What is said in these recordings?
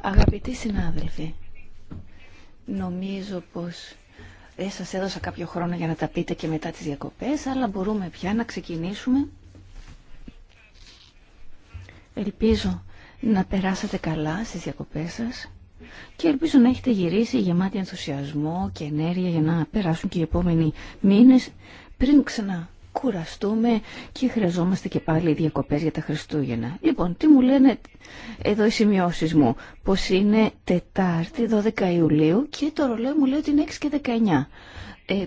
Αγαπητοί συνάδελφοι, νομίζω πως δεν σας έδωσα κάποιο χρόνο για να τα πείτε και μετά τις διακοπές, αλλά μπορούμε πια να ξεκινήσουμε. Ελπίζω να περάσατε καλά στις διακοπές σας και ελπίζω να έχετε γυρίσει γεμάτη ενθουσιασμό και ενέργεια για να περάσουν και οι επόμενοι μήνες πριν ξανά κουραστούμε και χρειαζόμαστε και πάλι διακοπές για τα Χριστούγεννα. Λοιπόν, τι μου λένε εδώ οι σημειώσεις μου, πως είναι Τετάρτη 12 Ιουλίου και το ρολόι μου λέει ότι είναι 6 και 19. Ε,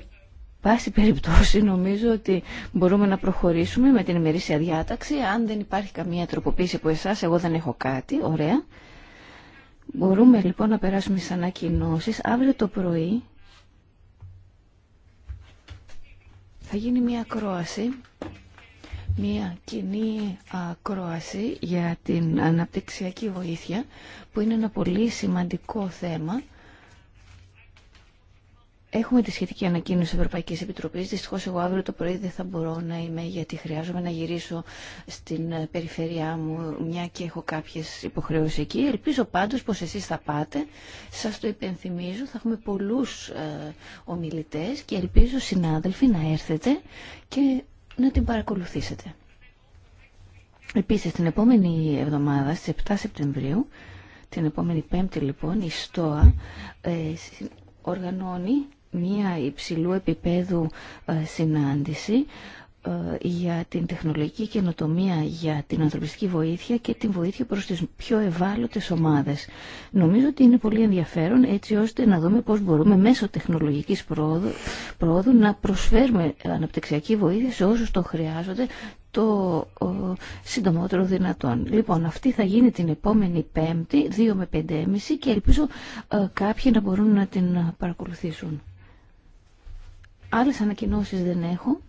πάση περιπτώσει νομίζω ότι μπορούμε να προχωρήσουμε με την ημερήσια διάταξη. Αν δεν υπάρχει καμία τροποποίηση από εσάς, εγώ δεν έχω κάτι, ωραία. Μπορούμε λοιπόν να περάσουμε στις ανακοινώσεις. Αύριο το πρωί θα γίνει μια ακρόαση, μια κοινή ακρόαση για την αναπτυξιακή βοήθεια, που είναι ένα πολύ σημαντικό θέμα Έχουμε τη σχετική ανακοίνωση Ευρωπαϊκή Επιτροπή. Δυστυχώ, εγώ αύριο το πρωί δεν θα μπορώ να είμαι, γιατί χρειάζομαι να γυρίσω στην ε, περιφέρειά μου, μια και έχω κάποιε υποχρεώσει εκεί. Ελπίζω πάντω πω εσεί θα πάτε. Σα το υπενθυμίζω, θα έχουμε πολλού ε, ομιλητέ και ελπίζω, συνάδελφοι, να έρθετε και να την παρακολουθήσετε. Επίση, την επόμενη εβδομάδα, στι 7 Σεπτεμβρίου, την επόμενη Πέμπτη λοιπόν, η ΣΤΟΑ ε, οργανώνει μία υψηλού επίπεδου ε, συνάντηση ε, για την τεχνολογική καινοτομία, για την ανθρωπιστική βοήθεια και την βοήθεια προς τις πιο ευάλωτες ομάδες. Νομίζω ότι είναι πολύ ενδιαφέρον έτσι ώστε να δούμε πώς μπορούμε μέσω τεχνολογικής πρόοδου, να προσφέρουμε αναπτυξιακή βοήθεια σε όσους το χρειάζονται το ο, συντομότερο δυνατόν. Λοιπόν, αυτή θα γίνει την επόμενη Πέμπτη, 2 με 5.30 και ελπίζω ε, κάποιοι να μπορούν να την παρακολουθήσουν. Άλλες ανακοινώσεις δεν έχω.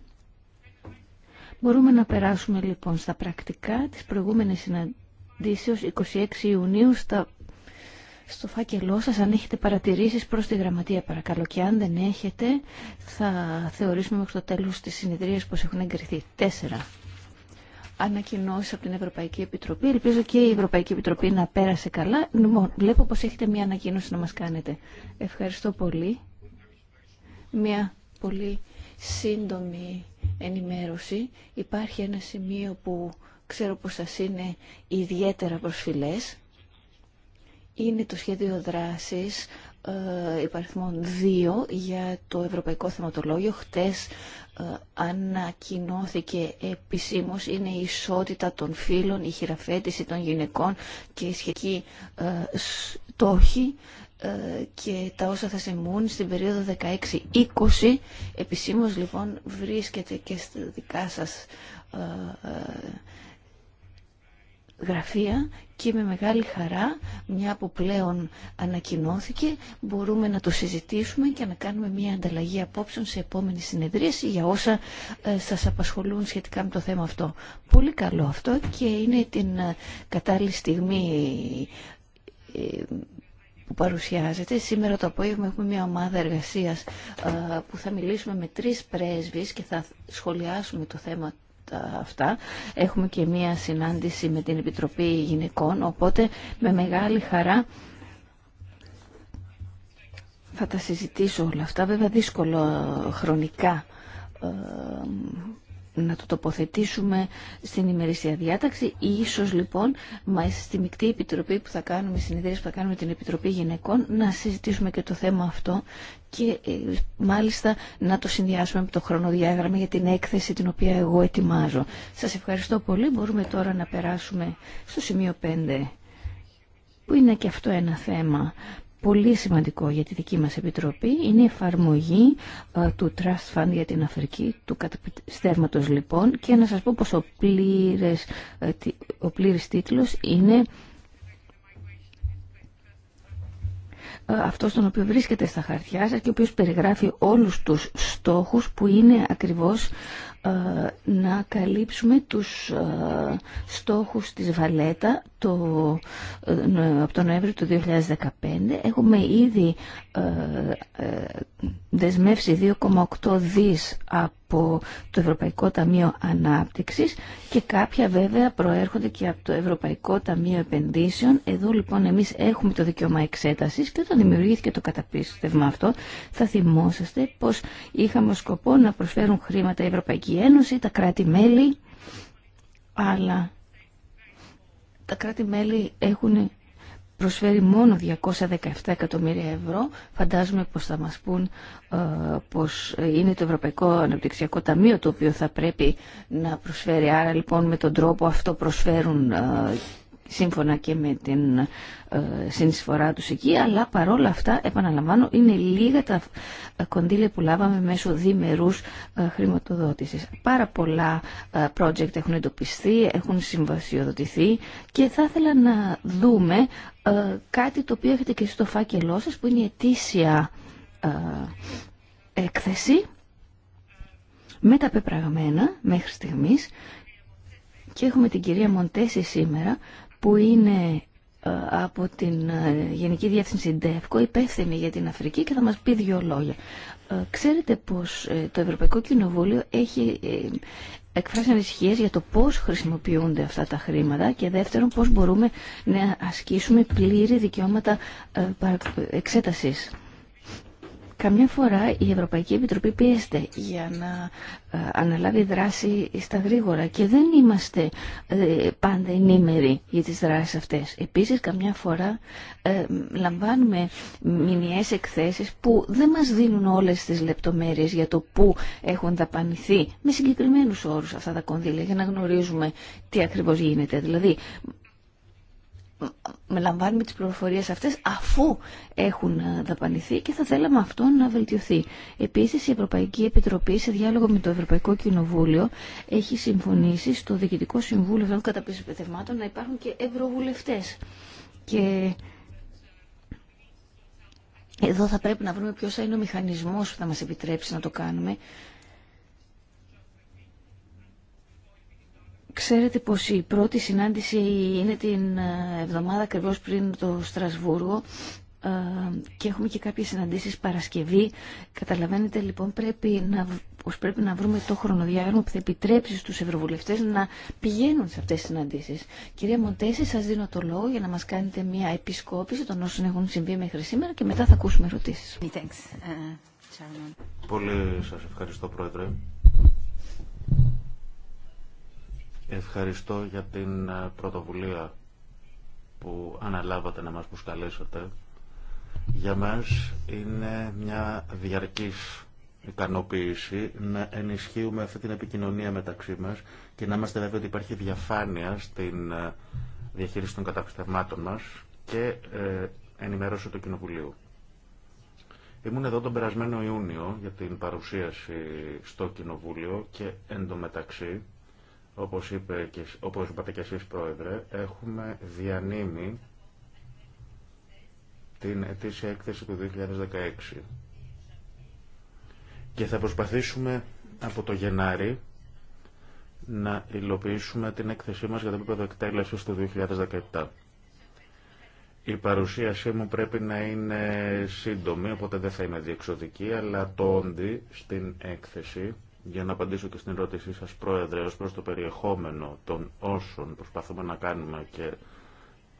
Μπορούμε να περάσουμε λοιπόν στα πρακτικά της προηγούμενης συναντήσεως 26 Ιουνίου στο φάκελό σας. Αν έχετε παρατηρήσεις προς τη γραμματεία παρακαλώ και αν δεν έχετε θα θεωρήσουμε μέχρι το τέλος της συνεδρίας πως έχουν εγκριθεί. Τέσσερα ανακοινώσεις από την Ευρωπαϊκή Επιτροπή. Ελπίζω και η Ευρωπαϊκή Επιτροπή να πέρασε καλά. Λοιπόν, βλέπω πως έχετε μια ανακοίνωση να μας κάνετε. Ευχαριστώ πολύ. Μια πολύ σύντομη ενημέρωση. Υπάρχει ένα σημείο που ξέρω πως σας είναι ιδιαίτερα προσφυλές. Είναι το σχέδιο δράσης ε, υπαριθμών 2 για το Ευρωπαϊκό Θεματολόγιο. Χτες ε, ανακοινώθηκε επισήμως είναι η ισότητα των φύλων, η χειραφέτηση των γυναικών και η σχετική ε, στόχη και τα όσα θα συμβούν στην περίοδο 16-20. Επισήμως λοιπόν βρίσκεται και στα δικά σας ε, ε, γραφεία και με μεγάλη χαρά, μια που πλέον ανακοινώθηκε, μπορούμε να το συζητήσουμε και να κάνουμε μια ανταλλαγή απόψεων σε επόμενη συνεδρίαση για όσα ε, σας απασχολούν σχετικά με το θέμα αυτό. Πολύ καλό αυτό και είναι την κατάλληλη στιγμή που παρουσιάζεται. Σήμερα το απόγευμα έχουμε μια ομάδα εργασίας ε, που θα μιλήσουμε με τρεις πρέσβεις και θα σχολιάσουμε το θέμα αυτά. Έχουμε και μία συνάντηση με την Επιτροπή Γυναικών, οπότε με μεγάλη χαρά θα τα συζητήσω όλα αυτά. Βέβαια δύσκολο χρονικά ε, να το τοποθετήσουμε στην ημερήσια διάταξη ή ίσως λοιπόν μα στη μεικτή επιτροπή που θα κάνουμε, συνεδρίες που θα κάνουμε την Επιτροπή Γυναικών να συζητήσουμε και το θέμα αυτό και ε, μάλιστα να το συνδυάσουμε με το χρονοδιάγραμμα για την έκθεση την οποία εγώ ετοιμάζω. Σας ευχαριστώ πολύ. Μπορούμε τώρα να περάσουμε στο σημείο 5 που είναι και αυτό ένα θέμα πολύ σημαντικό για τη δική μας Επιτροπή είναι η εφαρμογή ε, του Trust Fund για την Αφρική, του καταπιστεύματος λοιπόν και να σας πω πως ο πλήρες, ε, ο πλήρης τίτλος είναι ε, αυτό τον οποίο βρίσκεται στα χαρτιά σας και ο οποίος περιγράφει όλους τους στόχους που είναι ακριβώς ε, να καλύψουμε τους ε, στόχους της Βαλέτα το, ε, από τον Νοέμβριο του 2015. Έχουμε ήδη ε, ε, δεσμεύσει 2,8 δις από το Ευρωπαϊκό Ταμείο Ανάπτυξης και κάποια βέβαια προέρχονται και από το Ευρωπαϊκό Ταμείο Επενδύσεων. Εδώ λοιπόν εμείς έχουμε το δικαίωμα εξέτασης και όταν δημιουργήθηκε το καταπίστευμα αυτό θα θυμόσαστε πως είχαμε σκοπό να προσφέρουν χρήματα η Ευρωπαϊκή Ένωση, τα κράτη-μέλη, αλλά τα κράτη-μέλη έχουν προσφέρει μόνο 217 εκατομμύρια ευρώ. Φαντάζομαι πως θα μας πούν ε, πως είναι το Ευρωπαϊκό Αναπτυξιακό Ταμείο το οποίο θα πρέπει να προσφέρει. Άρα λοιπόν με τον τρόπο αυτό προσφέρουν ε, σύμφωνα και με την ε, συνεισφορά τους εκεί, αλλά παρόλα αυτά, επαναλαμβάνω, είναι λίγα τα κονδύλια που λάβαμε μέσω διμερούς ε, χρηματοδότησης. Πάρα πολλά ε, project έχουν εντοπιστεί, έχουν συμβασιοδοτηθεί και θα ήθελα να δούμε ε, κάτι το οποίο έχετε και στο φάκελό σας, που είναι η ετήσια ε, έκθεση με τα πεπραγμένα μέχρι στιγμής και έχουμε την κυρία Μοντέση σήμερα που είναι ε, από την ε, Γενική Διεύθυνση ΔΕΦΚΟ υπεύθυνη για την Αφρική και θα μας πει δύο λόγια. Ε, ξέρετε πως το Ευρωπαϊκό Κοινοβούλιο έχει εκφράσει ανησυχίες για το πώς χρησιμοποιούνται αυτά τα χρήματα και δεύτερον πώς μπορούμε να ασκήσουμε πλήρη δικαιώματα εξέτασης. Καμιά φορά η Ευρωπαϊκή Επιτροπή πιέστε για να ε, αναλάβει δράση στα γρήγορα και δεν είμαστε ε, πάντα ενήμεροι για τις δράσεις αυτές. Επίσης, καμιά φορά ε, λαμβάνουμε μηνιαίες εκθέσεις που δεν μας δίνουν όλες τις λεπτομέρειες για το πού έχουν δαπανηθεί με συγκεκριμένους όρους αυτά τα κονδύλια για να γνωρίζουμε τι ακριβώς γίνεται. Δηλαδή, με λαμβάνουμε τις πληροφορίες αυτές αφού έχουν ε, δαπανηθεί και θα θέλαμε αυτό να βελτιωθεί. Επίσης η Ευρωπαϊκή Επιτροπή σε διάλογο με το Ευρωπαϊκό Κοινοβούλιο έχει συμφωνήσει στο Διοικητικό Συμβούλιο των Επιτευμάτων να υπάρχουν και ευρωβουλευτές. Και εδώ θα πρέπει να βρούμε ποιος θα είναι ο μηχανισμός που θα μας επιτρέψει να το κάνουμε Ξέρετε πως η πρώτη συνάντηση είναι την ε, εβδομάδα ακριβώ πριν το Στρασβούργο ε, και έχουμε και κάποιες συναντήσεις Παρασκευή. Καταλαβαίνετε λοιπόν πρέπει να, πως πρέπει να βρούμε το χρονοδιάγραμμα που θα επιτρέψει στους ευρωβουλευτές να πηγαίνουν σε αυτές τις συναντήσεις. Κυρία Μοντέση, σας δίνω το λόγο για να μας κάνετε μια επισκόπηση των όσων έχουν συμβεί μέχρι σήμερα και μετά θα ακούσουμε ερωτήσεις. Uh, Πολύ σας ευχαριστώ Πρόεδρε. Ευχαριστώ για την ε, πρωτοβουλία που αναλάβατε να μας προσκαλέσετε. Για μας είναι μια διαρκής ικανοποίηση να ενισχύουμε αυτή την επικοινωνία μεταξύ μας και να είμαστε βέβαιοι ότι υπάρχει διαφάνεια στην ε, διαχείριση των καταπιστευμάτων μας και ε, ενημέρωση του Κοινοβουλίου. Ήμουν εδώ τον περασμένο Ιούνιο για την παρουσίαση στο Κοινοβούλιο και εντωμεταξύ όπως, είπε και, όπως είπατε και εσείς πρόεδρε, έχουμε διανύμει την ετήσια έκθεση του 2016 και θα προσπαθήσουμε από το Γενάρη να υλοποιήσουμε την έκθεσή μας για το επίπεδο εκτέλεσης του 2017. Η παρουσίασή μου πρέπει να είναι σύντομη, οπότε δεν θα είμαι διεξοδική, αλλά το όντι στην έκθεση για να απαντήσω και στην ερώτησή σας, Πρόεδρε, ως προς το περιεχόμενο των όσων προσπαθούμε να κάνουμε και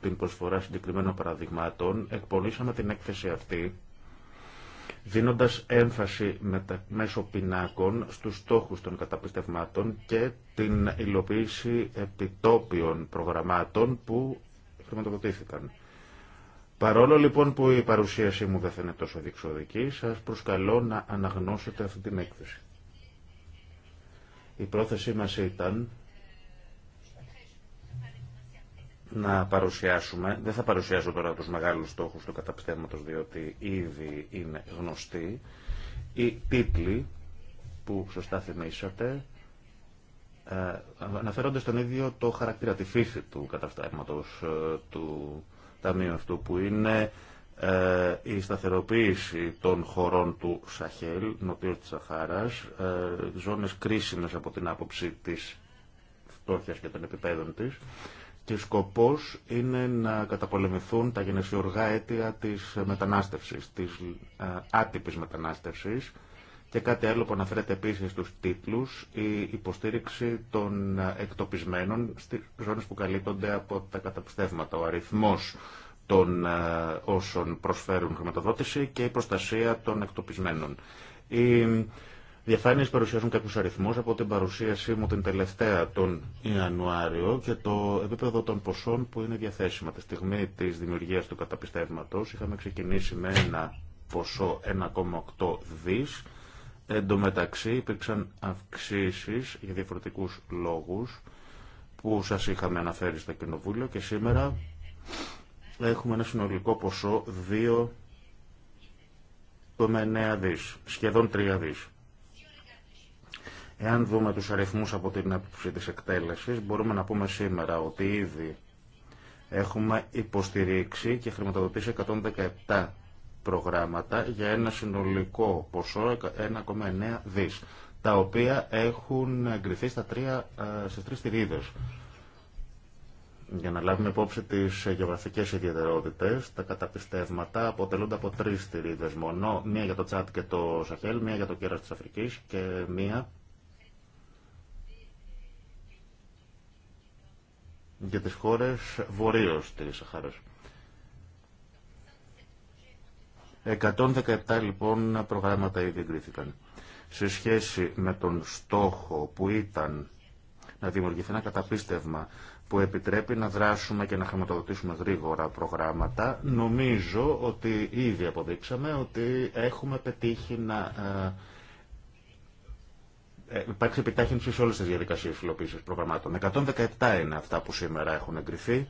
την προσφορά συγκεκριμένων παραδειγμάτων, εκπονήσαμε την έκθεση αυτή, δίνοντας έμφαση μέσω πινάκων στους στόχους των καταπιστευμάτων και την υλοποίηση επιτόπιων προγραμμάτων που χρηματοδοτήθηκαν. Παρόλο λοιπόν που η παρουσίασή μου δεν θα είναι τόσο διεξοδική, σας προσκαλώ να αναγνώσετε αυτή την έκθεση. Η πρόθεσή μας ήταν να παρουσιάσουμε, δεν θα παρουσιάσω τώρα τους μεγάλους στόχους του καταπιστεύματος διότι ήδη είναι γνωστοί, οι τίτλοι που σωστά θυμήσατε ε, αναφέρονται στον ίδιο το χαρακτήρα, τη φύση του καταπιστεύματος ε, του ταμείου αυτού που είναι ε, η σταθεροποίηση των χωρών του Σαχέλ, νοτιού της Σαχάρας, ε, ζώνες κρίσιμες από την άποψη της φτώχειας και των επιπέδων της, και σκοπός είναι να καταπολεμηθούν τα γενεσιοργά αίτια της μετανάστευσης, της ε, άτυπης μετανάστευσης, και κάτι άλλο που αναφέρεται επίσης στους τίτλου, η υποστήριξη των εκτοπισμένων στι ζώνες που καλύπτονται από τα καταπιστεύματα. Ο αριθμός των ε, όσων προσφέρουν χρηματοδότηση και η προστασία των εκτοπισμένων. Οι διαφάνειες παρουσιάζουν κάποιους αριθμούς από την παρουσίασή μου την τελευταία τον Ιανουάριο και το επίπεδο των ποσών που είναι διαθέσιμα. Τη στιγμή της δημιουργίας του καταπιστεύματος είχαμε ξεκινήσει με ένα ποσό 1,8 δις. Εν τω μεταξύ υπήρξαν αυξήσεις για διαφορετικούς λόγους που σας είχαμε αναφέρει στο Κοινοβούλιο και σήμερα έχουμε ένα συνολικό ποσό 2,9 δις, σχεδόν 3 δις. Εάν δούμε τους αριθμούς από την άποψη της εκτέλεσης, μπορούμε να πούμε σήμερα ότι ήδη έχουμε υποστηρίξει και χρηματοδοτήσει 117 προγράμματα για ένα συνολικό ποσό 1,9 δις, τα οποία έχουν εγκριθεί στα τρία, ε, στις τρεις τυρίδες. Για να λάβουμε υπόψη τι γεωγραφικέ ιδιαιτερότητε, τα καταπιστεύματα αποτελούνται από τρει θηρίδε μόνο. Μία για το Τσάτ και το Σαχέλ, μία για το κέρα τη Αφρική και μία για τι χώρες βορείω της Σαχάρα. 117 λοιπόν προγράμματα ήδη εγκρίθηκαν. Σε σχέση με τον στόχο που ήταν να δημιουργηθεί ένα καταπίστευμα που επιτρέπει να δράσουμε και να χρηματοδοτήσουμε γρήγορα προγράμματα. Νομίζω ότι ήδη αποδείξαμε ότι έχουμε πετύχει να ε, ε, υπάρξει επιτάχυνση σε όλε τι διαδικασίε υλοποίηση προγραμμάτων. 117 είναι αυτά που σήμερα έχουν εγκριθεί,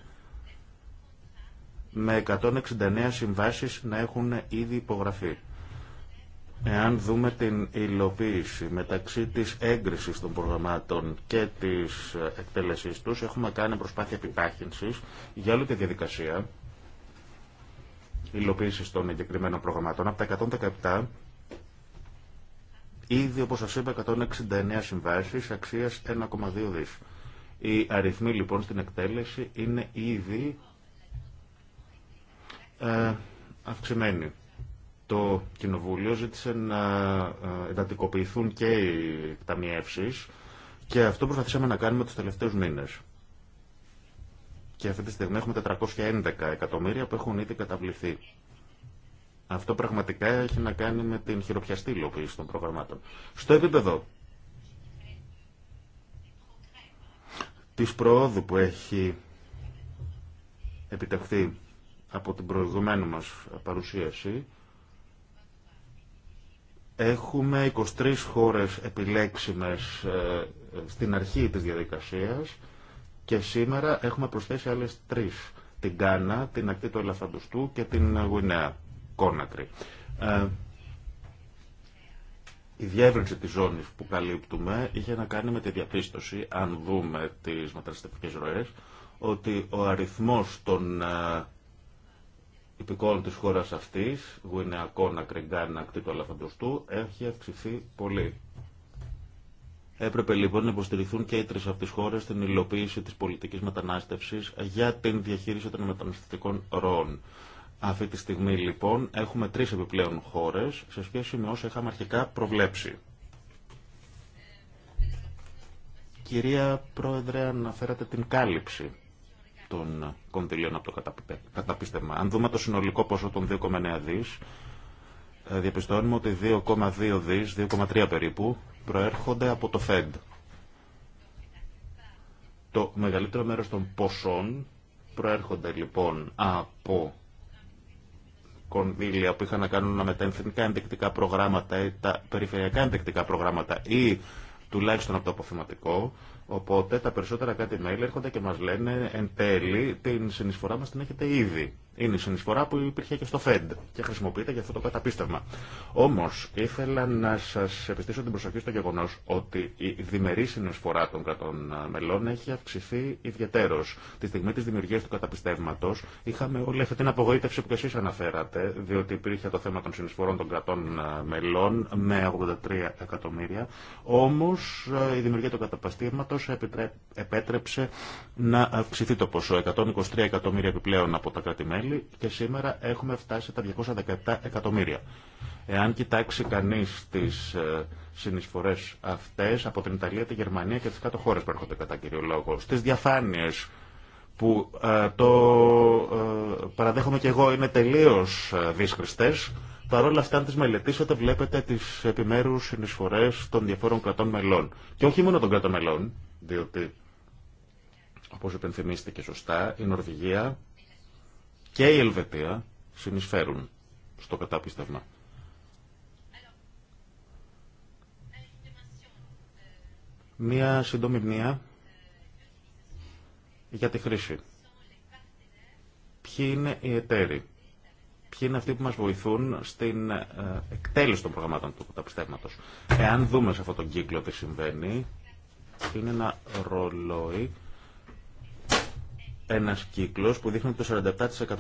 με 169 συμβάσει να έχουν ήδη υπογραφεί. Εάν δούμε την υλοποίηση μεταξύ της έγκρισης των προγραμμάτων και της εκτέλεσής τους, έχουμε κάνει προσπάθεια επιτάχυνσης για όλη τη διαδικασία υλοποίησης των εγκεκριμένων προγραμμάτων. Από τα 117, ήδη όπως σας είπα, 169 συμβάσεις αξίας 1,2 δις. Οι αριθμοί λοιπόν στην εκτέλεση είναι ήδη ε, αυξημένοι το Κοινοβούλιο ζήτησε να ε, εντατικοποιηθούν και οι εκταμιεύσεις και αυτό προσπαθήσαμε να κάνουμε τους τελευταίους μήνες. Και αυτή τη στιγμή έχουμε 411 εκατομμύρια που έχουν ήδη καταβληθεί. Αυτό πραγματικά έχει να κάνει με την χειροπιαστή υλοποίηση των προγραμμάτων. Στο επίπεδο της προόδου που έχει επιτευχθεί από την προηγουμένη μας παρουσίαση, Έχουμε 23 χώρες επιλέξιμες ε, στην αρχή της διαδικασίας και σήμερα έχουμε προσθέσει άλλες τρεις. Την Κάνα, την Ακτή του Ελαφαντοστού και την Γουινέα, Κόνακρη. Ε, η διεύρυνση της ζώνης που καλύπτουμε είχε να κάνει με τη διαπίστωση, αν δούμε τις μεταναστευτικές ροές, ότι ο αριθμός των ε, υπηκόων της χώρας αυτής, Γουινεακόνα, Κρεγκάνα, Ακτήτου, Αλαφαντοστού, έχει αυξηθεί πολύ. Έπρεπε λοιπόν να υποστηριχθούν και οι τρεις αυτές χώρες στην υλοποίηση της πολιτικής μετανάστευσης για την διαχείριση των μεταναστευτικών ροών. Αυτή τη στιγμή λοιπόν έχουμε τρεις επιπλέον χώρες σε σχέση με όσα είχαμε αρχικά προβλέψει. Κυρία Πρόεδρε, αναφέρατε την κάλυψη των κονδυλίων από το καταπίστευμα. Αν δούμε το συνολικό ποσό των 2,9 δι, ε, διαπιστώνουμε ότι 2,2 δι, 2,3 περίπου, προέρχονται από το ΦΕΔ. Το μεγαλύτερο μέρος των ποσών προέρχονται λοιπόν από κονδύλια που είχαν να κάνουν με τα εθνικά ενδεικτικά προγράμματα ή τα περιφερειακά ενδεικτικά προγράμματα ή τουλάχιστον από το αποθεματικό Οπότε τα περισσότερα κάτι μέλη έρχονται και μας λένε εν τέλει την συνεισφορά μας την έχετε ήδη είναι η συνεισφορά που υπήρχε και στο ΦΕΔ και χρησιμοποιείται για αυτό το καταπίστευμα. Όμω, ήθελα να σα επιστήσω την προσοχή στο γεγονό ότι η διμερή συνεισφορά των κρατών μελών έχει αυξηθεί ιδιαίτερω. Τη στιγμή τη δημιουργία του καταπιστεύματο είχαμε όλη αυτή την απογοήτευση που και εσεί αναφέρατε, διότι υπήρχε το θέμα των συνεισφορών των κρατών ε, μελών με 83 εκατομμύρια. Όμω, ε, η δημιουργία του καταπιστεύματο επέτρεψε να αυξηθεί το ποσό. 123 εκατομμύρια επιπλέον από τα κρατημένα μελη και σήμερα έχουμε φτάσει τα 217 εκατομμύρια. Εάν κοιτάξει κανείς τις ε, συνεισφορές αυτές από την Ιταλία, τη Γερμανία και τις κάτω χώρες που έρχονται κατά κύριο λόγο, στις διαφάνειες που ε, το ε, παραδέχομαι και εγώ είναι τελείως δύσκολες, παρόλα αυτά, αν τι μελετήσετε, βλέπετε τι επιμέρου συνεισφορέ των διαφόρων κρατών μελών. Και όχι μόνο των κρατών μελών, διότι, όπω υπενθυμίστηκε σωστά, η Νορβηγία και η Ελβετία συνεισφέρουν στο κατάπιστευμα. Μία σύντομη για τη χρήση. Ποιοι είναι οι εταίροι. Ποιοι είναι αυτοί που μας βοηθούν στην ε, εκτέλεση των προγραμμάτων του καταπιστεύματος. Εάν δούμε σε αυτόν τον κύκλο τι συμβαίνει, είναι ένα ρολόι ένα κύκλος που δείχνει ότι το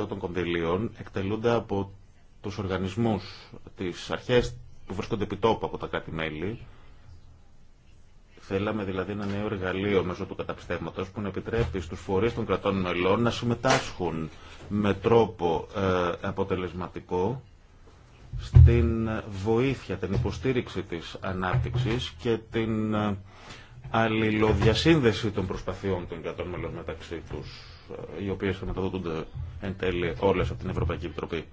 47% των κονδυλίων εκτελούνται από τους οργανισμούς, τι αρχές που βρίσκονται επιτόπου από τα κράτη-μέλη. Θέλαμε δηλαδή ένα νέο εργαλείο μέσω του καταπιστεύματο που να επιτρέπει στους φορείς των κρατών μελών να συμμετάσχουν με τρόπο ε, αποτελεσματικό στην βοήθεια, την υποστήριξη της ανάπτυξης και την ε, αλληλοδιασύνδεση των προσπαθειών των κρατών μελών μεταξύ τους οι οποίες χρηματοδοτούνται εν τέλει όλες από την Ευρωπαϊκή Επιτροπή.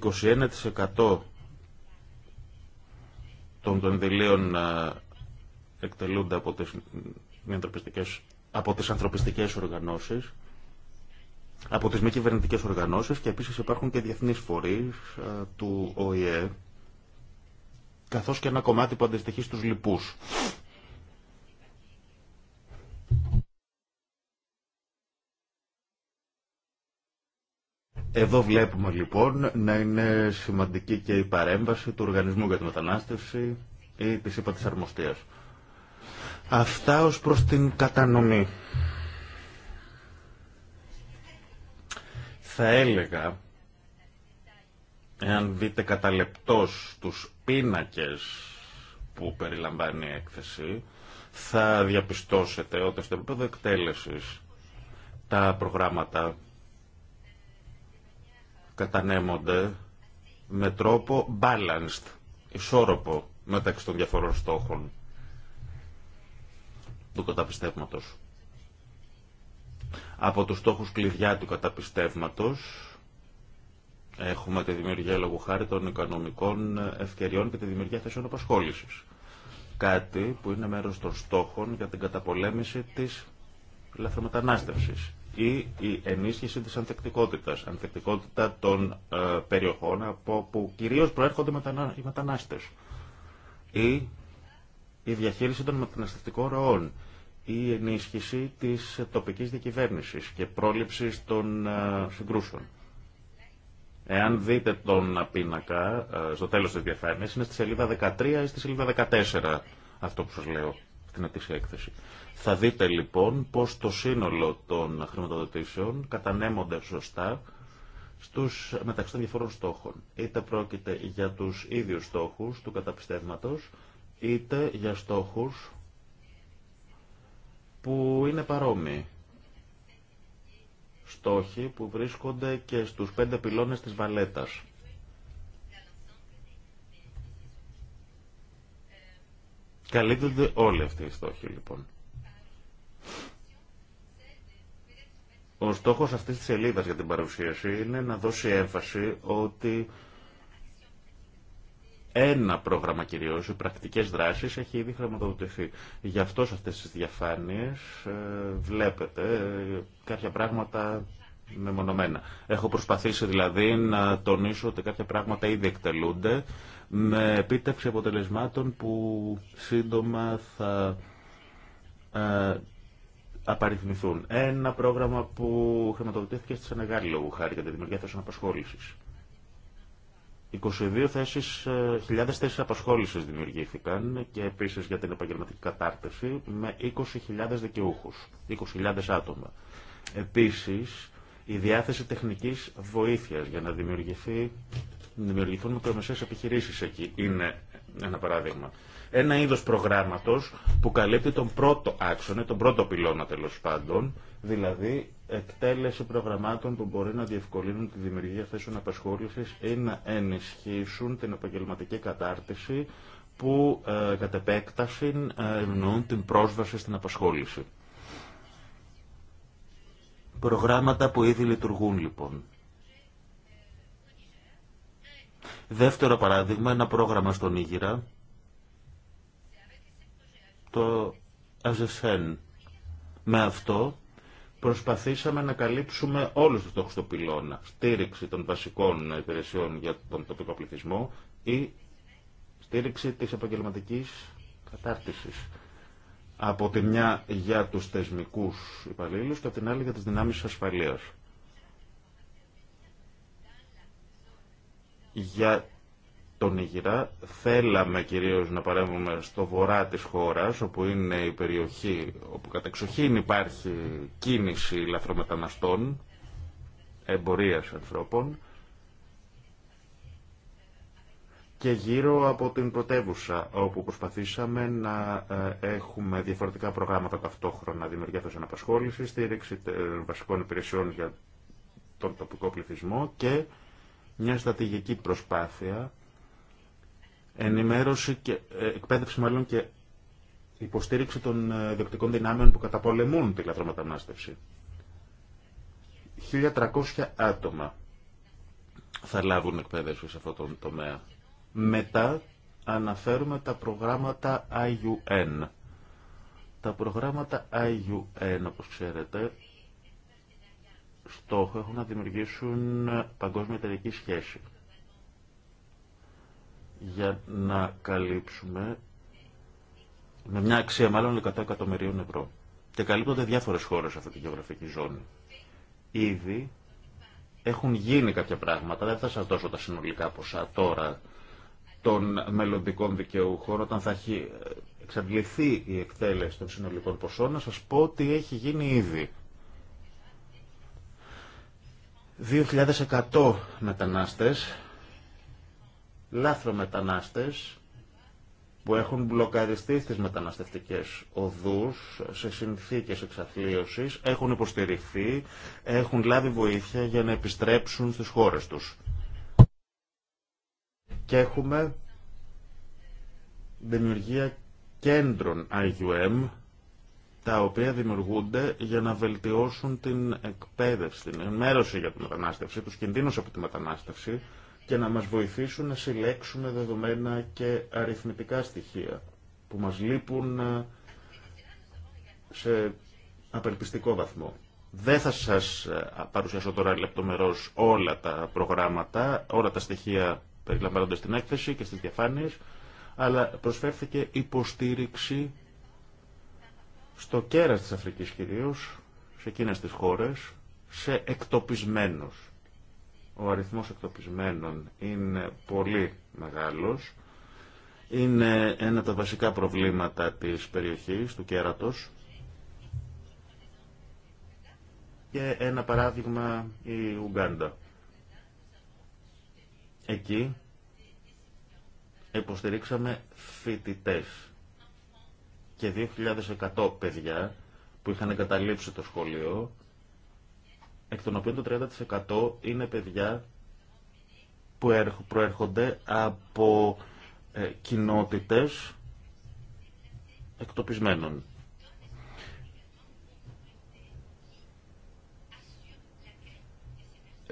21% των δονδυλίων ε, εκτελούνται από τις, ανθρωπιστικές, από τις ανθρωπιστικές οργανώσεις, από τις μη κυβερνητικέ οργανώσεις και επίσης υπάρχουν και διεθνείς φορείς ε, του ΟΗΕ, καθώς και ένα κομμάτι που αντιστοιχεί στους λοιπούς. Εδώ βλέπουμε λοιπόν να είναι σημαντική και η παρέμβαση του Οργανισμού για τη Μετανάστευση ή της ΥΠΑ της Αυτά ως προς την κατανομή. Θα έλεγα, εάν δείτε κατά λεπτός τους πίνακες που περιλαμβάνει η έκθεση, θα διαπιστώσετε ότι στο επίπεδο εκτέλεσης τα προγράμματα κατανέμονται με τρόπο balanced, ισόρροπο μεταξύ των διαφορών στόχων του καταπιστεύματος. Από τους στόχους κλειδιά του καταπιστεύματος έχουμε τη δημιουργία λόγου χάρη των οικονομικών ευκαιριών και τη δημιουργία θέσεων απασχόλησης. Κάτι που είναι μέρος των στόχων για την καταπολέμηση της λαθρομετανάστευσης ή η ενίσχυση της ανθεκτικότητας. Ανθεκτικότητα των ε, περιοχών από όπου κυρίως προέρχονται οι μετανάστες. Ή η διαχείριση των μεταναστευτικών ροών. Ή η ενίσχυση της τοπικής διακυβέρνησης και πρόληψης των ε, συγκρούσεων. Εάν δείτε τον πίνακα ε, στο τέλος της διαφάνειας, είναι στη σελίδα 13 ή στη σελίδα 14 αυτό που σας λέω στην ετήσια έκθεση. Θα δείτε λοιπόν πως το σύνολο των χρηματοδοτήσεων κατανέμονται σωστά στους, μεταξύ των διαφόρων στόχων. Είτε πρόκειται για τους ίδιους στόχους του καταπιστεύματος, είτε για στόχους που είναι παρόμοιοι. Στόχοι που βρίσκονται και στους πέντε πυλώνες της Βαλέτας. Καλύπτονται όλοι αυτοί οι στόχοι λοιπόν. Ο στόχος αυτής της σελίδας για την παρουσίαση είναι να δώσει έμφαση ότι ένα πρόγραμμα κυρίως, οι πρακτικές δράσεις, έχει ήδη χρηματοδοτηθεί. Γι' αυτό σε αυτές τις διαφάνειες ε, βλέπετε ε, κάποια πράγματα μεμονωμένα. Έχω προσπαθήσει δηλαδή να τονίσω ότι κάποια πράγματα ήδη εκτελούνται με επίτευξη αποτελεσμάτων που σύντομα θα ε, απαριθμηθούν. Ένα πρόγραμμα που χρηματοδοτήθηκε στη Σενεγάλη λόγω χάρη για τη δημιουργία θέσεων απασχόληση. 22 θέσεις, ε, χιλιάδες θέσεις απασχόλησης δημιουργήθηκαν και επίσης για την επαγγελματική κατάρτιση με 20.000 δικαιούχους, 20.000 άτομα. Επίσης, η διάθεση τεχνικής βοήθειας για να δημιουργηθεί, δημιουργηθούν μικρομεσαίες επιχειρήσεις εκεί είναι ένα παράδειγμα ένα είδος προγράμματος που καλύπτει τον πρώτο άξονα, τον πρώτο πυλώνα τέλο πάντων, δηλαδή εκτέλεση προγραμμάτων που μπορεί να διευκολύνουν τη δημιουργία θέσεων απασχόλησης ή να ενισχύσουν την επαγγελματική κατάρτιση που ε, κατ' επέκταση ε, ευνοούν την πρόσβαση στην απασχόληση. Προγράμματα που ήδη λειτουργούν λοιπόν. Δεύτερο παράδειγμα, ένα πρόγραμμα στον Ήγηρα το Αζεσέν. Με αυτό προσπαθήσαμε να καλύψουμε όλους τους στόχους του πυλώνα. Στήριξη των βασικών υπηρεσιών για τον τοπικό πληθυσμό ή στήριξη της επαγγελματικής κατάρτισης. Από τη μια για τους θεσμικούς υπαλλήλους και από την άλλη για τις δυνάμεις ασφαλείας. Για τον Ιγυρά. Θέλαμε κυρίως να παρέμβουμε στο βορρά της χώρας, όπου είναι η περιοχή όπου εξοχήν υπάρχει κίνηση λαθρομεταναστών, εμπορίας ανθρώπων, και γύρω από την πρωτεύουσα, όπου προσπαθήσαμε να ε, έχουμε διαφορετικά προγράμματα ταυτόχρονα, δημιουργία θέσεων απασχόληση, στήριξη βασικών υπηρεσιών για τον τοπικό πληθυσμό και μια στρατηγική προσπάθεια ενημέρωση και ε, εκπαίδευση μάλλον και υποστήριξη των ε, διοκτικών δυνάμεων που καταπολεμούν τη λαθρομετανάστευση. 1.300 άτομα θα λάβουν εκπαίδευση σε αυτό το τομέα. Μετά αναφέρουμε τα προγράμματα IUN. Τα προγράμματα IUN, όπως ξέρετε, στόχο έχουν να δημιουργήσουν παγκόσμια εταιρική σχέση για να καλύψουμε με μια αξία μάλλον 100 εκατομμυρίων ευρώ. Και καλύπτονται διάφορες χώρες σε αυτή τη γεωγραφική ζώνη. Ήδη έχουν γίνει κάποια πράγματα, δεν θα σας δώσω τα συνολικά ποσά τώρα των μελλοντικών δικαιούχων, όταν θα έχει εξαντληθεί η εκτέλεση των συνολικών ποσών, να σας πω ότι έχει γίνει ήδη. 2.100 μετανάστες λάθρομετανάστες που έχουν μπλοκαριστεί στις μεταναστευτικές οδούς σε συνθήκες εξαθλίωσης, έχουν υποστηριχθεί, έχουν λάβει βοήθεια για να επιστρέψουν στις χώρες τους. Και έχουμε δημιουργία κέντρων IUM, τα οποία δημιουργούνται για να βελτιώσουν την εκπαίδευση, την ενημέρωση για τη μετανάστευση, τους κινδύνους από τη μετανάστευση, και να μας βοηθήσουν να συλλέξουμε δεδομένα και αριθμητικά στοιχεία που μας λείπουν ε, σε απελπιστικό βαθμό. Δεν θα σας ε, παρουσιάσω τώρα λεπτομερώς όλα τα προγράμματα, όλα τα στοιχεία περιλαμβάνονται στην έκθεση και στις διαφάνειες, αλλά προσφέρθηκε υποστήριξη στο κέρας της Αφρικής κυρίως, σε εκείνες τις χώρες, σε εκτοπισμένους ο αριθμός εκτοπισμένων είναι πολύ μεγάλος. Είναι ένα από τα βασικά προβλήματα της περιοχής, του κέρατος. Και ένα παράδειγμα η Ουγκάντα. Εκεί υποστηρίξαμε φοιτητέ και 2.100 παιδιά που είχαν εγκαταλείψει το σχολείο εκ των οποίων το 30% είναι παιδιά που προέρχονται από ε, κοινότητες εκτοπισμένων.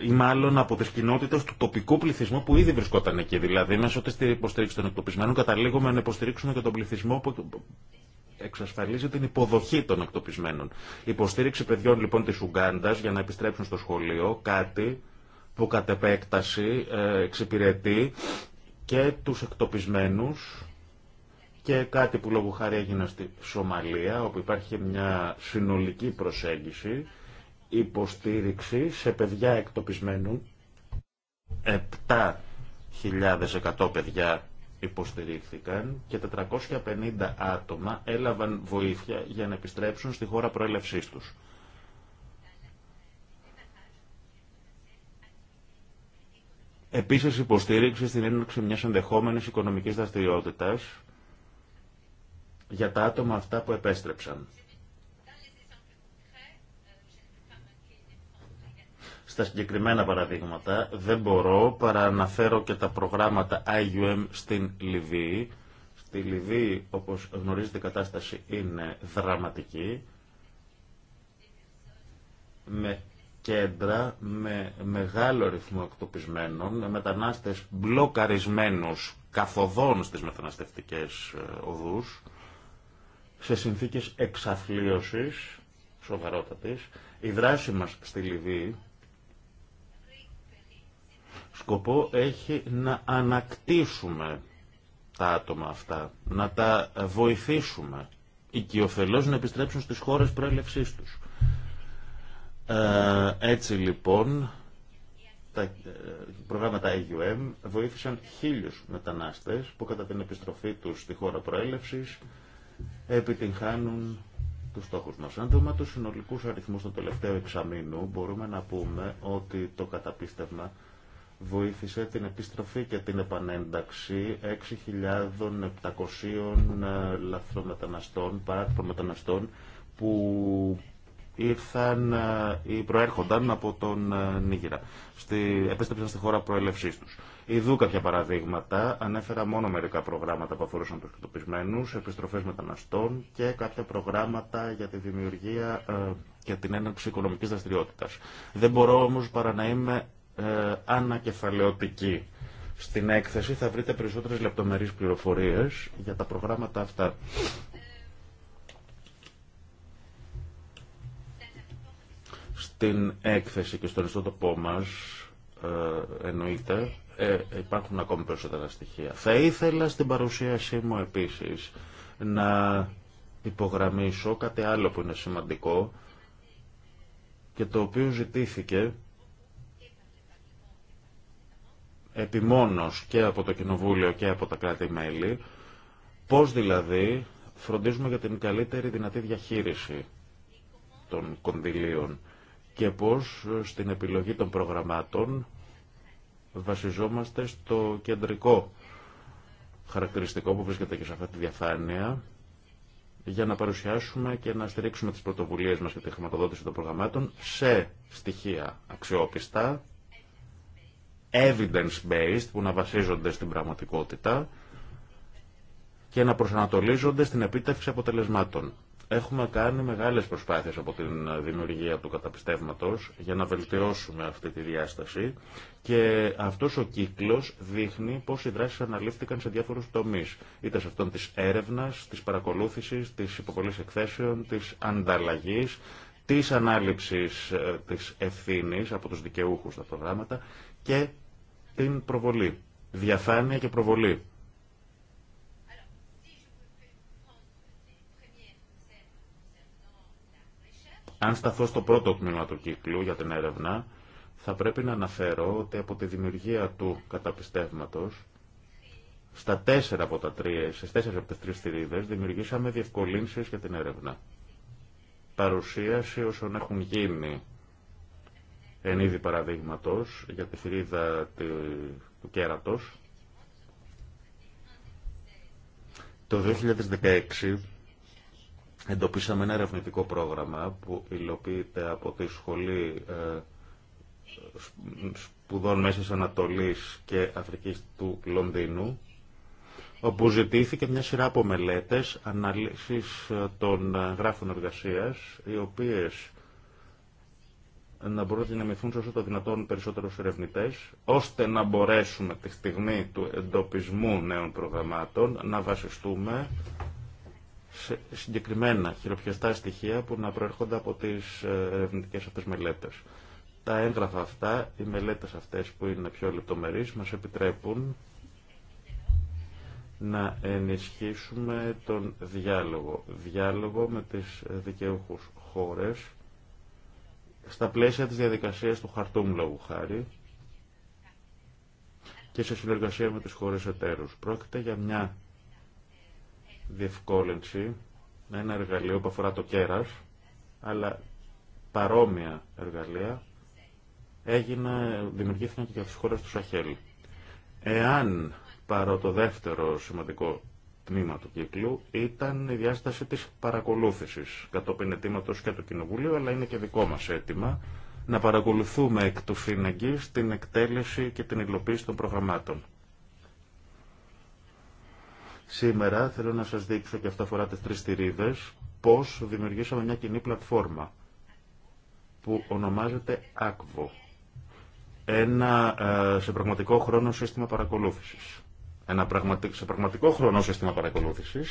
ή μάλλον από τι κοινότητε του τοπικού πληθυσμού που ήδη βρισκόταν εκεί. Δηλαδή, μέσω τη υποστήριξη των εκτοπισμένων, καταλήγουμε να υποστηρίξουμε και τον πληθυσμό που εξασφαλίζει την υποδοχή των εκτοπισμένων. Υποστήριξη παιδιών λοιπόν της Ουγκάντας για να επιστρέψουν στο σχολείο, κάτι που κατ' επέκταση ε, εξυπηρετεί και τους εκτοπισμένους και κάτι που λόγω χάρη έγινε στη Σομαλία, όπου υπάρχει μια συνολική προσέγγιση, υποστήριξη σε παιδιά εκτοπισμένων 7.100 παιδιά υποστηρίχθηκαν και 450 άτομα έλαβαν βοήθεια για να επιστρέψουν στη χώρα προέλευσής τους. Επίσης υποστήριξε στην έναρξη μιας ενδεχόμενης οικονομικής δραστηριότητας για τα άτομα αυτά που επέστρεψαν. Στα συγκεκριμένα παραδείγματα δεν μπορώ παρά να φέρω και τα προγράμματα IUM στην Λιβύη. Στη Λιβύη, όπως γνωρίζετε, η κατάσταση είναι δραματική. Με κέντρα, με μεγάλο ρυθμό εκτοπισμένων, με μετανάστες μπλοκαρισμένους καθοδόν στις μεταναστευτικές ε, οδούς, σε συνθήκες εξαθλίωσης, σοβαρότατης. Η δράση μας στη Λιβύη σκοπό έχει να ανακτήσουμε τα άτομα αυτά, να τα βοηθήσουμε οικειοφελώς να επιστρέψουν στις χώρες προέλευσής τους. Ε, έτσι λοιπόν, τα ε, προγράμματα IUM βοήθησαν χίλιους μετανάστες που κατά την επιστροφή τους στη χώρα προέλευσης επιτυγχάνουν τους στόχους μας. Αν δούμε τους συνολικούς αριθμούς των τελευταίου εξαμήνου, μπορούμε να πούμε ότι το καταπίστευμα βοήθησε την επιστροφή και την επανένταξη 6.700 ε, λαθρομεταναστών, παράκτρομεταναστών που ήρθαν ε, ή προέρχονταν από τον ε, Νίγηρα. Στη, επέστρεψαν στη χώρα προέλευσή του. Ιδού κάποια παραδείγματα, ανέφερα μόνο μερικά προγράμματα που αφορούσαν του εκτοπισμένου, επιστροφέ μεταναστών και κάποια προγράμματα για τη δημιουργία και την έναρξη οικονομική δραστηριότητα. Δεν μπορώ όμω παρά να είμαι ε, ανακεφαλαιωτική. Στην έκθεση θα βρείτε περισσότερες λεπτομερείς πληροφορίες για τα προγράμματα αυτά. Στην έκθεση και στον ιστότοπό μας ε, εννοείται ε, υπάρχουν ακόμη περισσότερα στοιχεία. Θα ήθελα στην παρουσίασή μου επίσης να υπογραμμίσω κάτι άλλο που είναι σημαντικό και το οποίο ζητήθηκε επιμόνως και από το Κοινοβούλιο και από τα κράτη-μέλη, πώς δηλαδή φροντίζουμε για την καλύτερη δυνατή διαχείριση των κονδυλίων και πώς στην επιλογή των προγραμμάτων βασιζόμαστε στο κεντρικό χαρακτηριστικό που βρίσκεται και σε αυτή τη διαφάνεια για να παρουσιάσουμε και να στηρίξουμε τις πρωτοβουλίες μας και τη χρηματοδότηση των προγραμμάτων σε στοιχεία αξιόπιστα, evidence-based που να βασίζονται στην πραγματικότητα και να προσανατολίζονται στην επίτευξη αποτελεσμάτων. Έχουμε κάνει μεγάλες προσπάθειες από την δημιουργία του καταπιστεύματος για να βελτιώσουμε αυτή τη διάσταση και αυτός ο κύκλος δείχνει πώς οι δράσεις αναλήφθηκαν σε διάφορους τομείς. Είτε σε αυτόν της έρευνας, της παρακολούθησης, της υποβολής εκθέσεων, της ανταλλαγής, της ανάληψης ε, της ευθύνης από τους δικαιούχους στα προγράμματα και την προβολή. Διαφάνεια και προβολή. Αν σταθώ στο πρώτο τμήμα του κύκλου για την έρευνα, θα πρέπει να αναφέρω ότι από τη δημιουργία του καταπιστεύματος, στα τέσσερα από τα τρία, στις τέσσερα από τις τρεις θηρίδες, δημιουργήσαμε διευκολύνσεις για την έρευνα παρουσίαση όσων έχουν γίνει εν είδη παραδείγματος για τη φυρίδα του κέρατος. Το 2016 εντοπίσαμε ένα ερευνητικό πρόγραμμα που υλοποιείται από τη Σχολή ε, Σπουδών Μέσης Ανατολής και Αφρικής του Λονδίνου όπου ζητήθηκε μια σειρά από μελέτες, αναλύσεις των γράφων εργασίας, οι οποίες να μπορούν να δυναμηθούν σε όσο το δυνατόν περισσότερου ερευνητέ, ώστε να μπορέσουμε τη στιγμή του εντοπισμού νέων προγραμμάτων να βασιστούμε σε συγκεκριμένα χειροπιαστά στοιχεία που να προέρχονται από τι ε, ερευνητικέ αυτέ μελέτε. Τα έγγραφα αυτά, οι μελέτες αυτές που είναι πιο λεπτομερείς, μας επιτρέπουν να ενισχύσουμε τον διάλογο. Διάλογο με τις δικαιούχους χώρες στα πλαίσια της διαδικασίας του χαρτούμ λόγου χάρη και σε συνεργασία με τις χώρες εταίρους. Πρόκειται για μια διευκόλυνση, ένα εργαλείο που αφορά το κέρας, αλλά παρόμοια εργαλεία έγινε, δημιουργήθηκαν και για τις χώρες του Σαχέλ. Εάν Παρό το δεύτερο σημαντικό τμήμα του κύκλου ήταν η διάσταση της παρακολούθησης κατόπιν αιτήματος και του Κοινοβουλίου, αλλά είναι και δικό μας αίτημα να παρακολουθούμε εκ του την εκτέλεση και την υλοποίηση των προγραμμάτων. Σήμερα θέλω να σας δείξω και αυτά αφορά τις τρεις θηρίδες πώς δημιουργήσαμε μια κοινή πλατφόρμα που ονομάζεται ACVO. Ένα ε, σε πραγματικό χρόνο σύστημα παρακολούθησης ένα σε πραγματικό χρονό σύστημα παρακολούθηση,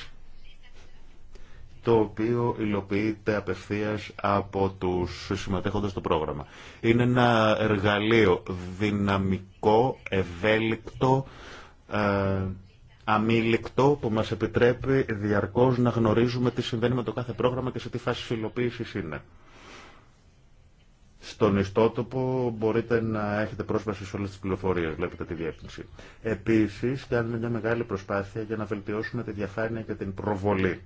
το οποίο υλοποιείται απευθεία από του συμμετέχοντε στο πρόγραμμα. Είναι ένα εργαλείο δυναμικό, ευέλικτο, ε, αμήλικτο που μας επιτρέπει διαρκώς να γνωρίζουμε τι συμβαίνει με το κάθε πρόγραμμα και σε τι φάση υλοποίηση είναι. Στον ιστότοπο μπορείτε να έχετε πρόσβαση σε όλες τις πληροφορίες, βλέπετε τη διεύθυνση. Επίσης, κάνουμε μια μεγάλη προσπάθεια για να βελτιώσουμε τη διαφάνεια και την προβολή.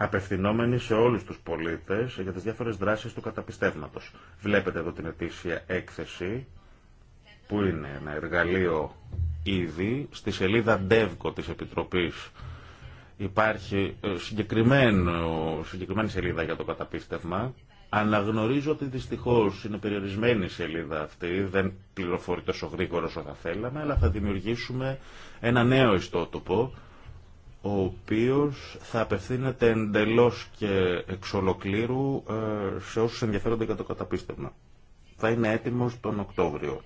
απευθυνόμενοι σε όλους τους πολίτες για τις διάφορες δράσεις του καταπιστεύματος. Βλέπετε εδώ την ετήσια έκθεση, που είναι ένα εργαλείο ήδη, στη σελίδα DEVCO της Επιτροπής Υπάρχει ε, συγκεκριμένη σελίδα για το καταπίστευμα. Αναγνωρίζω ότι δυστυχώ είναι περιορισμένη η σελίδα αυτή, δεν πληροφορεί τόσο γρήγορα όσο θα θέλαμε, αλλά θα δημιουργήσουμε ένα νέο ιστότοπο, ο οποίος θα απευθύνεται εντελώς και εξ ολοκλήρου ε, σε όσους ενδιαφέρονται για το καταπίστευμα. Θα είναι έτοιμος τον Οκτώβριο.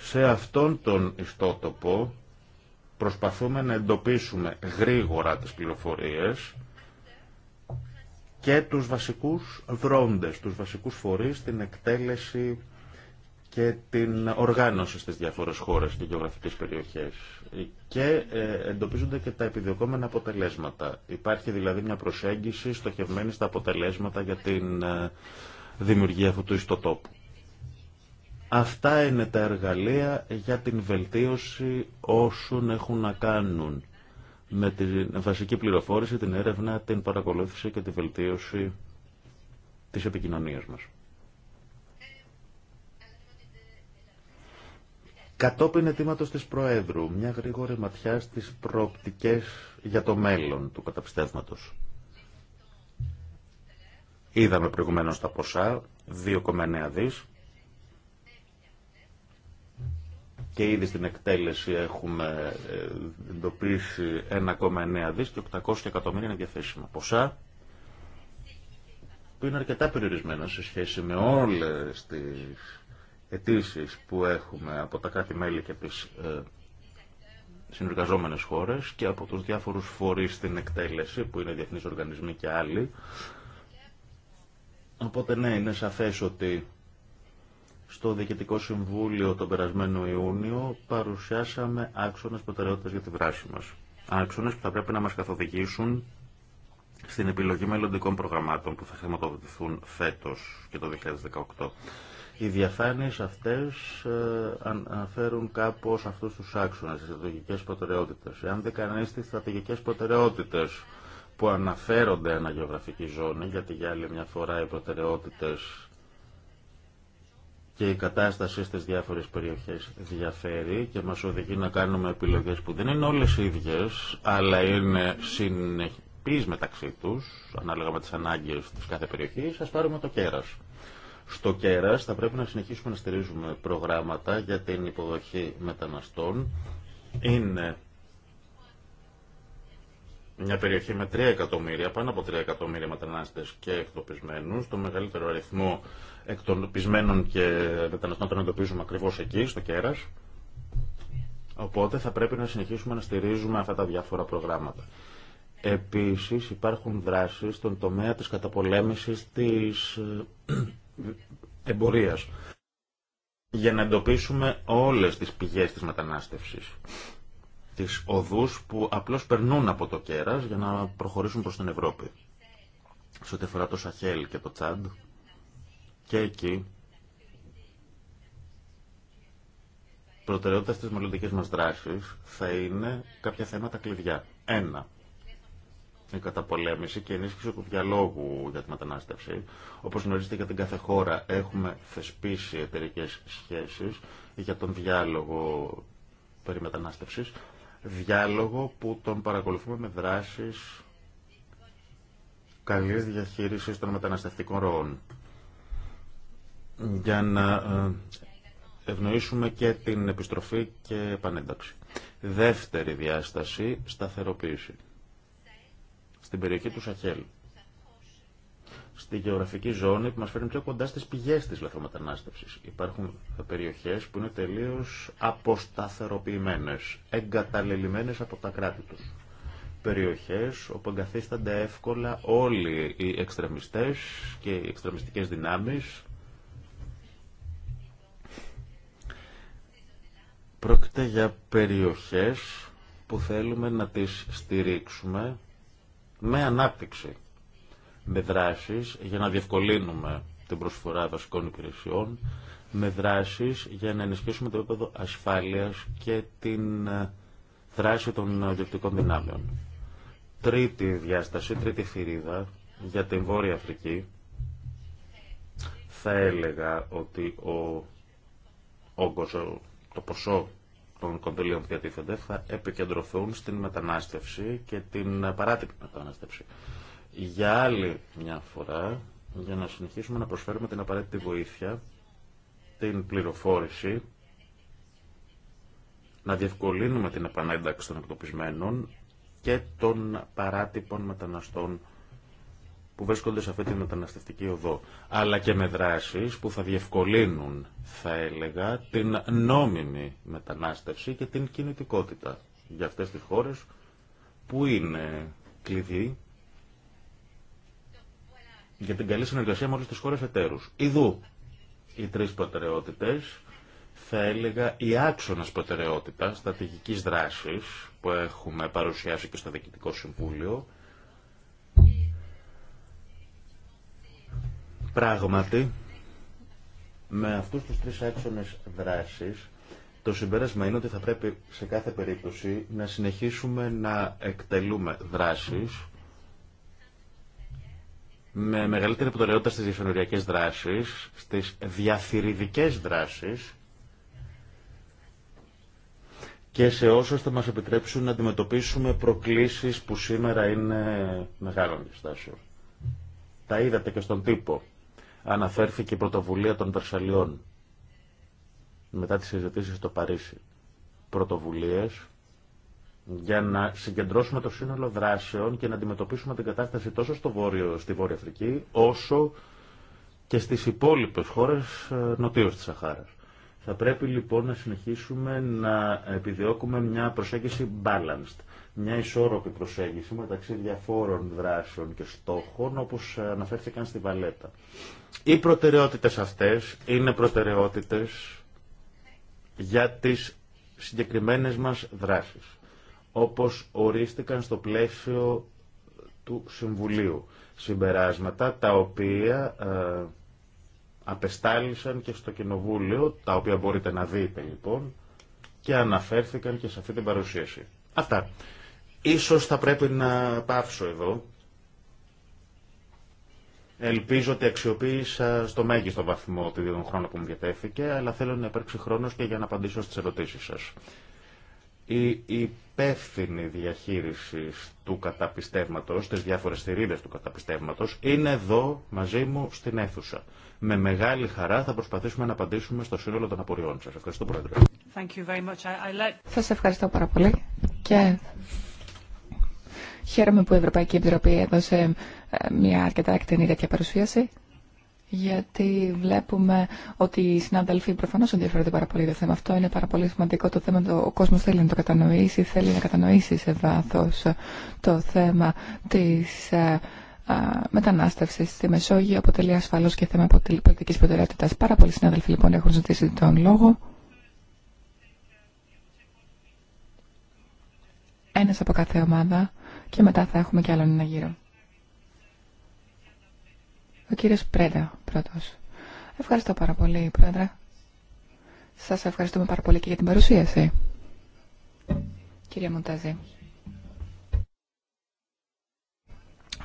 Σε αυτόν τον ιστότοπο Προσπαθούμε να εντοπίσουμε γρήγορα τις πληροφορίες και τους βασικούς δρόντες, τους βασικούς φορείς, την εκτέλεση και την οργάνωση στις διάφορες χώρες και γεωγραφικές περιοχές. Και ε, εντοπίζονται και τα επιδιωκόμενα αποτελέσματα. Υπάρχει δηλαδή μια προσέγγιση στοχευμένη στα αποτελέσματα για την ε, δημιουργία αυτού του ιστοτόπου. Αυτά είναι τα εργαλεία για την βελτίωση όσων έχουν να κάνουν με τη βασική πληροφόρηση, την έρευνα, την παρακολούθηση και τη βελτίωση της επικοινωνίας μας. Κατόπιν αιτήματος της Προέδρου, μια γρήγορη ματιά στις προοπτικές για το μέλλον του καταπιστεύματος. Είδαμε προηγουμένως τα ποσά, 2,9 δις, και ήδη στην εκτέλεση έχουμε ε, εντοπίσει 1,9 δις και 800 εκατομμύρια είναι διαθέσιμα. Ποσά που είναι αρκετά περιορισμένα σε σχέση με όλες τις αιτήσει που έχουμε από τα κάτι μέλη και τις ε, συνεργαζόμενες χώρες και από τους διάφορους φορείς στην εκτέλεση που είναι διεθνείς οργανισμοί και άλλοι. Οπότε ναι, είναι σαφές ότι στο Διοικητικό Συμβούλιο τον περασμένο Ιούνιο παρουσιάσαμε άξονες προτεραιότητες για τη δράση μας. Άξονες που θα πρέπει να μας καθοδηγήσουν στην επιλογή μελλοντικών προγραμμάτων που θα χρηματοδοτηθούν φέτος και το 2018. Οι διαφάνειες αυτές ε, αναφέρουν κάπως αυτούς τους άξονες, τις στρατηγικές προτεραιότητες. Εάν δεν κανείς τις στρατηγικές προτεραιότητες που αναφέρονται γεωγραφική ζώνη, γιατί για άλλη μια φορά οι προτεραιότητε και η κατάσταση στις διάφορες περιοχές διαφέρει και μας οδηγεί να κάνουμε επιλογές που δεν είναι όλες ίδιες, αλλά είναι συνεχείς μεταξύ τους, ανάλογα με τις ανάγκες της κάθε περιοχής. Ας πάρουμε το κέρας. Στο κέρας θα πρέπει να συνεχίσουμε να στηρίζουμε προγράμματα για την υποδοχή μεταναστών. Είναι μια περιοχή με 3 εκατομμύρια, πάνω από 3 εκατομμύρια μετανάστες και εκτοπισμένους, το μεγαλύτερο αριθμό εκτοπισμένων και μεταναστών τον εντοπίζουμε ακριβώς εκεί, στο Κέρας. Οπότε θα πρέπει να συνεχίσουμε να στηρίζουμε αυτά τα διάφορα προγράμματα. Επίσης υπάρχουν δράσεις στον τομέα της καταπολέμησης της ε, εμπορίας για να εντοπίσουμε όλες τις πηγές της μετανάστευσης τις οδούς που απλώς περνούν από το κέρας για να προχωρήσουν προς την Ευρώπη. Σε ό,τι αφορά το Σαχέλ και το Τσάντ και εκεί προτεραιότητα στις μελλοντικέ μας δράσεις θα είναι κάποια θέματα κλειδιά. Ένα, η καταπολέμηση και ενίσχυση του διαλόγου για τη μετανάστευση. Όπω γνωρίζετε, για την κάθε χώρα έχουμε θεσπίσει εταιρικέ σχέσει για τον διάλογο περί μετανάστευση, διάλογο που τον παρακολουθούμε με δράσεις καλής διαχείρισης των μεταναστευτικών ροών. Για να ε, ευνοήσουμε και την επιστροφή και επανένταξη. Δεύτερη διάσταση, σταθεροποίηση. Στην περιοχή του Σαχέλ στη γεωγραφική ζώνη που μας φέρνει πιο κοντά στις πηγές της λαθρομετανάστευσης. Υπάρχουν περιοχές που είναι τελείως αποσταθεροποιημένες, εγκαταλελειμμένες από τα κράτη τους. Περιοχές όπου εγκαθίστανται εύκολα όλοι οι εξτρεμιστές και οι εξτρεμιστικές δυνάμεις. Πρόκειται για περιοχές που θέλουμε να τις στηρίξουμε με ανάπτυξη με δράσεις για να διευκολύνουμε την προσφορά βασικών υπηρεσιών, με δράσεις για να ενισχύσουμε το επίπεδο ασφάλειας και την ε, δράση των ιδιωτικών δυνάμεων. Τρίτη διάσταση, τρίτη φυρίδα για την Βόρεια Αφρική. Θα έλεγα ότι ο όγκος, το ποσό των κονδυλίων που διατίθενται θα επικεντρωθούν στην μετανάστευση και την ε, παράτυπη μετανάστευση για άλλη μια φορά για να συνεχίσουμε να προσφέρουμε την απαραίτητη βοήθεια, την πληροφόρηση, να διευκολύνουμε την επανένταξη των εκτοπισμένων και των παράτυπων μεταναστών που βρίσκονται σε αυτή τη μεταναστευτική οδό, αλλά και με δράσεις που θα διευκολύνουν, θα έλεγα, την νόμιμη μετανάστευση και την κινητικότητα για αυτές τις χώρες που είναι κλειδί για την καλή συνεργασία με όλε τι χώρε εταίρου. Ιδού οι τρει προτεραιότητε, θα έλεγα οι άξονα προτεραιότητα στρατηγική δράση που έχουμε παρουσιάσει και στο Διοικητικό Συμβούλιο. Πράγματι, με αυτούς τους τρεις άξονε δράση. το συμπέρασμα είναι ότι θα πρέπει σε κάθε περίπτωση να συνεχίσουμε να εκτελούμε δράσεις με μεγαλύτερη προτεραιότητα στις διασυνοριακές δράσεις, στις διαθυριδικές δράσεις και σε όσες θα μας επιτρέψουν να αντιμετωπίσουμε προκλήσεις που σήμερα είναι μεγάλων διστάσεων. Τα είδατε και στον τύπο. Αναφέρθηκε η πρωτοβουλία των Βερσαλιών μετά τις συζητήσεις στο Παρίσι. Πρωτοβουλίες για να συγκεντρώσουμε το σύνολο δράσεων και να αντιμετωπίσουμε την κατάσταση τόσο στο βόρειο, στη Βόρεια Αφρική, όσο και στις υπόλοιπες χώρες ε, νοτίως της Σαχάρας. Θα πρέπει λοιπόν να συνεχίσουμε να επιδιώκουμε μια προσέγγιση balanced, μια ισόρροπη προσέγγιση μεταξύ διαφόρων δράσεων και στόχων όπως αναφέρθηκαν στη Βαλέτα. Οι προτεραιότητες αυτές είναι προτεραιότητες για τις συγκεκριμένες μας δράσεις όπως ορίστηκαν στο πλαίσιο του Συμβουλίου. Συμπεράσματα τα οποία ε, απεστάλησαν και στο Κοινοβούλιο, τα οποία μπορείτε να δείτε λοιπόν, και αναφέρθηκαν και σε αυτή την παρουσίαση. Αυτά. Ίσως θα πρέπει να πάψω εδώ. Ελπίζω ότι αξιοποίησα στο μέγιστο βαθμό τη χρόνο που μου διατέθηκε, αλλά θέλω να υπάρξει χρόνος και για να απαντήσω στις ερωτήσεις σας η υπεύθυνη διαχείριση του καταπιστεύματο, τι διάφορε θηρίδε του καταπιστεύματο, είναι εδώ μαζί μου στην αίθουσα. Με μεγάλη χαρά θα προσπαθήσουμε να απαντήσουμε στο σύνολο των απορριών σας. Ευχαριστώ, Πρόεδρε. Σα ευχαριστώ πάρα πολύ και χαίρομαι που η Ευρωπαϊκή Επιτροπή έδωσε ε, μια αρκετά εκτενή τέτοια παρουσίαση γιατί βλέπουμε ότι οι συνάδελφοι προφανώ ενδιαφέρονται πάρα πολύ το θέμα αυτό. Είναι πάρα πολύ σημαντικό το θέμα. Το, ο κόσμο θέλει να το κατανοήσει, θέλει να κατανοήσει σε βάθο το θέμα τη ε, μετανάστευση στη Μεσόγειο. Αποτελεί ασφαλώ και θέμα πολιτική προτεραιότητα. Πάρα πολλοί συνάδελφοι λοιπόν έχουν ζητήσει τον λόγο. Ένας από κάθε ομάδα και μετά θα έχουμε κι άλλον ένα γύρο. Ο κύριος Πρέντα πρώτος. Ευχαριστώ πάρα πολύ, Πρόεδρε. Σας ευχαριστούμε πάρα πολύ και για την παρουσίαση. κύριε Μοντάζη.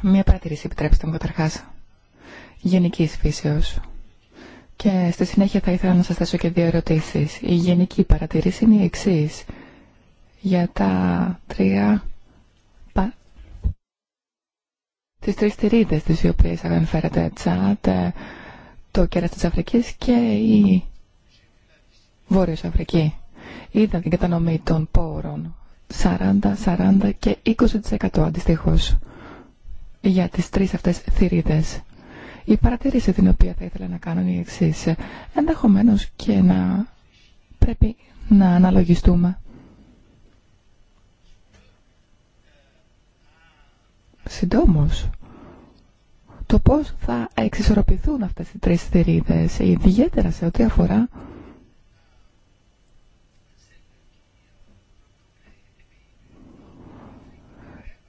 Μία παρατηρήση, επιτρέψτε μου καταρχάς, γενικής φύσεως. Και στη συνέχεια θα ήθελα να σας θέσω και δύο ερωτήσεις. Η γενική παρατηρήση είναι η εξής. Για τα τρία τις τρεις θηρίδες τις οποίες αναφέρατε, Τσάτ, ε, το κέρας της Αφρικής και η Βόρειος Αφρική. Είδα την κατανομή των πόρων 40, 40 και 20% αντιστοίχως για τις τρεις αυτές θηρίδες. Η παρατήρηση την οποία θα ήθελα να κάνω είναι η εξή. Ενδεχομένω και να πρέπει να αναλογιστούμε συντόμως το πώς θα εξισορροπηθούν αυτές οι τρεις θηρίδες, ιδιαίτερα σε ό,τι αφορά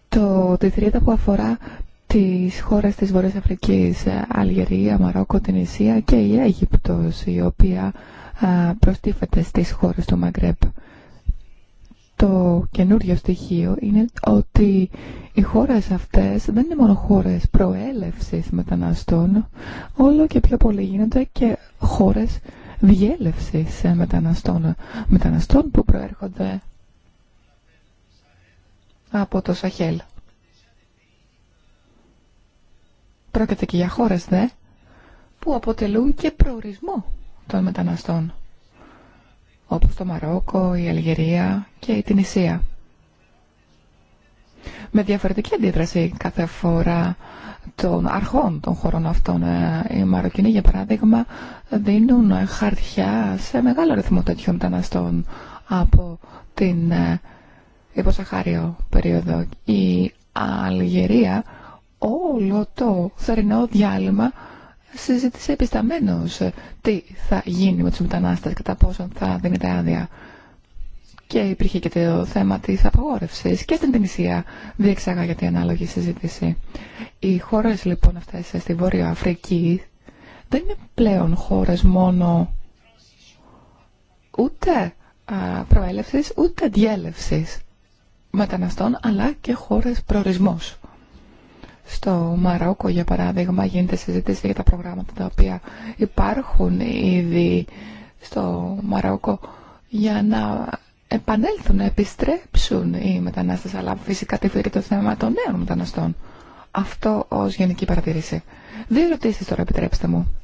το, τη θηρίδα που αφορά τις χώρες της Βορειάς Αφρικής, Αλγερία, Μαρόκο, την Ισία και η Αίγυπτος, η οποία προστίθεται στις χώρες του Μαγκρέπ το καινούριο στοιχείο είναι ότι οι χώρες αυτές δεν είναι μόνο χώρες προέλευσης μεταναστών, όλο και πιο πολύ γίνονται και χώρες διέλευσης μεταναστών, μεταναστών που προέρχονται από το Σαχέλ. Πρόκειται και για χώρες δε που αποτελούν και προορισμό των μεταναστών όπως το Μαρόκο, η Αλγερία και η Τινησία. Με διαφορετική αντίδραση κάθε φορά των αρχών των χωρών αυτών. Ε, οι Μαροκινοί, για παράδειγμα, δίνουν χαρτιά σε μεγάλο ρυθμό τέτοιων μεταναστών από την ε, υποσαχάριο περίοδο. Η Αλγερία όλο το θερινό διάλειμμα συζήτησε επισταμένως ε, τι θα γίνει με τους μετανάστες, κατά πόσον θα δίνεται άδεια. Και υπήρχε και το θέμα της απαγόρευσης και στην Τινησία διεξάγα για την ανάλογη συζήτηση. Οι χώρες λοιπόν αυτές ε, στη Βόρεια Αφρική δεν είναι πλέον χώρες μόνο ούτε προέλευσης ούτε διέλευσης μεταναστών αλλά και χώρες προορισμός. Στο Μαρόκο, για παράδειγμα, γίνεται συζήτηση για τα προγράμματα τα οποία υπάρχουν ήδη στο Μαρόκο για να επανέλθουν, να επιστρέψουν οι μετανάστες, αλλά φυσικά και το θέμα των νέων μεταναστών. Αυτό ως γενική παρατηρήση. Δύο ερωτήσει τώρα, επιτρέψτε μου.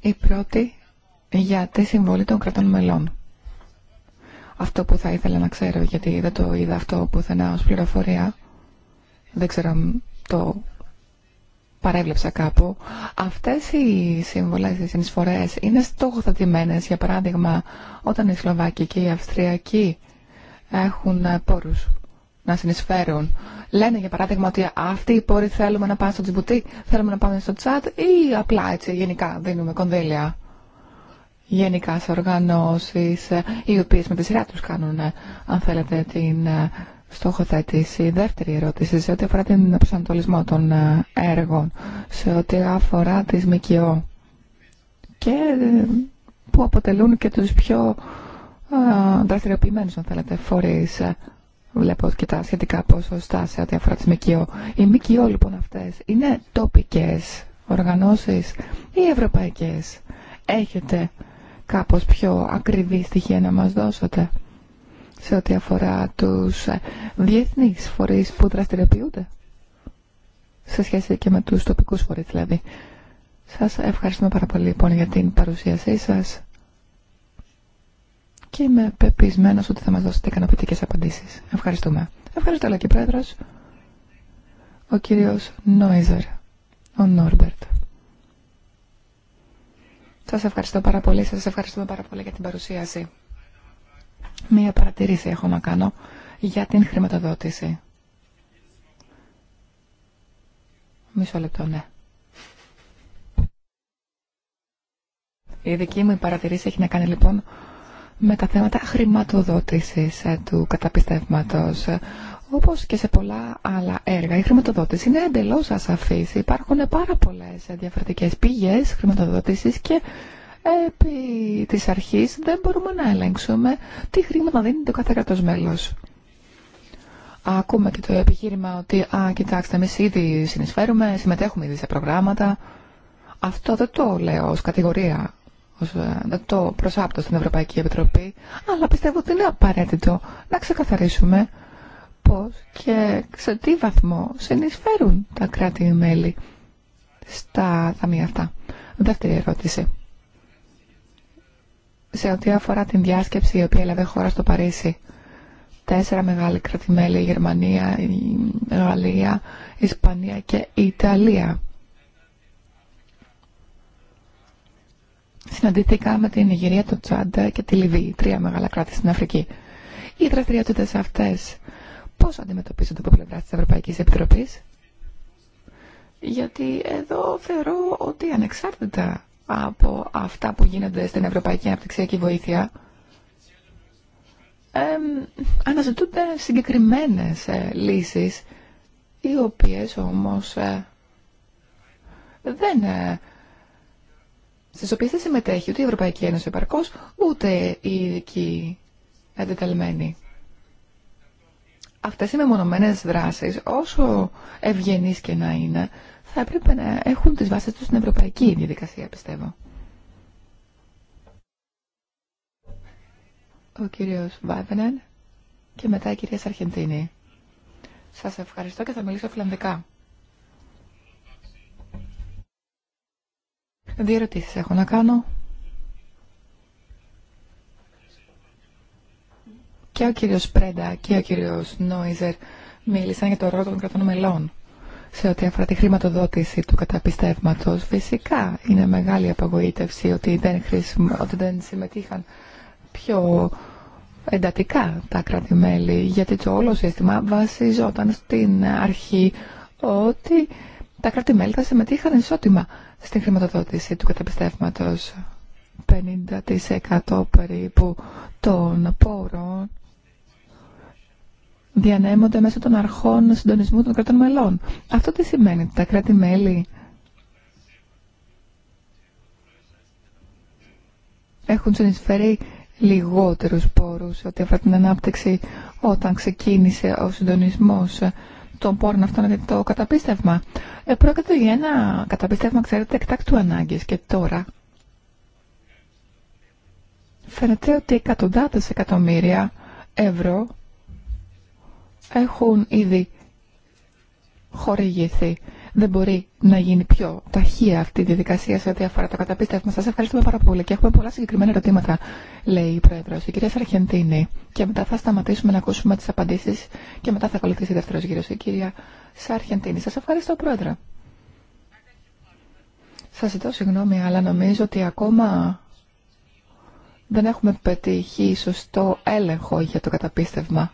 Η πρώτη για τη συμβολή των κρατών μελών. Αυτό που θα ήθελα να ξέρω, γιατί δεν το είδα αυτό πουθενά ως πληροφορία, δεν ξέρω το παρέβλεψα κάπου, αυτές οι συμβολές, οι συνεισφορές είναι στόχοθετημένες, για παράδειγμα, όταν οι Σλοβάκοι και οι Αυστριακοί έχουν πόρους να συνεισφέρουν. Λένε για παράδειγμα ότι αυτοί οι πόροι θέλουμε να πάνε στο Τζιμπουτί, θέλουμε να πάνε στο Τσάτ ή απλά έτσι γενικά δίνουμε κονδύλια γενικά σε οργανώσεις ε, οι οποίες με τη σειρά τους κάνουν, ε, αν θέλετε, την ε, στόχοθέτηση. δεύτερη ερώτηση σε ό,τι αφορά την προσανατολισμό των έργων, σε ό,τι αφορά τις ΜΚΟ και που αποτελούν και τους πιο δραστηριοποιημένους, αν θέλετε, φορείς βλέπω και τα σχετικά ποσοστά σε ό,τι αφορά τις ΜΚΟ. Οι ΜΚΟ λοιπόν αυτές είναι τοπικές οργανώσεις ή ευρωπαϊκές. Έχετε κάπως πιο ακριβή στοιχεία να μας δώσετε σε ό,τι αφορά τους ε, διεθνείς φορείς που δραστηριοποιούνται σε σχέση και με τους τοπικούς φορείς δηλαδή. Σας ευχαριστούμε πάρα πολύ λοιπόν για την παρουσίασή σας και είμαι πεπισμένος ότι θα μας δώσετε ικανοποιητικές απαντήσεις. Ευχαριστούμε. Ευχαριστώ αλλά και πρόεδρος, ο κύριος Νόιζερ, ο Νόρμπερτ. Σας ευχαριστώ πάρα πολύ. Σας ευχαριστούμε πάρα πολύ για την παρουσίαση. Μία παρατηρήση έχω να κάνω για την χρηματοδότηση. Μισό λεπτό, ναι. Η δική μου παρατηρήση έχει να κάνει λοιπόν με τα θέματα χρηματοδότησης ε, του καταπιστεύματος. Όπως και σε πολλά άλλα έργα, η χρηματοδότηση είναι εντελώς ασαφής. Υπάρχουν πάρα πολλές διαφορετικές πηγές χρηματοδότησης και επί της αρχής δεν μπορούμε να ελέγξουμε τι χρήματα δίνει το κάθε κρατός μέλος. Ακούμε και το επιχείρημα ότι, α, κοιτάξτε, εμείς ήδη συνεισφέρουμε, συμμετέχουμε ήδη σε προγράμματα. Αυτό δεν το λέω ως κατηγορία, ως, ε, δεν το προσάπτω στην Ευρωπαϊκή Επιτροπή, αλλά πιστεύω ότι είναι απαραίτητο να ξεκαθαρίσουμε πώς και σε τι βαθμό συνεισφέρουν τα κράτη-μέλη στα ταμεία αυτά. Δεύτερη ερώτηση. Σε ό,τι αφορά την διάσκεψη η οποία έλαβε χώρα στο Παρίσι, τέσσερα μεγάλη μέλη: Γερμανία, Γαλλία, Ισπανία και Ιταλία. Συναντήθηκα με την Ιγυρία, το Τσάντα και τη Λιβύη, τρία μεγάλα κράτη στην Αφρική. Οι δραστηριότητε αυτές πώς αντιμετωπίζονται από πλευρά της Ευρωπαϊκής Επιτροπής. Γιατί εδώ θεωρώ ότι ανεξάρτητα από αυτά που γίνονται στην Ευρωπαϊκή Αναπτυξιακή Βοήθεια, αναζητούνται συγκεκριμένες ε, λύσεις, οι οποίες όμως ε, δεν ε, στις οποίες δεν συμμετέχει ούτε η Ευρωπαϊκή Ένωση επαρκώς, ούτε η ειδική εντεταλμένη αυτές οι μεμονωμένες δράσεις, όσο ευγενείς και να είναι, θα έπρεπε να έχουν τις βάσεις τους στην ευρωπαϊκή διαδικασία, πιστεύω. Ο κύριος Βάβενεν και μετά η κυρία Σαρχεντίνη. Σας ευχαριστώ και θα μιλήσω φιλανδικά. Δύο ερωτήσεις έχω να κάνω. Και ο κύριος Πρέντα και ο κύριος Νόιζερ μίλησαν για το ρόλο των κρατών μελών σε ό,τι αφορά τη χρηματοδότηση του καταπιστεύματος. Φυσικά είναι μεγάλη απαγοήτευση ότι δεν, χρησιμο, ότι δεν συμμετείχαν πιο εντατικά τα κρατη γιατί το όλο σύστημα βασιζόταν στην αρχή ότι τα κρατη θα συμμετείχαν ισότιμα στην χρηματοδότηση του καταπιστεύματος. 50% περίπου των πόρων διανέμονται μέσω των αρχών συντονισμού των κρατών μελών. Αυτό τι σημαίνει, τα κράτη-μέλη έχουν συνεισφέρει λιγότερους πόρους ό,τι αφορά την ανάπτυξη όταν ξεκίνησε ο συντονισμός των πόρων αυτών για το καταπίστευμα. Ε, πρόκειται για ένα καταπίστευμα, ξέρετε, εκτάκτου ανάγκης και τώρα φαίνεται ότι εκατοντάδες εκατομμύρια ευρώ έχουν ήδη χορηγηθεί. Δεν μπορεί να γίνει πιο ταχεία αυτή η διαδικασία σε ό,τι αφορά το καταπίστευμα. Σα ευχαριστούμε πάρα πολύ και έχουμε πολλά συγκεκριμένα ερωτήματα, λέει η Πρόεδρο, η κυρία Σαρχεντίνη. Και μετά θα σταματήσουμε να ακούσουμε τι απαντήσει και μετά θα ακολουθήσει η δεύτερο γύρο, η κυρία Σαρχεντίνη. Σα ευχαριστώ, Πρόεδρε. Σα ζητώ συγγνώμη, αλλά νομίζω ότι ακόμα δεν έχουμε πετύχει σωστό έλεγχο για το καταπίστευμα.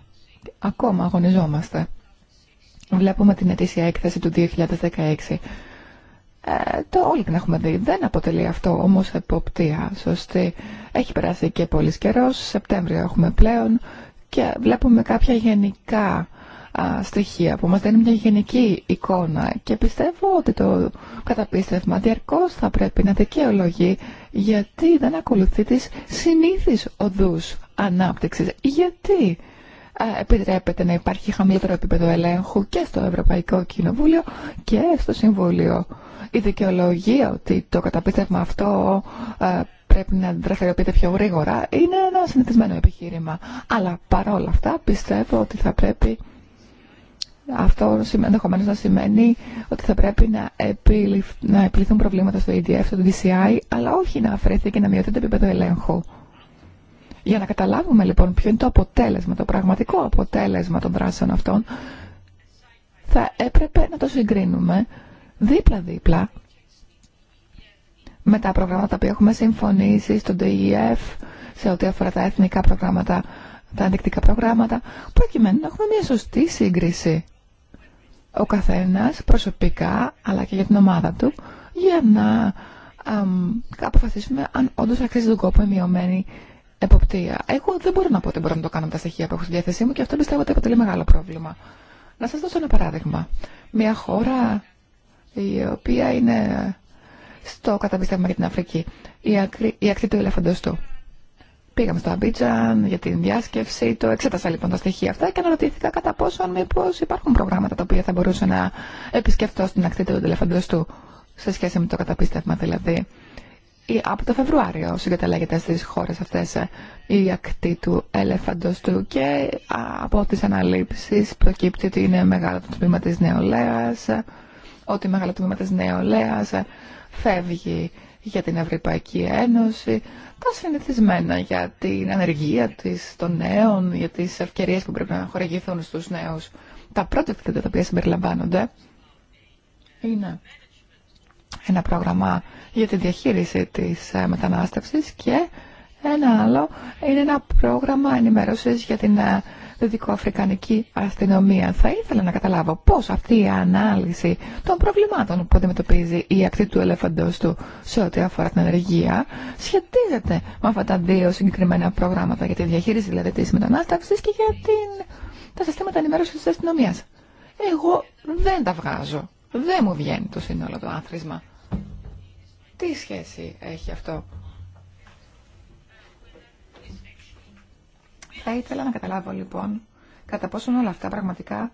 Ακόμα αγωνιζόμαστε. Βλέπουμε την ετήσια έκθεση του 2016. Ε, το όλοι την έχουμε δει. Δεν αποτελεί αυτό όμως εποπτεία. Σωστή. Έχει περάσει και πολύ καιρό. Σεπτέμβριο έχουμε πλέον και βλέπουμε κάποια γενικά στοιχεία που μας δίνει μια γενική εικόνα και πιστεύω ότι το καταπίστευμα διαρκώς θα πρέπει να δικαιολογεί γιατί δεν ακολουθεί τις συνήθεις οδούς ανάπτυξης. Γιατί ε, επιτρέπεται να υπάρχει χαμηλότερο επίπεδο ελέγχου και στο Ευρωπαϊκό Κοινοβούλιο και στο Συμβούλιο. Η δικαιολογία ότι το καταπίστευμα αυτό ε, πρέπει να δραστηριοποιείται πιο γρήγορα είναι ένα συνηθισμένο επιχείρημα. Αλλά παρόλα αυτά πιστεύω ότι θα πρέπει αυτό ενδεχομένω να σημαίνει ότι θα πρέπει να, επιληφ... να επιληθούν προβλήματα στο EDF, στο DCI, αλλά όχι να αφαιρεθεί και να μειωθεί το επίπεδο ελέγχου. Για να καταλάβουμε λοιπόν ποιο είναι το αποτέλεσμα, το πραγματικό αποτέλεσμα των δράσεων αυτών, θα έπρεπε να το συγκρίνουμε δίπλα-δίπλα με τα προγράμματα που έχουμε συμφωνήσει στον DEF σε ό,τι αφορά τα εθνικά προγράμματα, τα αντικτικά προγράμματα, προκειμένου να έχουμε μια σωστή σύγκριση. Ο καθένας προσωπικά, αλλά και για την ομάδα του, για να αποφασίσουμε αν όντως αξίζει τον κόπο η μειωμένη εποπτεία. Εγώ δεν μπορώ να πω ότι μπορώ να το κάνω με τα στοιχεία που έχω στη διάθεσή μου και αυτό πιστεύω ότι αποτελεί μεγάλο πρόβλημα. Να σας δώσω ένα παράδειγμα. Μια χώρα η οποία είναι στο καταπίστευμα για την Αφρική. Η, ακρι... η ακτή του ελεφαντοστού. Πήγαμε στο Αμπίτζαν για την διάσκευση, το εξέτασα λοιπόν τα στοιχεία αυτά και αναρωτήθηκα κατά πόσο μήπω υπάρχουν προγράμματα τα οποία θα μπορούσα να επισκεφτώ στην ακτή του ελεφαντοστού σε σχέση με το καταπίστευμα δηλαδή από το Φεβρουάριο συγκαταλέγεται στις χώρες αυτές ε, η ακτή του έλεφαντος του και από τις αναλήψεις προκύπτει ότι είναι μεγάλο το τμήμα της νεολαίας, ε, ότι μεγάλο το τμήμα της νεολαίας ε, φεύγει για την Ευρωπαϊκή Ένωση, τα συνηθισμένα για την ανεργία της, των νέων, για τις ευκαιρίε που πρέπει να χορηγηθούν στους νέους. Τα project τα οποία συμπεριλαμβάνονται είναι ένα πρόγραμμα για τη διαχείριση της ε, μετανάστευσης και ένα άλλο είναι ένα πρόγραμμα ενημέρωσης για την ε, δυτικοαφρικανική αστυνομία. Θα ήθελα να καταλάβω πώς αυτή η ανάλυση των προβλημάτων που αντιμετωπίζει η ακτή του ελεφαντός του σε ό,τι αφορά την ενεργεία σχετίζεται με αυτά τα δύο συγκεκριμένα προγράμματα για τη διαχείριση δηλαδή της μετανάστευσης και για την... τα συστήματα ενημέρωσης της αστυνομίας. Εγώ δεν τα βγάζω. Δεν μου βγαίνει το σύνολο το άθροισμα. Τι σχέση έχει αυτό. Θα ήθελα να καταλάβω λοιπόν κατά πόσον όλα αυτά πραγματικά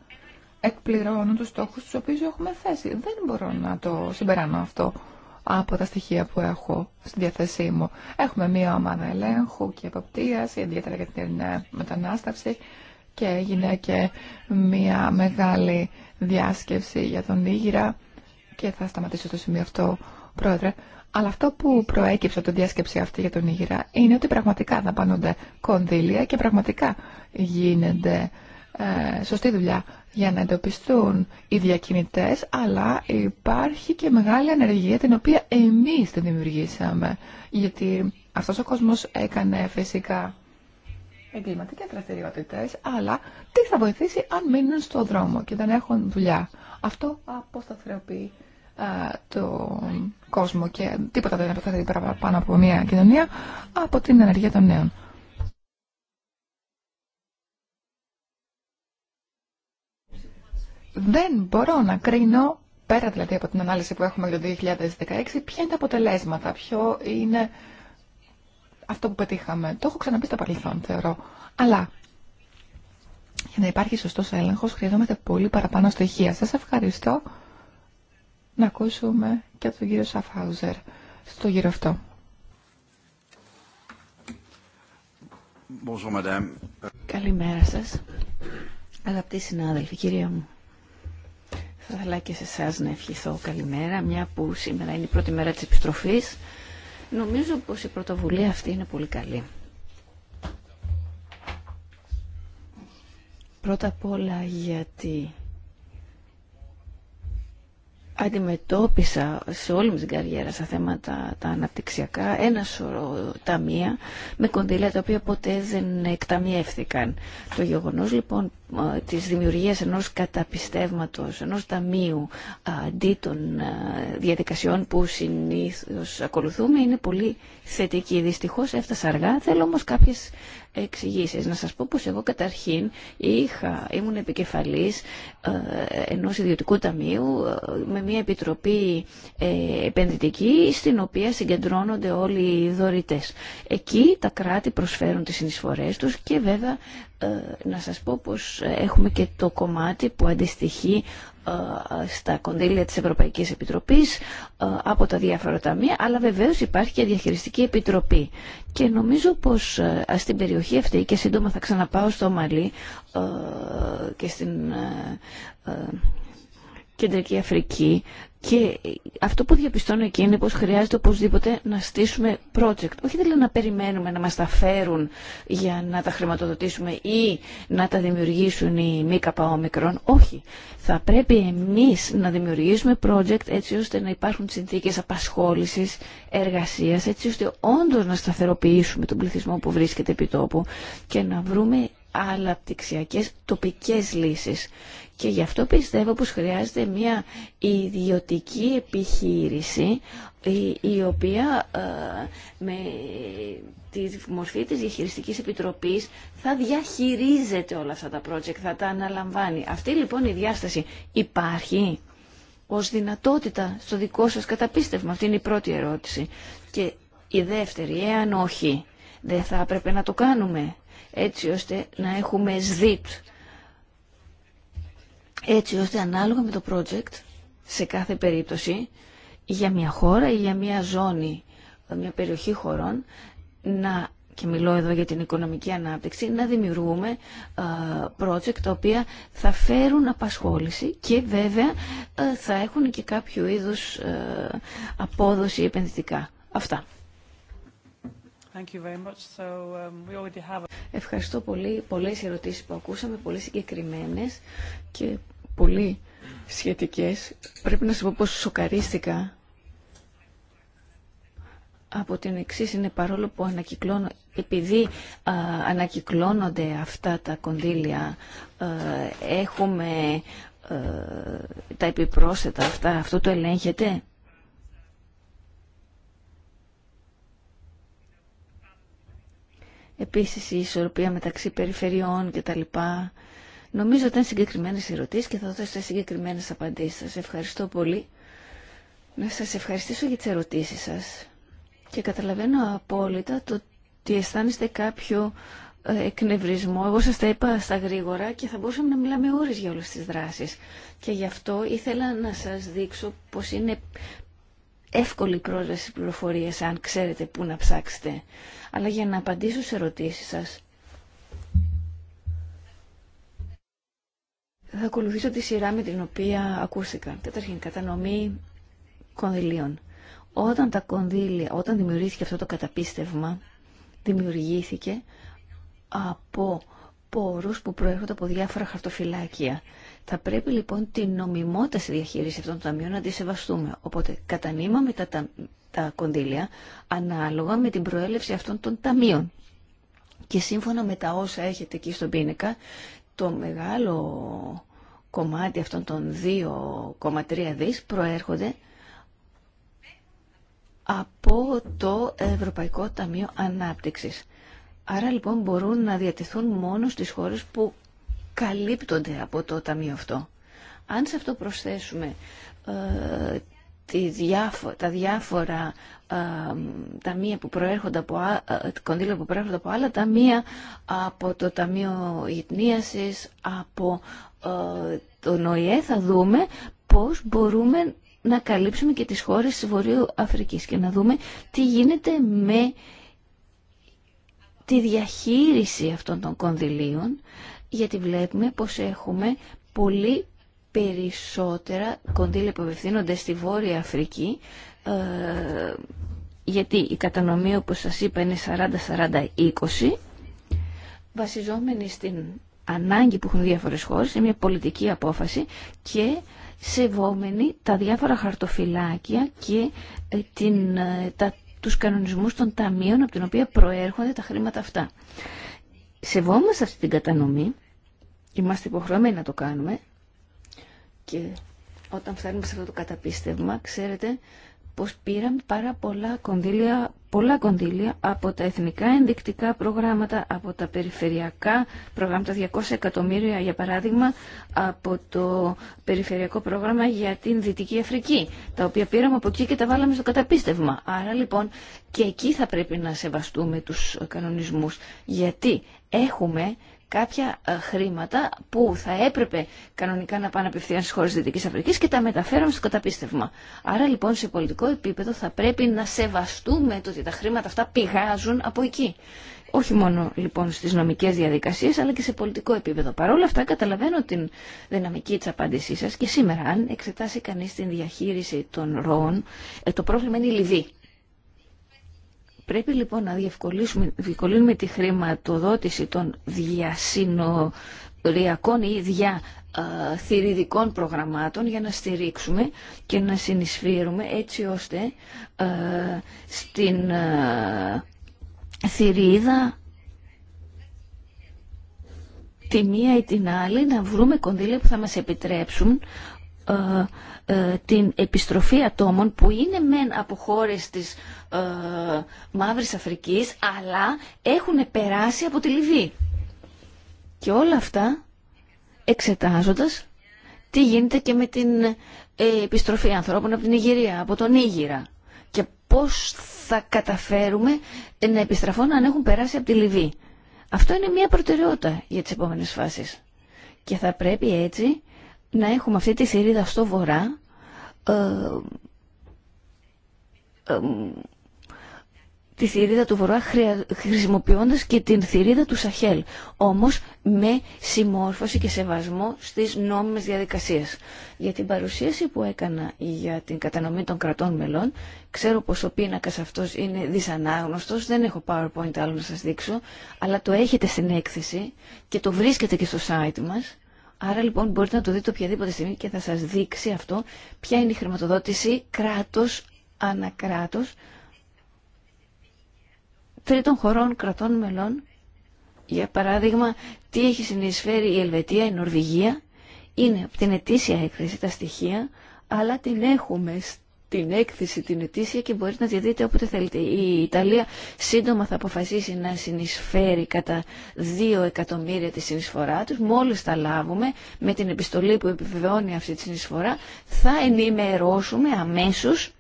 εκπληρώνουν τους στόχους τους οποίους έχουμε θέσει. Δεν μπορώ να το συμπεράνω αυτό από τα στοιχεία που έχω στη διαθέσή μου. Έχουμε μία ομάδα ελέγχου και εποπτείας, ιδιαίτερα για την ε, μετανάστευση και έγινε και μία μεγάλη διάσκευση για τον Ήγηρα και θα σταματήσω το σημείο αυτό, Πρόεδρε. Αλλά αυτό που προέκυψε από τη διάσκεψη αυτή για τον Ήγηρα είναι ότι πραγματικά δαπανούνται κονδύλια και πραγματικά γίνεται ε, σωστή δουλειά για να εντοπιστούν οι διακινητές, αλλά υπάρχει και μεγάλη ανεργία την οποία εμείς την δημιουργήσαμε. Γιατί αυτός ο κόσμος έκανε φυσικά εγκληματικές δραστηριότητες, αλλά τι θα βοηθήσει αν μείνουν στο δρόμο και δεν έχουν δουλειά. Αυτό αποσταθεροποιεί ε, τον κόσμο και τίποτα δεν επιθέτει πάνω από μια κοινωνία από την ενεργεία των νέων. Δεν μπορώ να κρίνω, πέρα δηλαδή από την ανάλυση που έχουμε για το 2016, ποια είναι τα αποτελέσματα, ποιο είναι αυτό που πετύχαμε. Το έχω ξαναπεί στο παρελθόν, θεωρώ. Αλλά για να υπάρχει σωστός έλεγχος χρειαζόμαστε πολύ παραπάνω στοιχεία. Σας ευχαριστώ να ακούσουμε και τον κύριο Σαφάουζερ στο γύρο αυτό. Καλημέρα σας. Αγαπητοί συνάδελφοι, κυρία μου. Θα ήθελα και σε εσά να ευχηθώ καλημέρα, μια που σήμερα είναι η πρώτη μέρα της επιστροφής. Νομίζω πως η πρωτοβουλία αυτή είναι πολύ καλή. Πρώτα απ' όλα γιατί αντιμετώπισα σε όλη μου την καριέρα στα θέματα τα αναπτυξιακά ένα σωρό ταμεία με κονδύλια τα οποία ποτέ δεν εκταμιεύθηκαν. Το γεγονός λοιπόν ε, της δημιουργίας ενός καταπιστεύματος, ενός ταμείου ε, αντί των ε, διαδικασιών που συνήθως ακολουθούμε είναι πολύ θετική. Δυστυχώς έφτασα αργά, θέλω όμως κάποιες εξηγήσεις. Να σας πω πως εγώ καταρχήν είχα, ήμουν επικεφαλής ε, ενός ιδιωτικού ταμείου ε, με μια επιτροπή ε, επενδυτική στην οποία συγκεντρώνονται όλοι οι δωρητές. Εκεί τα κράτη προσφέρουν τις συνεισφορές τους και βέβαια να σας πω πως έχουμε και το κομμάτι που αντιστοιχεί ε, στα κονδύλια της Ευρωπαϊκής Επιτροπής ε, από τα διάφορα ταμεία, αλλά βεβαίως υπάρχει και διαχειριστική επιτροπή. Και νομίζω πως στην ε, περιοχή αυτή, και σύντομα θα ξαναπάω στο Μαλί και στην Κεντρική Αφρική και αυτό που διαπιστώνω εκεί είναι πως χρειάζεται οπωσδήποτε να στήσουμε project. Όχι δηλαδή να περιμένουμε να μας τα φέρουν για να τα χρηματοδοτήσουμε ή να τα δημιουργήσουν οι μη καπαόμικρον. Όχι. Θα πρέπει εμείς να δημιουργήσουμε project έτσι ώστε να υπάρχουν συνθήκες απασχόλησης, εργασίας, έτσι ώστε όντως να σταθεροποιήσουμε τον πληθυσμό που βρίσκεται επί τόπου και να βρούμε άλλα πτυξιακέ τοπικές λύσεις. Και γι' αυτό πιστεύω πως χρειάζεται μια ιδιωτική επιχείρηση η οποία ε, με τη μορφή της Διαχειριστικής Επιτροπής θα διαχειρίζεται όλα αυτά τα project, θα τα αναλαμβάνει. Αυτή λοιπόν η διάσταση υπάρχει ως δυνατότητα στο δικό σας καταπίστευμα. Αυτή είναι η πρώτη ερώτηση. Και η δεύτερη, εάν όχι, δεν θα έπρεπε να το κάνουμε έτσι ώστε να έχουμε ΣΔΙΠ έτσι ώστε ανάλογα με το project σε κάθε περίπτωση για μια χώρα ή για μια ζώνη, μια περιοχή χωρών να και μιλώ εδώ για την οικονομική ανάπτυξη, να δημιουργούμε project τα οποία θα φέρουν απασχόληση και βέβαια θα έχουν και κάποιο είδους απόδοση επενδυτικά. Αυτά. Ευχαριστώ πολύ. Πολλές ερωτήσεις που ακούσαμε, πολύ συγκεκριμένες και πολύ σχετικές. Πρέπει να σας πω πως σοκαρίστηκα από την εξή είναι παρόλο που ανακυκλώνω, επειδή α, ανακυκλώνονται αυτά τα κονδύλια, έχουμε τα επιπρόσθετα αυτά, αυτό το ελέγχεται. Επίσης η ισορροπία μεταξύ περιφερειών και τα λοιπά, Νομίζω ότι ήταν συγκεκριμένες ερωτήσεις και θα δώσετε συγκεκριμένες απαντήσεις. Σας ευχαριστώ πολύ. Να σας ευχαριστήσω για τις ερωτήσεις σας. Και καταλαβαίνω απόλυτα το ότι αισθάνεστε κάποιο ε, εκνευρισμό. Εγώ σας τα είπα στα γρήγορα και θα μπορούσαμε να μιλάμε ώρες για όλες τις δράσεις. Και γι' αυτό ήθελα να σας δείξω πως είναι εύκολη πρόσβαση πληροφορίε αν ξέρετε πού να ψάξετε. Αλλά για να απαντήσω σε ερωτήσεις σας, Θα ακολουθήσω τη σειρά με την οποία ακούστηκαν. Καταρχήν, κατανομή κονδυλίων. Όταν τα κονδύλια, όταν δημιουργήθηκε αυτό το καταπίστευμα, δημιουργήθηκε από πόρους που προέρχονται από διάφορα χαρτοφυλάκια. Θα πρέπει λοιπόν την νομιμότητα στη διαχείριση αυτών των ταμείων να τη Οπότε κατανείμαμε τα, τα, τα κονδύλια ανάλογα με την προέλευση αυτών των ταμείων. Και σύμφωνα με τα όσα έχετε εκεί στον Πίνεκα το μεγάλο κομμάτι αυτών των 2,3 δις προέρχονται από το Ευρωπαϊκό Ταμείο Ανάπτυξης. Άρα λοιπόν μπορούν να διατηθούν μόνο στις χώρες που καλύπτονται από το ταμείο αυτό. Αν σε αυτό προσθέσουμε ε, τα διάφορα ταμεία που προέρχονται από, ε, κονδύλια που προέρχονται από άλλα ταμεία, από το Ταμείο Γυπνίασης, από ε, το ΝΟΙΕ, θα δούμε πώς μπορούμε να καλύψουμε και τις χώρες της Βορείου Αφρικής και να δούμε τι γίνεται με τη διαχείριση αυτών των κονδυλίων, γιατί βλέπουμε πως έχουμε πολύ περισσότερα κονδύλια που απευθύνονται στη Βόρεια Αφρική ε, γιατί η κατανομή όπως σας είπα είναι 40-40-20 βασιζόμενη στην ανάγκη που έχουν διάφορες χώρες είναι μια πολιτική απόφαση και σεβόμενη τα διάφορα χαρτοφυλάκια και ε, την, ε, τα, τους κανονισμούς των ταμείων από την οποία προέρχονται τα χρήματα αυτά. Σεβόμαστε αυτή την κατανομή, είμαστε υποχρεωμένοι να το κάνουμε, και όταν φτάνουμε σε αυτό το καταπίστευμα, ξέρετε πως πήραμε πάρα πολλά κονδύλια, πολλά κονδύλια από τα εθνικά ενδεικτικά προγράμματα, από τα περιφερειακά προγράμματα, 200 εκατομμύρια για παράδειγμα, από το περιφερειακό πρόγραμμα για την Δυτική Αφρική, τα οποία πήραμε από εκεί και τα βάλαμε στο καταπίστευμα. Άρα λοιπόν και εκεί θα πρέπει να σεβαστούμε τους κανονισμούς, γιατί έχουμε κάποια ε, χρήματα που θα έπρεπε κανονικά να πάνε απευθείαν στι χώρε της Δυτικής Αφρικής και τα μεταφέραμε στο καταπίστευμα. Άρα λοιπόν σε πολιτικό επίπεδο θα πρέπει να σεβαστούμε το ότι τα χρήματα αυτά πηγάζουν από εκεί. Όχι μόνο λοιπόν στι νομικέ διαδικασίε, αλλά και σε πολιτικό επίπεδο. Παρ' όλα αυτά καταλαβαίνω την δυναμική τη απάντησή σα, και σήμερα αν εξετάσει κανεί την διαχείριση των ροών ε, το πρόβλημα είναι η Λιβύη. Πρέπει λοιπόν να διευκολύνουμε τη χρηματοδότηση των διασυνοριακών ή διαθυριδικών προγραμμάτων για να στηρίξουμε και να συνεισφύρουμε έτσι ώστε στην θηρίδα τη μία ή την άλλη να βρούμε κονδύλια που θα μας επιτρέψουν ε, ε, την επιστροφή ατόμων που είναι μεν από χώρες της ε, Μαύρης Αφρικής αλλά έχουν περάσει από τη Λιβύη. Και όλα αυτά εξετάζοντας τι γίνεται και με την ε, επιστροφή ανθρώπων από την Ιγυρία, από τον Ήγυρα και πώς θα καταφέρουμε να επιστραφούν αν έχουν περάσει από τη Λιβύη. Αυτό είναι μια προτεραιότητα για τις επόμενες φάσεις. Και θα πρέπει έτσι να έχουμε αυτή τη θηρίδα στο βορρά ε, ε, τη θηρίδα του Βορρά χρησιμοποιώντας και την θηρίδα του Σαχέλ, όμως με συμμόρφωση και σεβασμό στις νόμιμες διαδικασίες. Για την παρουσίαση που έκανα για την κατανομή των κρατών μελών, ξέρω πως ο πίνακας αυτός είναι δυσανάγνωστος, δεν έχω PowerPoint άλλο να σας δείξω, αλλά το έχετε στην έκθεση και το βρίσκετε και στο site μας. Άρα λοιπόν μπορείτε να το δείτε οποιαδήποτε στιγμή και θα σας δείξει αυτό ποια είναι η χρηματοδότηση κράτος ανακράτος τρίτων χωρών κρατών μελών. Για παράδειγμα, τι έχει συνεισφέρει η Ελβετία, η Νορβηγία. Είναι από την ετήσια έκθεση τα στοιχεία, αλλά την έχουμε την έκθεση την ετήσια και μπορείτε να τη δείτε όποτε θέλετε. Η Ιταλία σύντομα θα αποφασίσει να συνεισφέρει κατά 2 εκατομμύρια τη συνεισφορά του, Μόλις τα λάβουμε με την επιστολή που επιβεβαιώνει αυτή τη συνεισφορά θα ενημερώσουμε αμέσως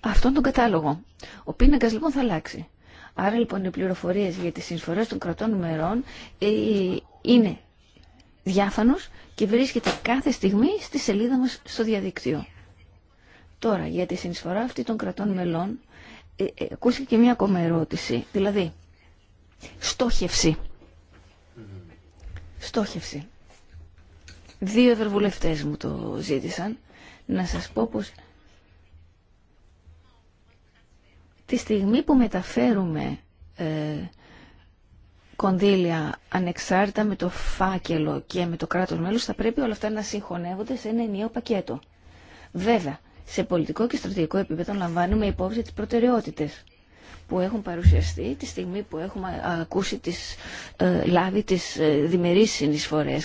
αυτόν τον κατάλογο. Ο πίνακα λοιπόν θα αλλάξει. Άρα λοιπόν οι πληροφορίε για τι συνεισφορέ των κρατών μερών ε, είναι διάφανος και βρίσκεται κάθε στιγμή στη σελίδα μας στο διαδικτύο. Τώρα, για τη συνεισφορά αυτή των κρατών μελών, ε, ε, ακούστηκε και μία ακόμα ερώτηση. Δηλαδή, στόχευση. Στόχευση. Δύο ευρωβουλευτές μου το ζήτησαν. Να σας πω πως τη στιγμή που μεταφέρουμε ε, κονδύλια ανεξάρτητα με το φάκελο και με το κράτος μέλος θα πρέπει όλα αυτά να συγχωνεύονται σε ένα ενιαίο πακέτο. Βέβαια, σε πολιτικό και στρατηγικό επίπεδο λαμβάνουμε υπόψη τις προτεραιότητες που έχουν παρουσιαστεί τη στιγμή που έχουμε ακούσει τις, ε, λάβει τις ε, διμερείς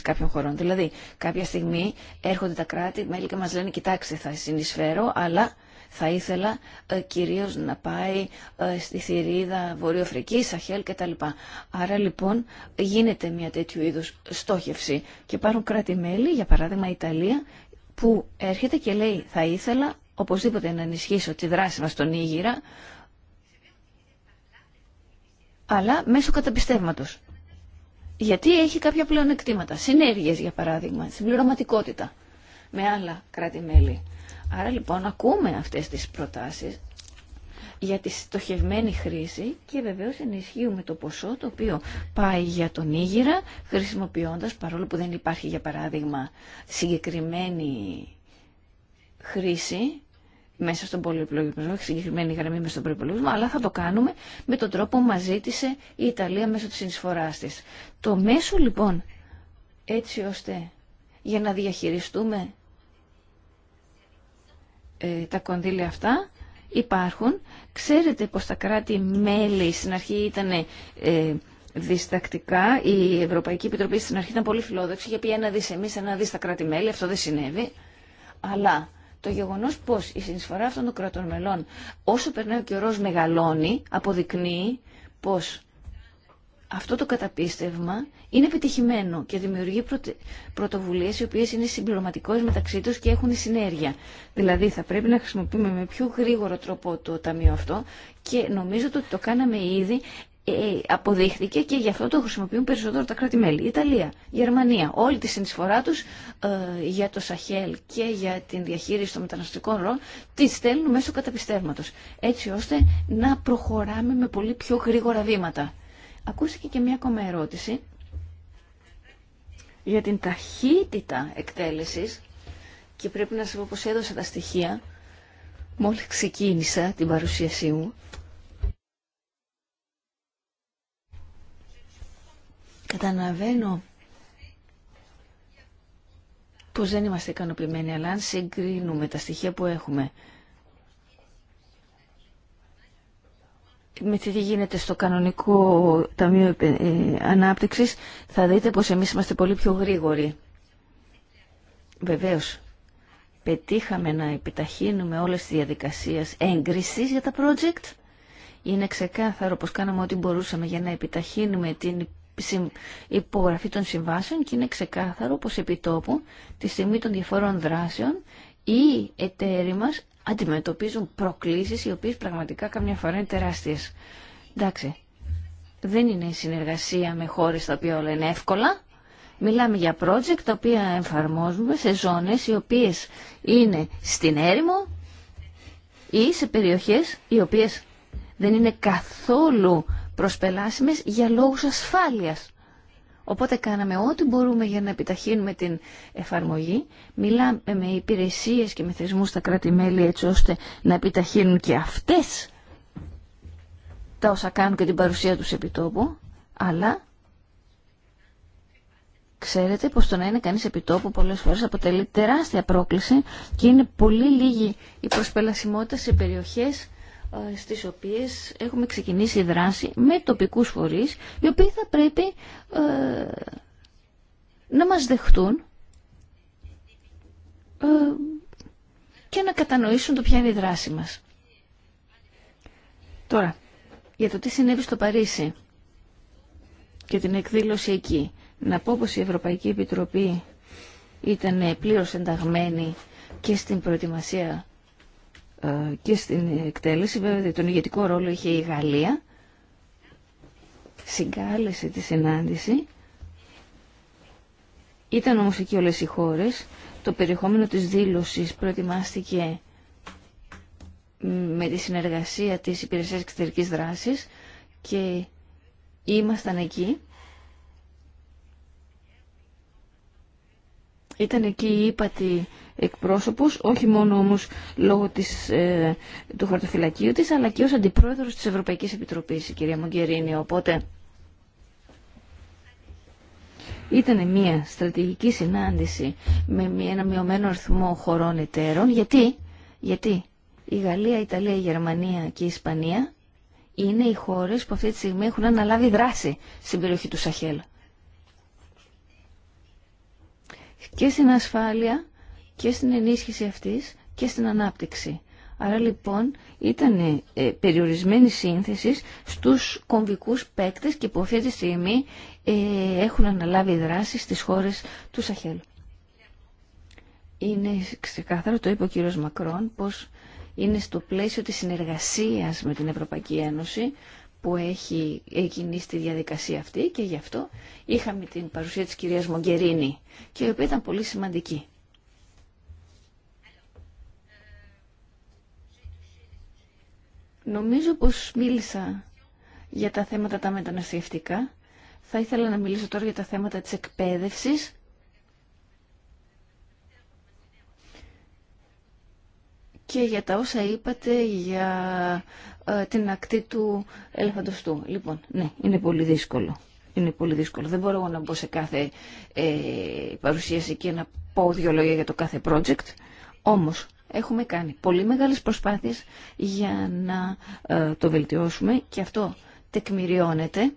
κάποιων χωρών. Δηλαδή, κάποια στιγμή έρχονται τα κράτη, μέλη και μας λένε «Κοιτάξτε, θα συνεισφέρω, αλλά θα ήθελα ε, κυρίως να πάει ε, στη Θηρίδα, Βορειοφρική, Σαχέλ κτλ. Άρα λοιπόν γίνεται μια τέτοιου είδους στόχευση και παρουν κρατη κράτη-μέλη, για παράδειγμα η Ιταλία, που έρχεται και λέει θα ήθελα οπωσδήποτε να ενισχύσω τη δράση μας στον Ήγηρα, αλλά μέσω καταπιστεύματος. Γιατί έχει κάποια πλεονεκτήματα, συνέργειες για παράδειγμα, συμπληρωματικότητα με άλλα κράτη-μέλη. Άρα λοιπόν ακούμε αυτές τις προτάσεις για τη στοχευμένη χρήση και βεβαίως ενισχύουμε το ποσό το οποίο πάει για τον Ήγυρα χρησιμοποιώντας παρόλο που δεν υπάρχει για παράδειγμα συγκεκριμένη χρήση μέσα στον πολυπλογισμό, συγκεκριμένη γραμμή μέσα στον προπολογισμό, αλλά θα το κάνουμε με τον τρόπο που μας ζήτησε η Ιταλία μέσω τη συνεισφορά τη. Το μέσο λοιπόν, έτσι ώστε για να διαχειριστούμε ε, τα κονδύλια αυτά υπάρχουν. Ξέρετε πως τα κράτη-μέλη στην αρχή ήταν ε, διστακτικά. Η Ευρωπαϊκή Επιτροπή στην αρχή ήταν πολύ φιλόδοξη. Είχε πει ένα δις εμείς, ένα δις τα κράτη-μέλη. Αυτό δεν συνέβη. Αλλά το γεγονός πως η συνεισφορά αυτών των κρατών μελών όσο περνάει ο καιρός μεγαλώνει, αποδεικνύει πως αυτό το καταπίστευμα είναι επιτυχημένο και δημιουργεί πρωτοβουλίε οι οποίε είναι συμπληρωματικέ μεταξύ του και έχουν συνέργεια. Δηλαδή θα πρέπει να χρησιμοποιούμε με πιο γρήγορο τρόπο το ταμείο αυτό και νομίζω ότι το κάναμε ήδη. Ε, ε, αποδείχθηκε και γι' αυτό το χρησιμοποιούν περισσότερο τα κράτη-μέλη. Ιταλία, Γερμανία, όλη τη συνεισφορά τους ε, για το Σαχέλ και για την διαχείριση των μεταναστικών ροών τη στέλνουν μέσω καταπιστεύματο, Έτσι ώστε να προχωράμε με πολύ πιο γρήγορα βήματα. Ακούστηκε και μία ακόμα ερώτηση για την ταχύτητα εκτέλεσης και πρέπει να σας πω πως έδωσα τα στοιχεία μόλις ξεκίνησα την παρουσίασή μου. Καταλαβαίνω πως δεν είμαστε ικανοποιημένοι, αλλά αν συγκρίνουμε τα στοιχεία που έχουμε με τι γίνεται στο κανονικό Ταμείο ε, Ανάπτυξης, θα δείτε πως εμείς είμαστε πολύ πιο γρήγοροι. Βεβαίως, πετύχαμε να επιταχύνουμε όλες τις διαδικασίες έγκρισης για τα project. Είναι ξεκάθαρο πως κάναμε ό,τι μπορούσαμε για να επιταχύνουμε την υπογραφή των συμβάσεων και είναι ξεκάθαρο πως επί τόπου, τη στιγμή των διαφορών δράσεων, οι εταίροι μας αντιμετωπίζουν προκλήσεις οι οποίες πραγματικά καμιά φορά είναι τεράστιες. Εντάξει, δεν είναι συνεργασία με χώρες τα οποία όλα είναι εύκολα. Μιλάμε για project τα οποία εφαρμόζουμε σε ζώνες οι οποίες είναι στην έρημο ή σε περιοχές οι οποίες δεν είναι καθόλου προσπελάσιμες για λόγους ασφάλειας. Οπότε κάναμε ό,τι μπορούμε για να επιταχύνουμε την εφαρμογή. Μιλάμε με υπηρεσίες και με θεσμούς στα κράτη-μέλη έτσι ώστε να επιταχύνουν και αυτές τα όσα κάνουν και την παρουσία τους επιτόπου. Αλλά ξέρετε πως το να είναι κανείς επιτόπου πολλές φορές αποτελεί τεράστια πρόκληση και είναι πολύ λίγη η προσπελασιμότητα σε περιοχές ε, στις οποίες έχουμε ξεκινήσει δράση με τοπικούς φορείς οι οποίοι θα πρέπει ε, να μας δεχτούν ε, και να κατανοήσουν το ποια είναι η δράση μας. Τώρα, για το τι συνέβη στο Παρίσι και την εκδήλωση εκεί. Να πω πως η Ευρωπαϊκή Επιτροπή ήταν πλήρως ενταγμένη και στην προετοιμασία ε, και στην εκτέλεση. Βέβαια τον ηγετικό ρόλο είχε η Γαλλία. Συγκάλεσε τη συνάντηση. Ήταν όμως εκεί όλες οι χώρες. Το περιεχόμενο της δήλωσης προετοιμάστηκε με τη συνεργασία της Υπηρεσίας Εξωτερικής Δράσης και ήμασταν εκεί. Ήταν εκεί η ύπατη εκπρόσωπος, όχι μόνο όμως λόγω της, ε, του χαρτοφυλακίου της, αλλά και ως αντιπρόεδρος της Ευρωπαϊκής Επιτροπής, η κυρία Μογκερίνη. Οπότε ήταν μια στρατηγική συνάντηση με ένα μειωμένο αριθμό χωρών εταίρων. Γιατί, γιατί η Γαλλία, η Ιταλία, η Γερμανία και η Ισπανία είναι οι χώρες που αυτή τη στιγμή έχουν αναλάβει δράση στην περιοχή του Σαχέλ. Και στην ασφάλεια και στην ενίσχυση αυτής και στην ανάπτυξη. Άρα λοιπόν ήταν ε, περιορισμένη σύνθεση στους κομβικούς παίκτες και που αυτή τη στιγμή ε, έχουν αναλάβει δράση στις χώρες του Σαχέλ. Είναι ξεκάθαρο, το είπε ο κύριος Μακρόν, πως είναι στο πλαίσιο της συνεργασίας με την Ευρωπαϊκή Ένωση που έχει κινήσει τη διαδικασία αυτή και γι' αυτό είχαμε την παρουσία της κυρίας Μογκερίνη και η οποία ήταν πολύ σημαντική. Νομίζω πως μίλησα για τα θέματα τα μεταναστευτικά. Θα ήθελα να μιλήσω τώρα για τα θέματα της εκπαίδευσης. και για τα όσα είπατε για ε, την ακτή του ελεφαντοστού. Λοιπόν, ναι, είναι πολύ δύσκολο. Είναι πολύ δύσκολο. Δεν μπορώ να μπω σε κάθε ε, παρουσίαση και να πω δύο λόγια για το κάθε project. Όμως, Έχουμε κάνει πολύ μεγάλες προσπάθειες για να ε, το βελτιώσουμε και αυτό τεκμηριώνεται.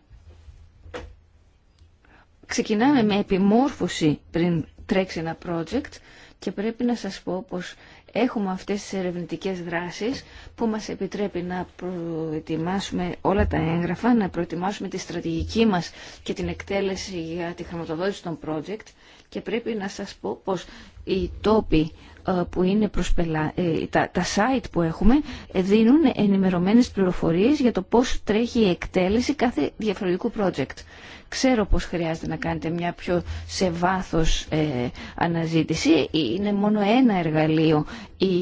Ξεκινάμε με επιμόρφωση πριν τρέξει ένα project και πρέπει να σας πω πως έχουμε αυτές τις ερευνητικές δράσεις που μας επιτρέπει να προετοιμάσουμε όλα τα έγγραφα, να προετοιμάσουμε τη στρατηγική μας και την εκτέλεση για τη χρηματοδότηση των project και πρέπει να σας πω πως οι τόποι ε, που είναι προσπελα... Ε, τα, τα site που έχουμε ε, δίνουν ενημερωμένες πληροφορίες για το πώς τρέχει η εκτέλεση κάθε διαφορετικού project. Ξέρω πως χρειάζεται να κάνετε μια πιο σε βάθος ε, αναζήτηση. Είναι μόνο ένα εργαλείο η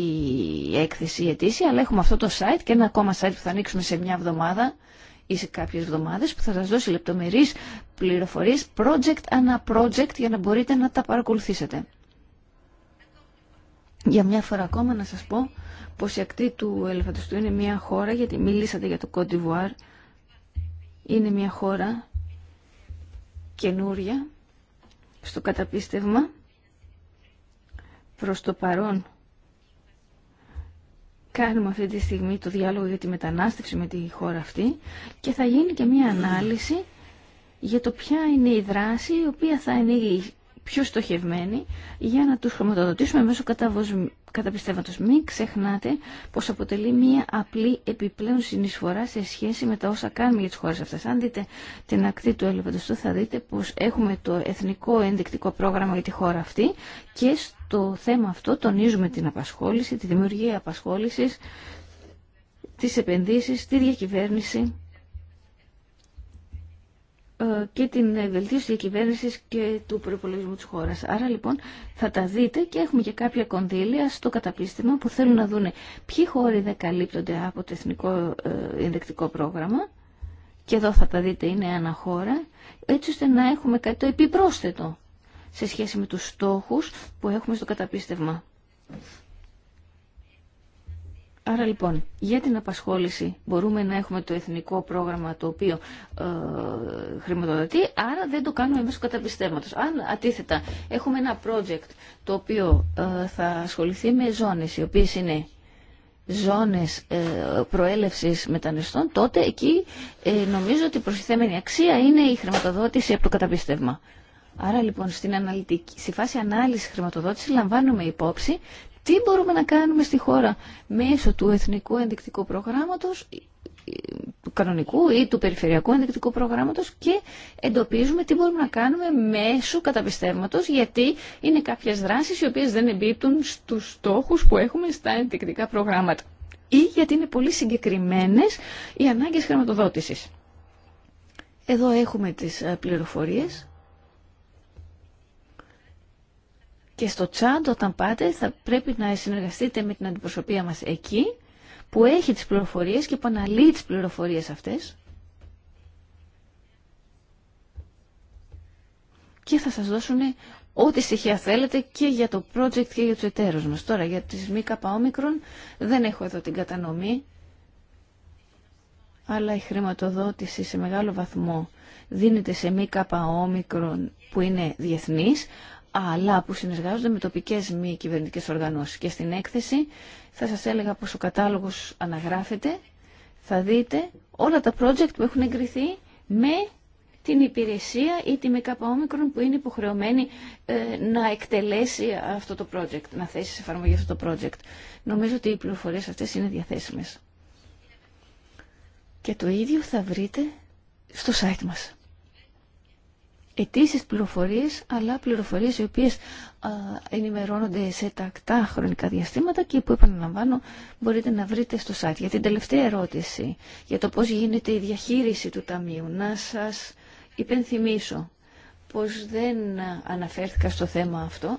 έκθεση η αιτήση αλλά έχουμε αυτό το site και ένα ακόμα site που θα ανοίξουμε σε μια εβδομάδα ή σε κάποιες εβδομάδες που θα σας δώσει λεπτομερείς πληροφορίες project ανά project για να μπορείτε να τα παρακολουθήσετε για μια φορά ακόμα να σας πω πως η ακτή του Ελεφαντοστού είναι μια χώρα, γιατί μιλήσατε για το Κοντιβουάρ, είναι μια χώρα καινούρια στο καταπίστευμα προς το παρόν κάνουμε αυτή τη στιγμή το διάλογο για τη μετανάστευση με τη χώρα αυτή και θα γίνει και μια ανάλυση για το ποια είναι η δράση η οποία θα είναι πιο στοχευμένοι για να τους χρηματοδοτήσουμε μέσω καταπιστεύματος. Μην ξεχνάτε πως αποτελεί μία απλή επιπλέον συνεισφορά σε σχέση με τα όσα κάνουμε για τις χώρες αυτές. Αν δείτε την ακτή του ελεφαντοστού θα δείτε πως έχουμε το εθνικό ενδεικτικό πρόγραμμα για τη χώρα αυτή και στο θέμα αυτό τονίζουμε την απασχόληση, τη δημιουργία απασχόλησης, τις επενδύσεις, τη διακυβέρνηση ε, και την βελτίωση της κυβέρνησης και του προπολογισμού της χώρας. Άρα λοιπόν θα τα δείτε και έχουμε και κάποια κονδύλια στο καταπίστευμα που θέλουν να δούνε ποιοι χώροι δεν καλύπτονται από το Εθνικό ε, Ενδεκτικό Πρόγραμμα και εδώ θα τα δείτε είναι ένα χώρα, έτσι ώστε να έχουμε κάτι το επιπρόσθετο σε σχέση με τους στόχους που έχουμε στο καταπίστευμα. Άρα λοιπόν, για την απασχόληση μπορούμε να έχουμε το εθνικό πρόγραμμα το οποίο ε, χρηματοδοτεί, άρα δεν το κάνουμε μέσω καταπιστέματος. Αν αντίθετα έχουμε ένα project το οποίο ε, θα ασχοληθεί με ζώνες, οι οποίες είναι ζώνες ε, προέλευσης μεταναστών, τότε εκεί ε, νομίζω ότι η προστιθέμενη αξία είναι η χρηματοδότηση από το καταπιστεύμα. Άρα λοιπόν στην αναλυτική, στη φάση ανάλυση χρηματοδότηση λαμβάνουμε υπόψη τι μπορούμε να κάνουμε στη χώρα μέσω του Εθνικού Ενδεικτικού Προγράμματος ε, του κανονικού ή του περιφερειακού ενδεικτικού προγράμματος και εντοπίζουμε τι μπορούμε να κάνουμε μέσω καταπιστεύματος γιατί είναι κάποιες δράσεις οι οποίες δεν εμπίπτουν στους στόχους που έχουμε στα ενδεικτικά προγράμματα ή γιατί είναι πολύ συγκεκριμένες οι ανάγκες χρηματοδότησης. Εδώ έχουμε τις ε, πληροφορίες Και στο Τσάντ όταν πάτε θα πρέπει να συνεργαστείτε με την αντιπροσωπεία μας εκεί που έχει τις πληροφορίες και που αναλύει τις πληροφορίες αυτές. Και θα σας δώσουν ό,τι στοιχεία θέλετε και για το project και για τους εταίρους μας. Τώρα για τις ΜΚΟ δεν έχω εδώ την κατανομή, αλλά η χρηματοδότηση σε μεγάλο βαθμό δίνεται σε ΜΚΟ που είναι διεθνής, αλλά που συνεργάζονται με τοπικές μη κυβερνητικές οργανώσεις. Και στην έκθεση θα σας έλεγα πως ο κατάλογος αναγράφεται, θα δείτε όλα τα project που έχουν εγκριθεί με την υπηρεσία ή τη ΜΚΟ που είναι υποχρεωμένη ε, να εκτελέσει αυτό το project, να θέσει σε εφαρμογή αυτό το project. Νομίζω ότι οι πληροφορίες αυτές είναι διαθέσιμες. Και το ίδιο θα βρείτε στο site μας. Ετήσει πληροφορίες, αλλά πληροφορίες οι οποίες ενημερώνονται σε τακτά χρονικά διαστήματα και που επαναλαμβάνω μπορείτε να βρείτε στο site. Για την τελευταία ερώτηση, για το πώς γίνεται η διαχείριση του Ταμείου, να σας υπενθυμίσω πως δεν αναφέρθηκα στο θέμα αυτό,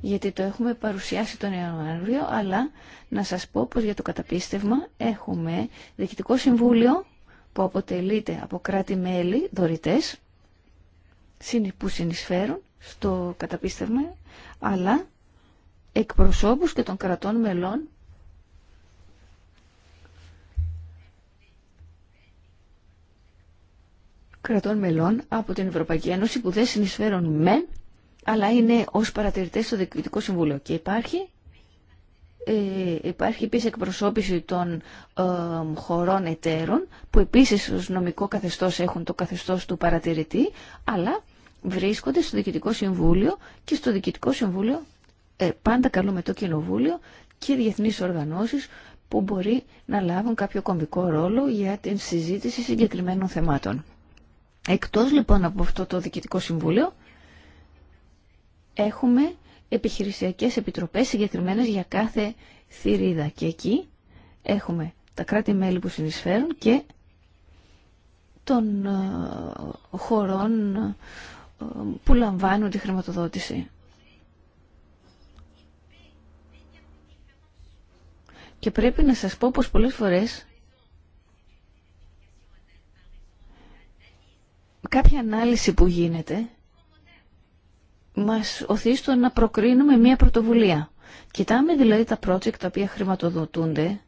γιατί το έχουμε παρουσιάσει τον Ιανουάριο, αλλά να σας πω πως για το καταπίστευμα έχουμε Διοικητικό Συμβούλιο που αποτελείται από κράτη-μέλη, δωρητές, που συνεισφέρουν στο καταπίστευμα, αλλά εκπροσώπους και των κρατών μελών κρατών μελών από την Ευρωπαϊκή Ένωση που δεν συνεισφέρουν μεν, αλλά είναι ως παρατηρητές στο Διοικητικό Συμβούλιο. Και υπάρχει ε, υπάρχει επίσης εκπροσώπηση των χωρών εταίρων που επίσης ως νομικό καθεστώς έχουν το καθεστώς του παρατηρητή αλλά βρίσκονται στο Διοικητικό Συμβούλιο και στο Διοικητικό Συμβούλιο ε, πάντα καλούμε το Κοινοβούλιο και διεθνείς οργανώσεις που μπορεί να λάβουν κάποιο κομβικό ρόλο για την συζήτηση συγκεκριμένων θεμάτων. Εκτός λοιπόν από αυτό το Διοικητικό Συμβούλιο έχουμε επιχειρησιακές επιτροπές συγκεκριμένες για κάθε θηρίδα. Και εκεί έχουμε τα κράτη-μέλη που συνεισφέρουν και των ε, χωρών ε, που λαμβάνουν τη χρηματοδότηση. Και πρέπει να σας πω πως πολλές φορές κάποια ανάλυση που γίνεται μας οθεί στο να προκρίνουμε μία πρωτοβουλία. Κοιτάμε δηλαδή τα project τα οποία χρηματοδοτούνται,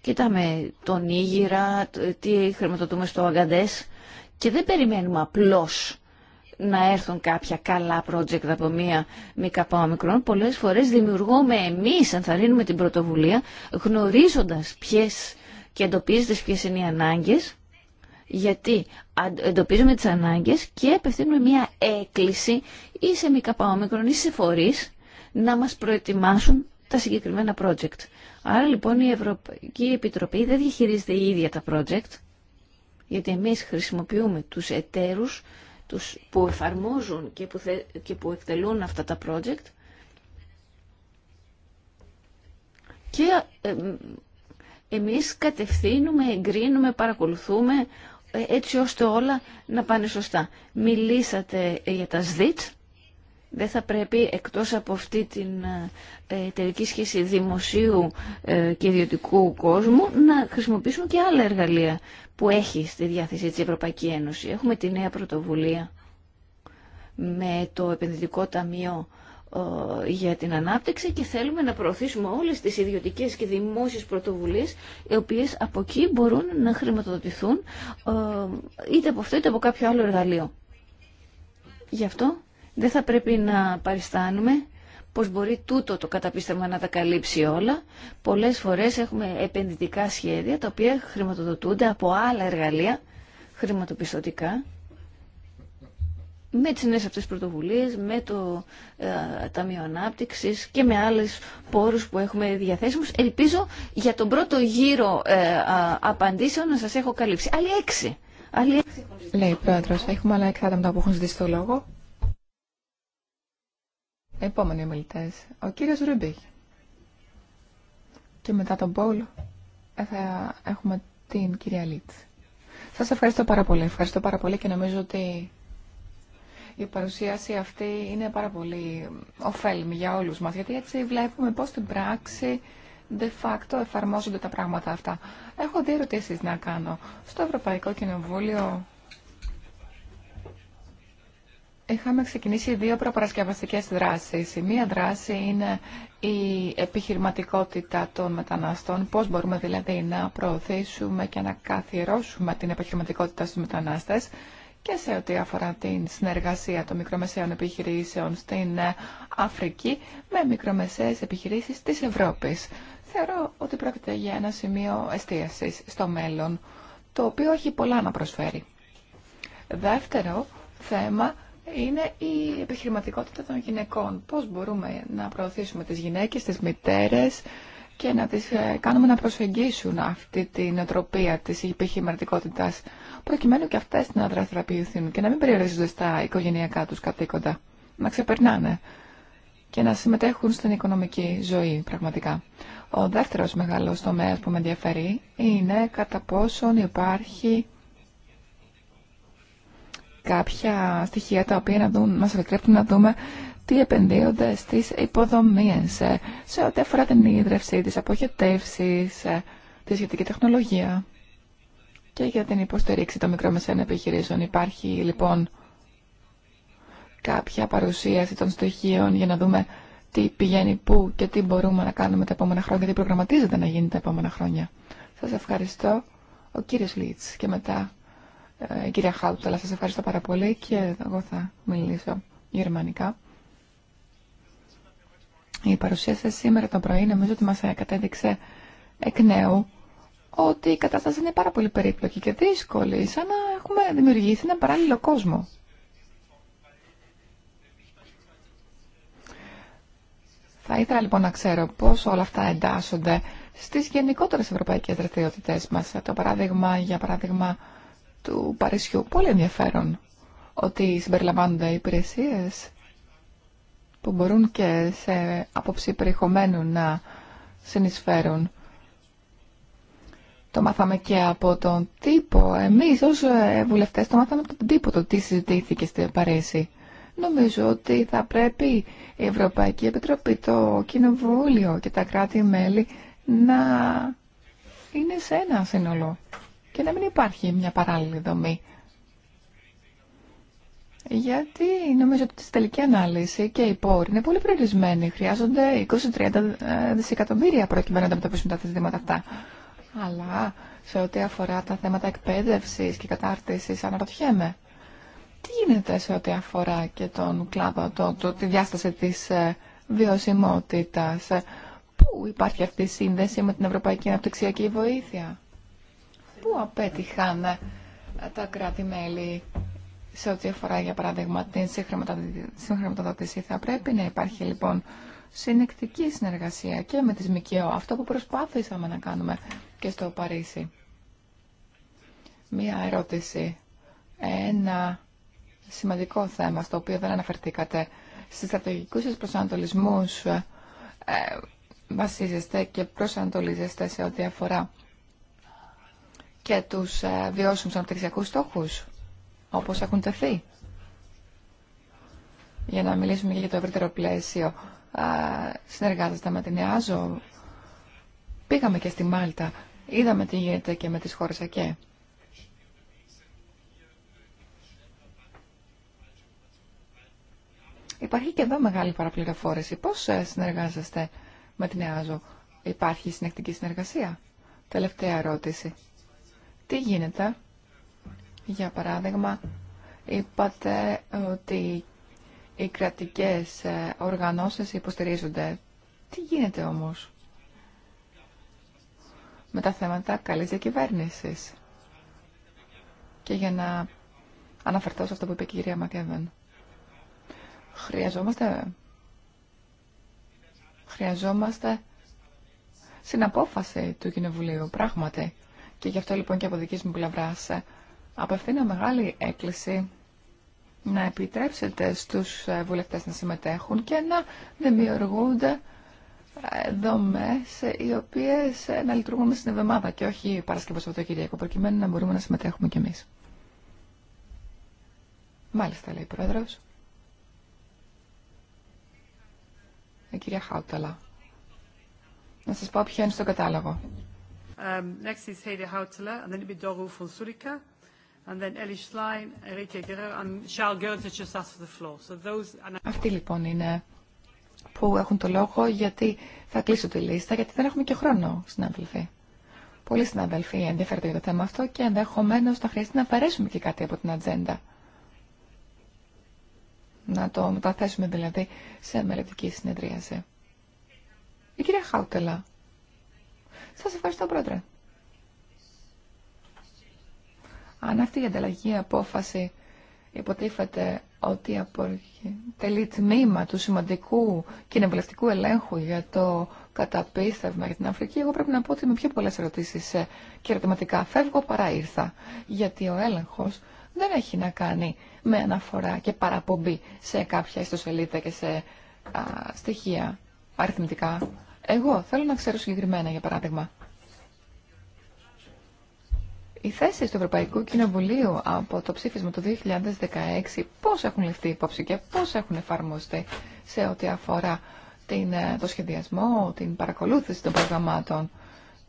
κοιτάμε τον Ήγηρα, τι χρηματοδοτούμε στο Αγκαντές και δεν περιμένουμε απλώς να έρθουν κάποια καλά project από μία καπάω μικρόν. Πολλές φορές δημιουργούμε εμείς, αν θα την πρωτοβουλία, γνωρίζοντας ποιες και εντοπίζοντας ποιες είναι οι ανάγκες γιατί εντοπίζουμε τις ανάγκες και απευθύνουμε μια έκκληση ή σε καπαόμικρον ή σε φορείς να μας προετοιμάσουν τα συγκεκριμένα project. Άρα λοιπόν η Ευρωπαϊκή Επιτροπή δεν διαχειρίζεται η ίδια τα project, γιατί εμείς χρησιμοποιούμε τους εταίρους τους που εφαρμόζουν και που, και που εκτελούν αυτά τα project και εμείς κατευθύνουμε, εγκρίνουμε, παρακολουθούμε ε, έτσι ώστε όλα να πάνε σωστά. Μιλήσατε για τα ΣΔΙΤ. Δεν θα πρέπει εκτός από αυτή την ε, εταιρική σχέση δημοσίου ε, και ιδιωτικού κόσμου να χρησιμοποιήσουμε και άλλα εργαλεία που έχει στη διάθεση της Ευρωπαϊκή Ένωση. Έχουμε τη νέα πρωτοβουλία με το επενδυτικό ταμείο ε, για την ανάπτυξη και θέλουμε να προωθήσουμε όλες τις ιδιωτικές και δημόσιες πρωτοβουλίες οι οποίες από εκεί μπορούν να χρηματοδοτηθούν ε, είτε από αυτό είτε από κάποιο άλλο εργαλείο. Γι' αυτό δεν θα πρέπει να παριστάνουμε πως μπορεί τούτο το καταπίστευμα να τα καλύψει όλα. Πολλές φορές έχουμε επενδυτικά σχέδια τα οποία χρηματοδοτούνται από άλλα εργαλεία χρηματοπιστωτικά με τις νέες αυτές πρωτοβουλίες, με το ε, Ταμείο ανάπτυξη και με άλλες πόρους που έχουμε διαθέσιμους. Ελπίζω για τον πρώτο γύρο ε, απαντήσεων να σας έχω καλύψει. Άλλοι έξι. Λέει η Πρόεδρος, έχουμε άλλα έξι άτομα που έχουν ζητήσει το λόγο. Επόμενοι ομιλητέ. Ο κύριος Ρούμπιχ. Και μετά τον Πόλ ε, θα έχουμε την κυρία Λίτ. Σας ευχαριστώ πάρα πολύ. Ευχαριστώ πάρα πολύ και νομίζω ότι η παρουσίαση αυτή είναι πάρα πολύ ωφέλιμη για όλους μας, γιατί έτσι βλέπουμε πώς στην πράξη de facto εφαρμόζονται τα πράγματα αυτά. Έχω δύο ερωτήσει να κάνω. Στο Ευρωπαϊκό Κοινοβούλιο είχαμε ξεκινήσει δύο προπαρασκευαστικές δράσεις. Η μία δράση είναι η επιχειρηματικότητα των μεταναστών, πώς μπορούμε δηλαδή να προωθήσουμε και να καθιερώσουμε την επιχειρηματικότητα στους μετανάστες και σε ό,τι αφορά την συνεργασία των μικρομεσαίων επιχειρήσεων στην ε, Αφρική με μικρομεσαίες επιχειρήσεις της Ευρώπης. Θεωρώ ότι πρόκειται για ένα σημείο εστίασης στο μέλλον, το οποίο έχει πολλά να προσφέρει. Δεύτερο θέμα είναι η επιχειρηματικότητα των γυναικών. Πώς μπορούμε να προωθήσουμε τις γυναίκες, τις μητέρες και να τις ε, κάνουμε να προσεγγίσουν αυτή την οτροπία της επιχειρηματικότητας προκειμένου και αυτές να δραστηριοποιηθούν και να μην περιορίζονται στα οικογενειακά τους κατοίκοντα, να ξεπερνάνε και να συμμετέχουν στην οικονομική ζωή πραγματικά. Ο δεύτερος μεγάλος τομέας που με ενδιαφέρει είναι κατά πόσον υπάρχει κάποια στοιχεία τα οποία να μας επιτρέπουν να δούμε τι επενδύονται στις υποδομίες σε ό,τι αφορά την ίδρυυση, τις αποχετεύσεις, ε, τη σχετική τεχνολογία και για την υποστήριξη των μικρομεσαίων επιχειρήσεων. Υπάρχει λοιπόν κάποια παρουσίαση των στοιχείων για να δούμε τι πηγαίνει πού και τι μπορούμε να κάνουμε τα επόμενα χρόνια, τι προγραμματίζεται να γίνει τα επόμενα χρόνια. Σας ευχαριστώ ο κύριος Λίτς και μετά ε, η κυρία αλλά Σας ευχαριστώ πάρα πολύ και εγώ θα μιλήσω γερμανικά. Η παρουσία σήμερα το πρωί νομίζω ότι μας κατέδειξε εκ νέου ότι η κατάσταση είναι πάρα πολύ περίπλοκη και δύσκολη, σαν να έχουμε δημιουργήσει ένα παράλληλο κόσμο. Θα ήθελα λοιπόν να ξέρω πώς όλα αυτά εντάσσονται στις γενικότερες ευρωπαϊκές δραστηριότητε μας. Το παράδειγμα, για παράδειγμα, του Παρισιού. Πολύ ενδιαφέρον ότι συμπεριλαμβάνονται υπηρεσίες που μπορούν και σε άποψη περιεχομένου να συνεισφέρουν το μάθαμε και από τον τύπο. Εμεί ω ε, βουλευτέ το μάθαμε από τον τύπο το τι συζητήθηκε στην Παρίσι. Νομίζω ότι θα πρέπει η Ευρωπαϊκή Επιτροπή, το Κοινοβούλιο και τα κράτη-μέλη να είναι σε ένα σύνολο και να μην υπάρχει μια παράλληλη δομή. Γιατί νομίζω ότι στη τελική ανάλυση και οι πόροι είναι πολύ περιορισμένοι. Χρειάζονται 20-30 ε, δισεκατομμύρια προκειμένου να αντιμετωπίσουν τα θεσμηματα αυτά. Αλλά σε ό,τι αφορά τα θέματα εκπαίδευσης και κατάρτισης αναρωτιέμαι τι γίνεται σε ό,τι αφορά και τον κλάδο, το, τη διάσταση της ε, βιωσιμότητας. Ε, πού υπάρχει αυτή η σύνδεση με την Ευρωπαϊκή Αναπτυξιακή Βοήθεια. Πού απέτυχαν ε, τα κράτη-μέλη σε ό,τι αφορά, για παράδειγμα, την συγχρηματοδότηση. Θα πρέπει να υπάρχει, λοιπόν, συνεκτική συνεργασία και με τις ΜΚΟ, αυτό που προσπάθησαμε να κάνουμε και στο Παρίσι. Μία ερώτηση. Ένα σημαντικό θέμα στο οποίο δεν αναφερθήκατε. Στις στρατηγικούς σας προσανατολισμούς ε, βασίζεστε και προσανατολίζεστε σε ό,τι αφορά και τους ε, βιώσιμους αναπτυξιακούς στόχους, όπως έχουν τεθεί. Για να μιλήσουμε και για το ευρύτερο πλαίσιο συνεργάζεστε με την ΕΑΖΟ. Πήγαμε και στη Μάλτα. Είδαμε τι γίνεται και με τις χώρες ΑΚΕ. Υπάρχει και εδώ μεγάλη παραπληροφόρηση. Πώς ε, συνεργάζεστε με την ΕΑΖΟ. Υπάρχει συνεκτική συνεργασία. Τελευταία ερώτηση. Τι γίνεται, για παράδειγμα, είπατε ότι οι κρατικές ε, οργανώσεις υποστηρίζονται. Τι γίνεται όμως με τα θέματα καλής διακυβέρνησης. Και για να αναφερθώ σε αυτό που είπε η κυρία Μακέβεν. Χρειαζόμαστε... Χρειαζόμαστε συναπόφαση του Κοινοβουλίου, πράγματι. Και γι' αυτό λοιπόν και από δική μου πλευρά ε, απευθύνω μεγάλη έκκληση να επιτρέψετε στους ε, βουλευτές να συμμετέχουν και να δημιουργούνται ε, δομές ε, οι οποίες να λειτουργούν στην εβδομάδα και όχι το Σαββατοκύριακο προκειμένου να μπορούμε να συμμετέχουμε κι εμείς. Μάλιστα λέει η Πρόεδρος. Η κυρία Χάουταλα. Να σας πω ποιο είναι στο κατάλογο. Um, next is Heide Hautala, and then it'll be Doru αυτοί λοιπόν είναι που έχουν το λόγο γιατί θα κλείσω τη λίστα γιατί δεν έχουμε και χρόνο συνάδελφοι. Πολλοί συναδελφοί ενδιαφέρονται για το θέμα αυτό και ενδεχομένω θα χρειαστεί να αφαιρέσουμε και κάτι από την ατζέντα. Να το μεταθέσουμε δηλαδή σε μελετική συνεδρίαση. Η κυρία Χάουτελα. Σας ευχαριστώ πρόεδρε. Αν αυτή η ανταλλαγή απόφαση υποτίθεται ότι αποτελεί τμήμα του σημαντικού κοινοβουλευτικού ελέγχου για το καταπίστευμα για την Αφρική, εγώ πρέπει να πω ότι με πιο πολλές ερωτήσεις και ερωτηματικά φεύγω παρά ήρθα. Γιατί ο έλεγχος δεν έχει να κάνει με αναφορά και παραπομπή σε κάποια ιστοσελίδα και σε στοιχεία αριθμητικά. Εγώ θέλω να ξέρω συγκεκριμένα, για παράδειγμα, οι θέσει του Ευρωπαϊκού Κοινοβουλίου από το ψήφισμα του 2016 πώς έχουν ληφθεί υπόψη και πώς έχουν εφαρμοστεί σε ό,τι αφορά την, ε, το σχεδιασμό, την παρακολούθηση των προγραμμάτων.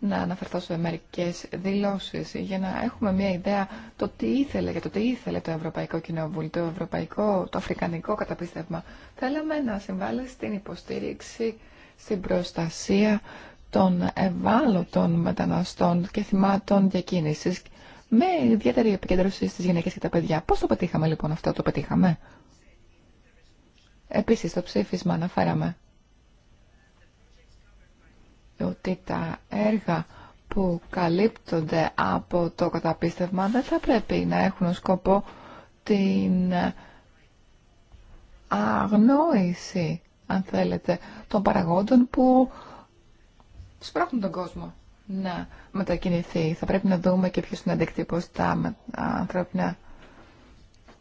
Να αναφερθώ σε μερικέ δηλώσεις για να έχουμε μια ιδέα το τι ήθελε και το τι ήθελε το Ευρωπαϊκό Κοινοβούλιο, το Ευρωπαϊκό, το Αφρικανικό καταπίστευμα. Θέλαμε να συμβάλλει στην υποστήριξη, στην προστασία των ευάλωτων μεταναστών και θυμάτων διακίνησης με ιδιαίτερη επικέντρωση στις γυναίκες και τα παιδιά. Πώς το πετύχαμε λοιπόν αυτό, το πετύχαμε. Επίσης στο ψήφισμα αναφέραμε ότι τα έργα που καλύπτονται από το καταπίστευμα δεν θα πρέπει να έχουν σκοπό την αγνόηση, αν θέλετε, των παραγόντων που σπρώχνουν τον κόσμο να μετακινηθεί. Θα πρέπει να δούμε και ποιος είναι αντικτύπος στα ανθρώπινα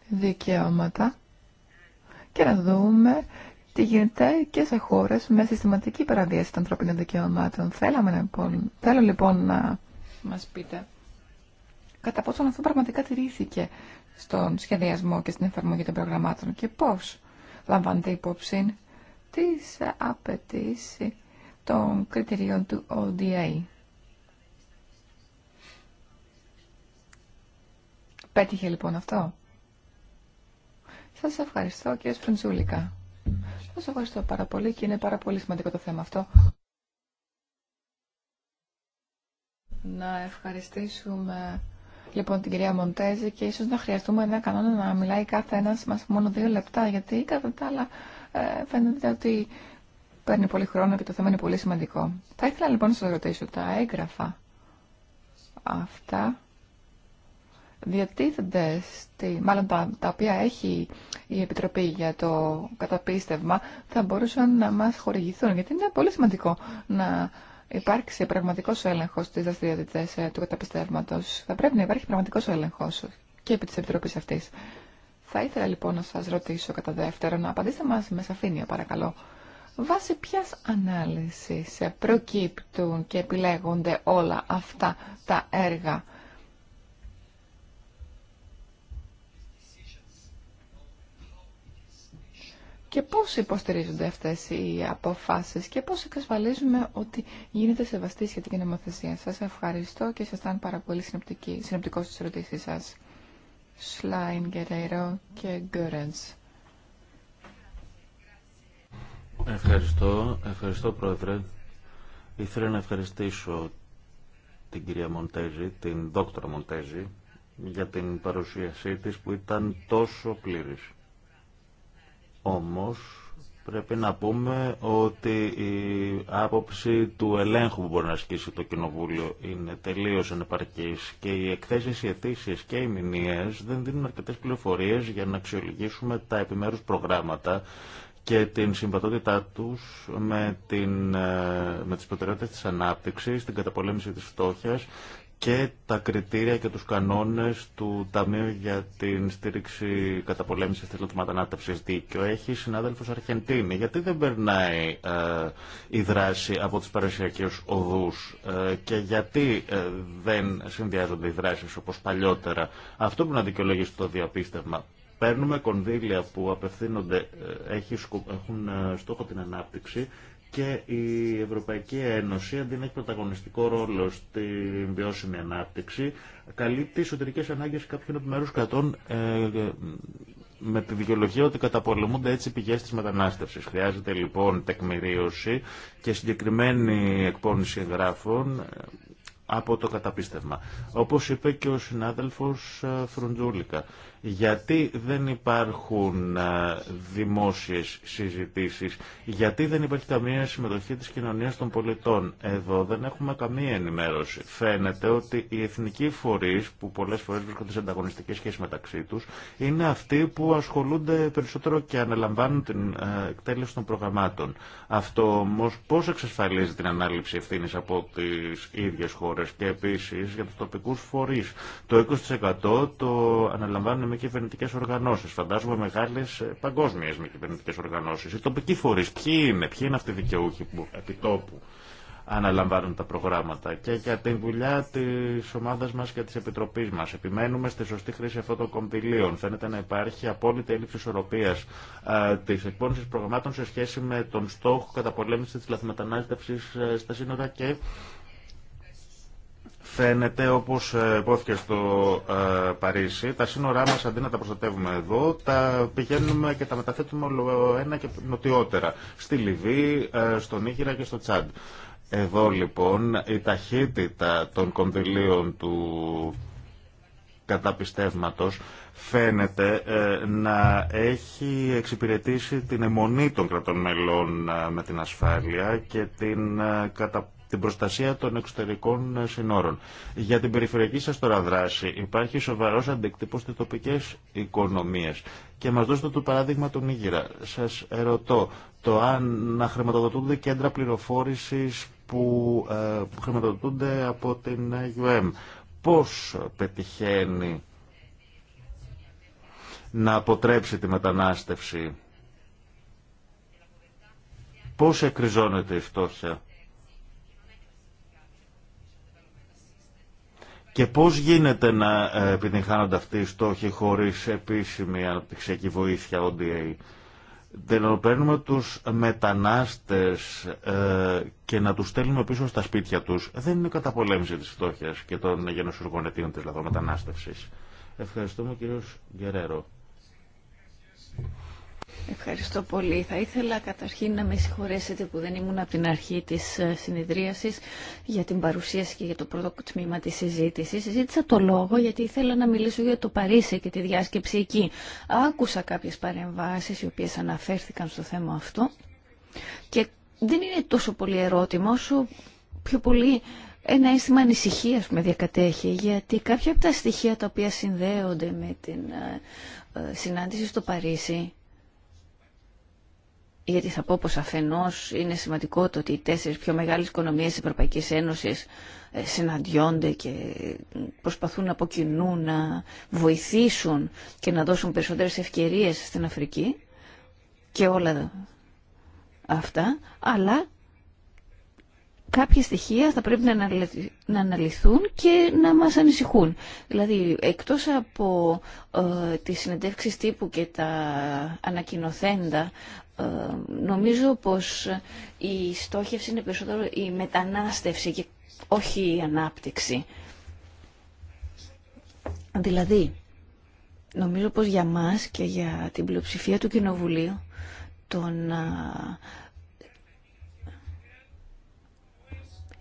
δικαιώματα και να δούμε τι γίνεται και σε χώρες με συστηματική παραβίαση των ανθρώπινων δικαιωμάτων. Θέλαμε λοιπόν- θέλω λοιπόν να μας πείτε κατά πόσο αυτό πραγματικά τηρήθηκε στον σχεδιασμό και στην εφαρμογή των προγραμμάτων και πώς λαμβάνεται υπόψη τις απαιτήσει των κριτηρίων του ODA. Πέτυχε λοιπόν αυτό. Σας ευχαριστώ κύριε Σπρεντζούλικα. Σας ευχαριστώ πάρα πολύ και είναι πάρα πολύ σημαντικό το θέμα αυτό. Να ευχαριστήσουμε λοιπόν την κυρία Μοντέζη και ίσως να χρειαστούμε ένα κανόνα να μιλάει κάθε ένας μας μόνο δύο λεπτά γιατί κατά τα άλλα ε, φαίνεται ότι παίρνει πολύ χρόνο και το θέμα είναι πολύ σημαντικό. Θα ήθελα λοιπόν να σας ρωτήσω, τα έγγραφα αυτά διατίθενται, στη, μάλλον τα, τα οποία έχει η Επιτροπή για το καταπίστευμα, θα μπορούσαν να μας χορηγηθούν, γιατί είναι πολύ σημαντικό να υπάρξει πραγματικός έλεγχος στις δραστηριότητες ε, του καταπιστεύματος. Θα πρέπει να υπάρχει πραγματικός έλεγχος και επί της Επιτροπής αυτής. Θα ήθελα λοιπόν να σας ρωτήσω κατά δεύτερον, να απαντήστε μας με σαφήνεια παρακαλώ. Βάσει ποιας ανάλυσης προκύπτουν και επιλέγονται όλα αυτά τα έργα. Και πώς υποστηρίζονται αυτές οι αποφάσεις και πώς εξασφαλίζουμε ότι γίνεται σεβαστή σχετική νομοθεσία. Σας ευχαριστώ και σας ήταν πάρα πολύ συνοπτικό στις ερωτήσεις σας. Σλάιν, και Ευχαριστώ, ευχαριστώ Πρόεδρε. Ήθελα να ευχαριστήσω την κυρία Μοντέζη, την δόκτωρα Μοντέζη, για την παρουσίασή της που ήταν τόσο πλήρης. Όμως πρέπει να πούμε ότι η άποψη του ελέγχου που μπορεί να ασκήσει το Κοινοβούλιο είναι τελείως ανεπαρκής και οι εκθέσεις, οι αιτήσει και οι μηνύες δεν δίνουν αρκετές πληροφορίες για να αξιολογήσουμε τα επιμέρους προγράμματα και την συμβατότητά τους με, την, ε, με τις προτεραιότητες της ανάπτυξης, την καταπολέμηση της φτώχειας και τα κριτήρια και τους κανόνες του Ταμείου για την στήριξη καταπολέμηση θελωτμάτων ανάπτυξης δίκαιο έχει συνάδελφος Αρχεντίνη. Γιατί δεν περνάει ε, η δράση από τις παρουσιακούς οδούς ε, και γιατί ε, δεν συνδυάζονται οι δράσεις όπως παλιότερα. Αυτό που να δικαιολογήσει το διαπίστευμα Παίρνουμε κονδύλια που απευθύνονται, ε, έχουν ε, στόχο την ανάπτυξη και η Ευρωπαϊκή Ένωση, αντί να έχει πρωταγωνιστικό ρόλο στην βιώσιμη ανάπτυξη, καλύπτει εσωτερικέ ανάγκε κάποιων επιμέρου κρατών ε, με τη δικαιολογία ότι καταπολεμούνται έτσι οι πηγέ τη μετανάστευση. Χρειάζεται λοιπόν τεκμηρίωση και συγκεκριμένη εκπόνηση εγγράφων από το καταπίστευμα. όπω είπε και ο συνάδελφο Φρουντζούλικα, γιατί δεν υπάρχουν δημόσιες συζητήσεις, γιατί δεν υπάρχει καμία συμμετοχή της κοινωνίας των πολιτών. Εδώ δεν έχουμε καμία ενημέρωση. Φαίνεται ότι οι εθνικοί φορείς που πολλές φορές βρίσκονται σε ανταγωνιστικές σχέσεις μεταξύ τους είναι αυτοί που ασχολούνται περισσότερο και αναλαμβάνουν την εκτέλεση των προγραμμάτων. Αυτό όμω πώς εξασφαλίζει την ανάληψη ευθύνη από τις ίδιες χώρες και επίσης για τους τοπικούς φορείς. Το 20% το αναλαμβάνουν με κυβερνητικέ οργανώσει. Φαντάζομαι μεγάλε παγκόσμιε με κυβερνητικέ οργανώσει. Οι τοπικοί φορεί, ποιοι είναι, ποιοι είναι αυτοί οι δικαιούχοι που τόπου αναλαμβάνουν τα προγράμματα. Και για την δουλειά τη ομάδα μα και τη επιτροπή μα. Επιμένουμε στη σωστή χρήση αυτών των κομπηλίων. Φαίνεται να υπάρχει απόλυτη έλλειψη ισορροπία τη εκπόνηση προγραμμάτων σε σχέση με τον στόχο καταπολέμηση τη λαθμετανάστευση ε, στα σύνορα και Φαίνεται, όπως ε, υπόθηκε στο ε, Παρίσι, τα σύνορά μας αντί να τα προστατεύουμε εδώ, τα πηγαίνουμε και τα μεταθέτουμε όλο ένα και νοτιότερα, στη Λιβύη, ε, στον Νίγηρα και στο Τσάντ. Εδώ λοιπόν η ταχύτητα των κονδυλίων του καταπιστεύματος φαίνεται να έχει εξυπηρετήσει την αιμονή των κρατών μελών με την ασφάλεια και την κατα την προστασία των εξωτερικών συνόρων. Για την περιφερειακή σας τώρα δράση υπάρχει σοβαρός αντικτύπος στις τοπικές οικονομίες. Και μας δώσετε το παράδειγμα του Νίγηρα. Σας ερωτώ το αν να χρηματοδοτούνται κέντρα πληροφόρησης που ε, χρηματοδοτούνται από την UM. Πώς πετυχαίνει να αποτρέψει τη μετανάστευση. Πώς εκριζώνεται η φτώχεια. Και πώς γίνεται να ε, επιτυγχάνονται αυτοί οι στόχοι χωρίς επίσημη αναπτυξιακή βοήθεια ODA. Δεν παίρνουμε τους μετανάστες ε, και να τους στέλνουμε πίσω στα σπίτια τους. Δεν είναι καταπολέμηση της φτώχειας και των γενοσουργών αιτίων της λαδομετανάστευσης. Δηλαδή, Ευχαριστούμε κύριος Γκερέρο. Ευχαριστώ πολύ. Θα ήθελα καταρχήν να με συγχωρέσετε που δεν ήμουν από την αρχή της ε, συνεδρίασης για την παρουσίαση και για το πρώτο τμήμα της συζήτησης. Συζήτησα το λόγο γιατί ήθελα να μιλήσω για το Παρίσι και τη διάσκεψη εκεί. Άκουσα κάποιες παρεμβάσεις οι οποίες αναφέρθηκαν στο θέμα αυτό και δεν είναι τόσο πολύ ερώτημα όσο πιο πολύ ένα αίσθημα ανησυχίας που με διακατέχει, γιατί κάποια από τα στοιχεία τα οποία συνδέονται με την ε, ε, συνάντηση στο Παρίσι γιατί θα πω πως αφενός είναι σημαντικό το ότι οι τέσσερις πιο μεγάλες οικονομίες της Ευρωπαϊκής Ένωσης ε, συναντιόνται και προσπαθούν από κοινού να βοηθήσουν και να δώσουν περισσότερες ευκαιρίες στην Αφρική και όλα αυτά, αλλά κάποια στοιχεία θα πρέπει να αναλυθούν και να μας ανησυχούν. Δηλαδή, εκτός από ε, τις συνεντεύξεις τύπου και τα ανακοινοθέντα, ε, νομίζω πως η στόχευση είναι περισσότερο η μετανάστευση και όχι η ανάπτυξη. Δηλαδή, νομίζω πως για μας και για την πλειοψηφία του Κοινοβουλίου, το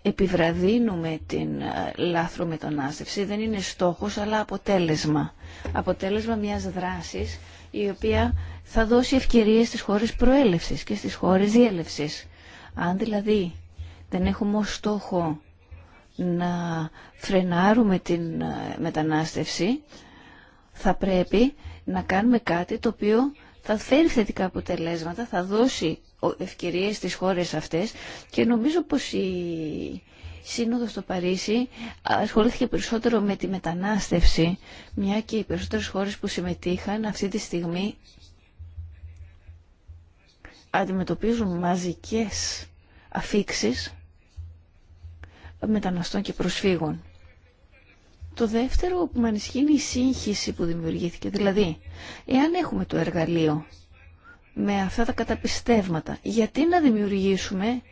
επιβραδύνουμε την ε, λάθρο μετανάστευση δεν είναι στόχος αλλά αποτέλεσμα. Αποτέλεσμα μιας δράσης η οποία θα δώσει ευκαιρίες στις χώρες προέλευσης και στις χώρες διέλευσης. Αν δηλαδή δεν έχουμε ως στόχο να φρενάρουμε την ε, μετανάστευση, θα πρέπει να κάνουμε κάτι το οποίο θα φέρει θετικά αποτελέσματα, θα δώσει ευκαιρίες στις χώρες αυτές και νομίζω πως η Σύνοδος στο Παρίσι ασχολήθηκε περισσότερο με τη μετανάστευση, μια και οι περισσότερες χώρες που συμμετείχαν αυτή τη στιγμή αντιμετωπίζουν μαζικές αφήξεις μεταναστών και προσφύγων. Το δεύτερο που με ανισχύει είναι η σύγχυση που δημιουργήθηκε. Δηλαδή, εάν έχουμε το εργαλείο με αυτά τα καταπιστεύματα. Γιατί να δημιουργήσουμε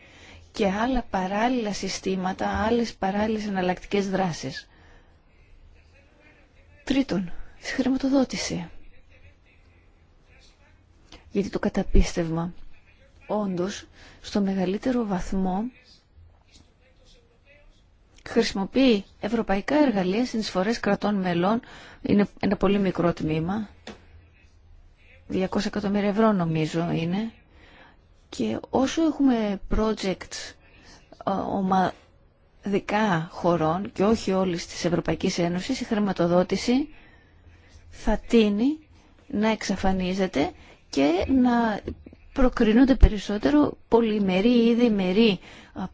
και άλλα παράλληλα συστήματα, άλλες παράλληλες εναλλακτικέ δράσεις. Τρίτον, στη χρηματοδότηση. Γιατί το καταπίστευμα, όντως, στο μεγαλύτερο βαθμό χρησιμοποιεί ευρωπαϊκά εργαλεία, φορές κρατών μελών, είναι ένα πολύ μικρό τμήμα, 200 εκατομμύρια ευρώ νομίζω είναι. Και όσο έχουμε project ε, ομαδικά χωρών και όχι όλη της Ευρωπαϊκής Ένωσης, η χρηματοδότηση θα τίνει να εξαφανίζεται και να προκρίνονται περισσότερο πολυμερή ή διμερή ε,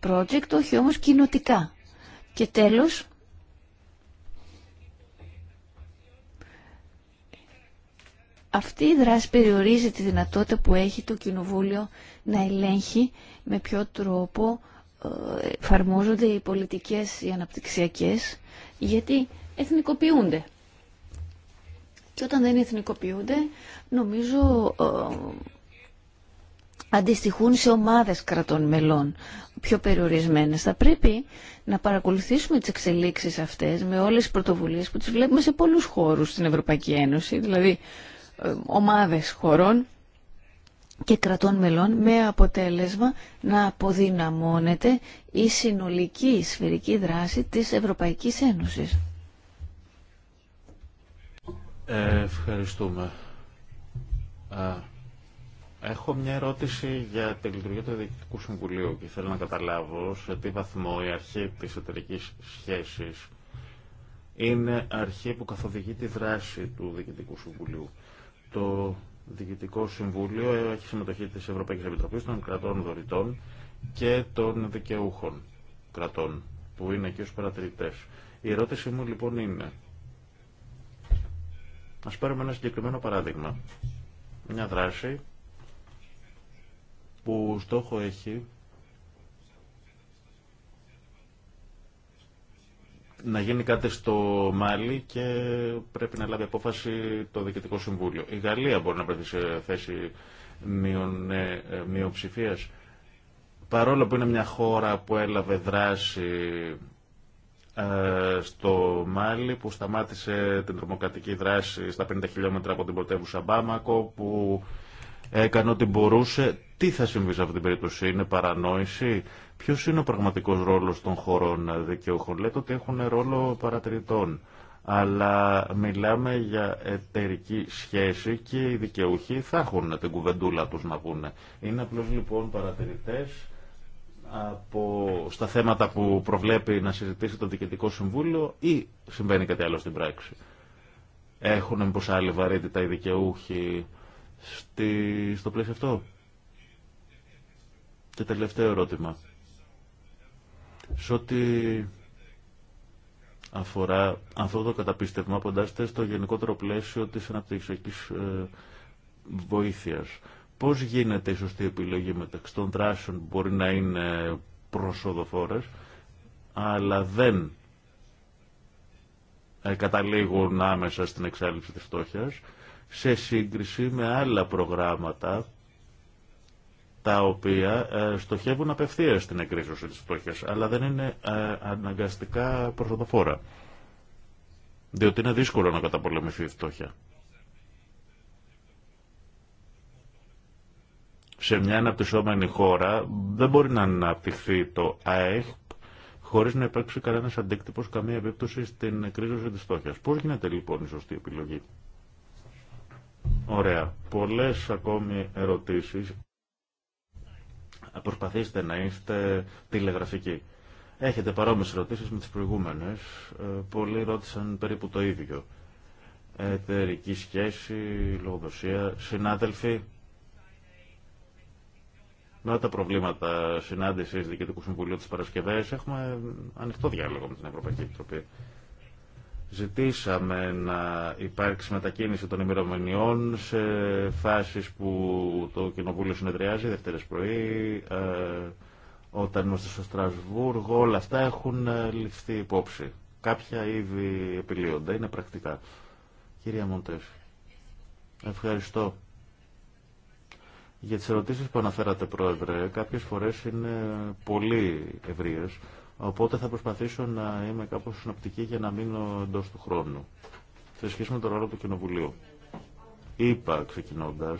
project, όχι όμως κοινοτικά. Και τέλος, αυτή η δράση περιορίζει τη δυνατότητα που έχει το Κοινοβούλιο να ελέγχει με ποιο τρόπο ε, εφαρμόζονται οι πολιτικές, οι αναπτυξιακές, γιατί εθνικοποιούνται. Και όταν δεν εθνικοποιούνται, νομίζω ε, αντιστοιχούν σε ομάδες κρατών μελών, πιο περιορισμένες. Θα πρέπει να παρακολουθήσουμε τις εξελίξεις αυτές με όλες τις πρωτοβουλίες που τις βλέπουμε σε πολλούς χώρους στην Ευρωπαϊκή Ένωση. Δηλαδή, ομάδες χωρών και κρατών μελών με αποτέλεσμα να αποδυναμώνεται η συνολική σφαιρική δράση της Ευρωπαϊκής Ένωσης. Ε, ευχαριστούμε. έχω μια ερώτηση για τη λειτουργία του Διοικητικού Συμβουλίου και θέλω να καταλάβω σε τι βαθμό η αρχή της εταιρική σχέσης είναι αρχή που καθοδηγεί τη δράση του Διοικητικού Συμβουλίου το Διοικητικό Συμβούλιο έχει συμμετοχή της Ευρωπαϊκής Επιτροπής των κρατών δωρητών και των δικαιούχων κρατών που είναι εκεί ως παρατηρητές. Η ερώτηση μου λοιπόν είναι, ας πάρουμε ένα συγκεκριμένο παράδειγμα, μια δράση που στόχο έχει να γίνει κάτι στο Μάλι και πρέπει να λάβει απόφαση το Διοικητικό Συμβούλιο. Η Γαλλία μπορεί να βρεθεί σε θέση ε, ε, μειοψηφία. Παρόλο που είναι μια χώρα που έλαβε δράση ε, στο Μάλι που σταμάτησε την τρομοκρατική δράση στα 50 χιλιόμετρα από την πρωτεύουσα Μπάμακο που έκανε ό,τι μπορούσε. Τι θα συμβεί σε αυτή την περίπτωση, είναι παρανόηση, Ποιο είναι ο πραγματικό ρόλο των χωρών δικαιούχων. Λέτε ότι έχουν ρόλο παρατηρητών. Αλλά μιλάμε για εταιρική σχέση και οι δικαιούχοι θα έχουν την κουβεντούλα τους να πούνε. Είναι απλώς λοιπόν παρατηρητές από, στα θέματα που προβλέπει να συζητήσει το Διοικητικό Συμβούλιο ή συμβαίνει κάτι άλλο στην πράξη. Έχουν μήπως άλλη βαρύτητα οι δικαιούχοι στο πλαίσιο αυτό. Και τελευταίο ερώτημα. Σε ό,τι αφορά αυτό το καταπίστευμα που στο γενικότερο πλαίσιο της αναπτυξιακής ε, βοήθειας. Πώς γίνεται η σωστή επιλογή μεταξύ των δράσεων που μπορεί να είναι προσοδοφόρες, αλλά δεν ε, καταλήγουν άμεσα στην εξάλληψη της φτώχειας, σε σύγκριση με άλλα προγράμματα τα οποία ε, στοχεύουν απευθεία στην εκρίζωση της φτώχειας, αλλά δεν είναι ε, αναγκαστικά προσοδοφόρα. Διότι είναι δύσκολο να καταπολεμηθεί η φτώχεια. Σε μια αναπτυσσόμενη χώρα δεν μπορεί να αναπτυχθεί το ΑΕΧ χωρί να υπάρξει κανένα αντίκτυπο, καμία επίπτωση στην εκρίζωση τη φτώχεια. Πώ γίνεται λοιπόν η σωστή επιλογή. Ωραία. Πολλέ ακόμη ερωτήσει. Προσπαθήστε να είστε τηλεγραφικοί. Έχετε παρόμοιες ερωτήσει με τις προηγούμενες. Ε, πολλοί ρώτησαν περίπου το ίδιο. Εταιρική σχέση, λογοδοσία, συνάδελφοι. Με τα προβλήματα συνάντηση Διοικητικού Συμβουλίου της Παρασκευές έχουμε ανοιχτό διάλογο με την Ευρωπαϊκή Επιτροπή. Ζητήσαμε να υπάρξει μετακίνηση των ημερομηνιών σε φάσεις που το Κοινοβούλιο συνεδριάζει, Δευτέρες πρωί, ε, όταν είμαστε στο Στρασβούργο, όλα αυτά έχουν ε, ληφθεί υπόψη. Κάποια ήδη επιλύονται, είναι πρακτικά. Κυρία Μοντές, ευχαριστώ. Για τις ερωτήσεις που αναφέρατε, Πρόεδρε, κάποιες φορές είναι πολύ ευρείες. Οπότε θα προσπαθήσω να είμαι κάπως συνοπτική για να μείνω εντό του χρόνου. Σε σχέση με τον ρόλο του Κοινοβουλίου. Είπα ξεκινώντα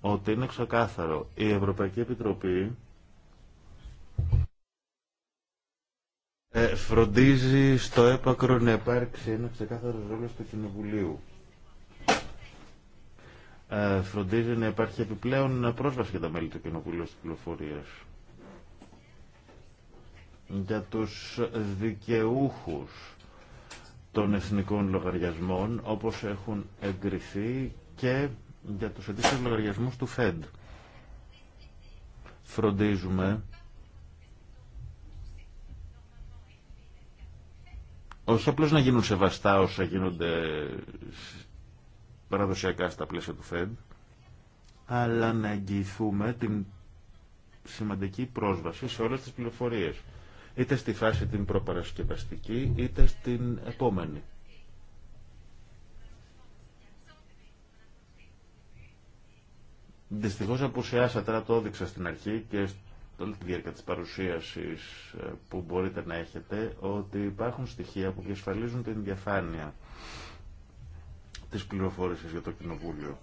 ότι είναι ξεκάθαρο η Ευρωπαϊκή Επιτροπή ε, φροντίζει στο έπακρο να υπάρξει ένα ξεκάθαρο ρόλο του Κοινοβουλίου. Ε, φροντίζει να υπάρχει επιπλέον πρόσβαση για τα μέλη του Κοινοβουλίου στις πληροφορίες για τους δικαιούχους των εθνικών λογαριασμών όπως έχουν εγκριθεί και για τους ετήσιους λογαριασμούς του ΦΕΔ. Φροντίζουμε όχι απλώς να γίνουν σεβαστά όσα γίνονται παραδοσιακά στα πλαίσια του ΦΕΔ, αλλά να εγγυηθούμε την σημαντική πρόσβαση σε όλες τις πληροφορίες είτε στη φάση την προπαρασκευαστική, είτε στην επόμενη. Δυστυχώ απουσιάσατε, τώρα το έδειξα στην αρχή και όλη τη διάρκεια τη παρουσίαση ε, που μπορείτε να έχετε, ότι υπάρχουν στοιχεία που διασφαλίζουν την διαφάνεια της πληροφόρησης για το Κοινοβούλιο.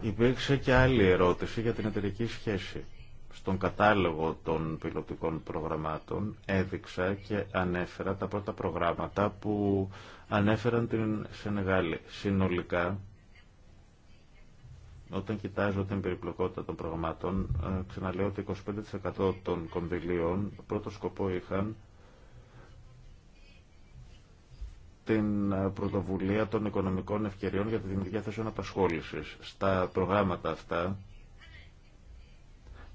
Υπήρξε και άλλη ερώτηση για την εταιρική σχέση στον κατάλογο των πιλωτικών προγραμμάτων έδειξα και ανέφερα τα πρώτα προγράμματα που ανέφεραν την Σενεγάλη. Συνολικά, όταν κοιτάζω την περιπλοκότητα των προγραμμάτων, ε, ξαναλέω ότι 25% των κονδυλίων πρώτο σκοπό είχαν την ε, πρωτοβουλία των οικονομικών ευκαιριών για τη δημιουργία θέσεων απασχόλησης. Στα προγράμματα αυτά,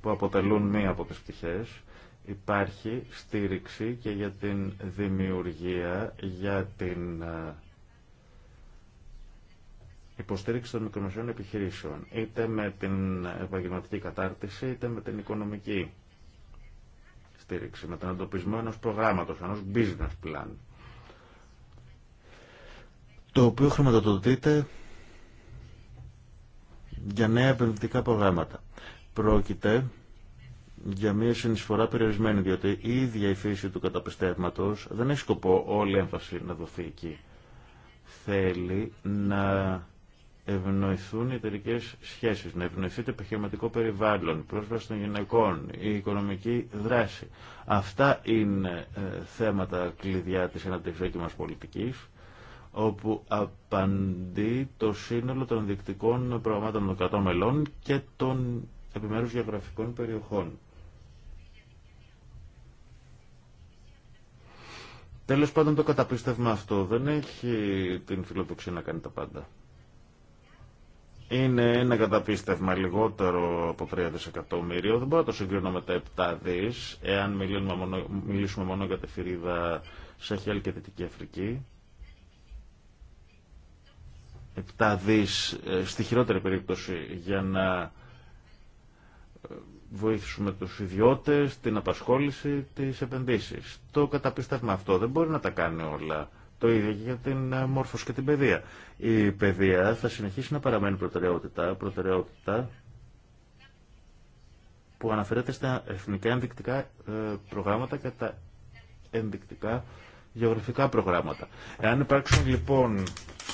που αποτελούν μία από τις πτυχές, υπάρχει στήριξη και για την δημιουργία, για την ε, υποστήριξη των μικρομεσαίων επιχειρήσεων, είτε με την επαγγελματική κατάρτιση, είτε με την οικονομική στήριξη, με τον εντοπισμό ενός προγράμματος, ενός business plan, το οποίο χρηματοδοτείται για νέα επενδυτικά προγράμματα. Πρόκειται για μια συνεισφορά περιορισμένη, διότι η ίδια η φύση του καταπιστεύματος δεν έχει σκοπό όλη έμφαση να δοθεί εκεί. Θέλει να ευνοηθούν οι εταιρικέ σχέσει, να ευνοηθεί το επιχειρηματικό περιβάλλον, η πρόσβαση των γυναικών, η οικονομική δράση. Αυτά είναι ε, θέματα κλειδιά τη αναπτυξιακή μα πολιτική, όπου απαντεί το σύνολο των διεκτικών προγραμμάτων των κρατών μελών και των επιμέρους γεωγραφικών περιοχών. Τέλος πάντων το καταπίστευμα αυτό δεν έχει την φιλοδοξία να κάνει τα πάντα. Είναι ένα καταπίστευμα λιγότερο από 3 δισεκατομμύριο. Δεν μπορώ να το συγκρίνω με τα 7 δις, εάν μιλήσουμε μόνο, μιλήσουμε για τη φυρίδα Σαχέλ και Δυτική Αφρική. 7 δις, ε, στη χειρότερη περίπτωση, για να βοηθήσουμε τους ιδιώτες, την απασχόληση, τις επενδύσεις. Το καταπίστευμα αυτό δεν μπορεί να τα κάνει όλα. Το ίδιο και για την ε, μόρφωση και την παιδεία. Η παιδεία θα συνεχίσει να παραμένει προτεραιότητα, προτεραιότητα που αναφέρεται στα εθνικά ενδεικτικά ε, προγράμματα και τα ενδεικτικά γεωγραφικά προγράμματα. Εάν υπάρξουν λοιπόν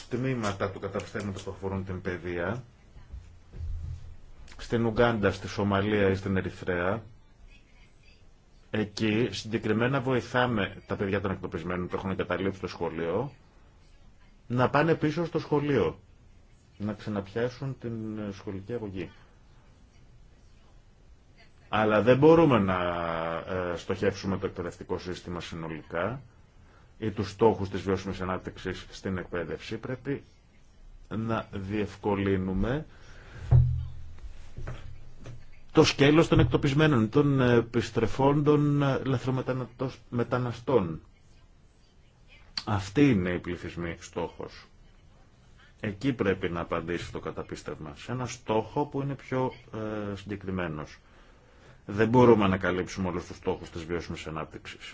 τμήματα του καταπιστεύματος που αφορούν την παιδεία, στην Ουγκάντα, στη Σομαλία ή στην Ερυθρέα, εκεί συγκεκριμένα βοηθάμε τα παιδιά των εκτοπισμένων που έχουν εγκαταλείψει το σχολείο να πάνε πίσω στο σχολείο, να ξαναπιάσουν την σχολική αγωγή. Αλλά δεν μπορούμε να ε, στοχεύσουμε το εκπαιδευτικό σύστημα συνολικά ή τους στόχους της βιώσιμης ανάπτυξης στην εκπαίδευση. Πρέπει να διευκολύνουμε το σκέλος των εκτοπισμένων, των επιστρεφών των ε, λαθρομεταναστών. Αυτή είναι η πληθυσμή στόχος. Εκεί πρέπει να απαντήσει το καταπίστευμα, σε ένα στόχο που είναι πιο ε, συγκεκριμένος. Δεν μπορούμε να καλύψουμε όλους τους στόχους της βιώσιμης ανάπτυξης.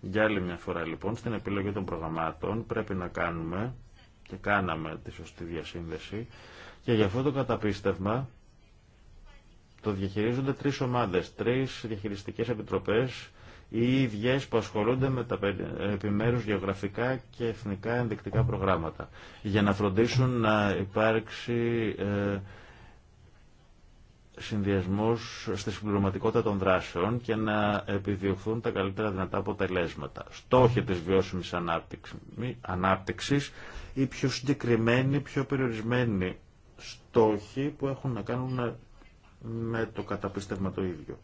Για άλλη μια φορά λοιπόν, στην επιλογή των προγραμμάτων πρέπει να κάνουμε και κάναμε τη σωστή διασύνδεση και για αυτό το καταπίστευμα το διαχειρίζονται τρεις ομάδες, τρεις διαχειριστικές επιτροπές, οι ίδιες που ασχολούνται με τα επιμέρους γεωγραφικά και εθνικά ενδεικτικά προγράμματα, για να φροντίσουν να υπάρξει ε, συνδυασμός στη συμπληρωματικότητα των δράσεων και να επιδιωχθούν τα καλύτερα δυνατά αποτελέσματα. Στόχοι της βιώσιμης ανάπτυξης ή πιο συγκεκριμένοι, πιο περιορισμένοι στόχοι που έχουν να κάνουν με το καταπίστευμα το ίδιο.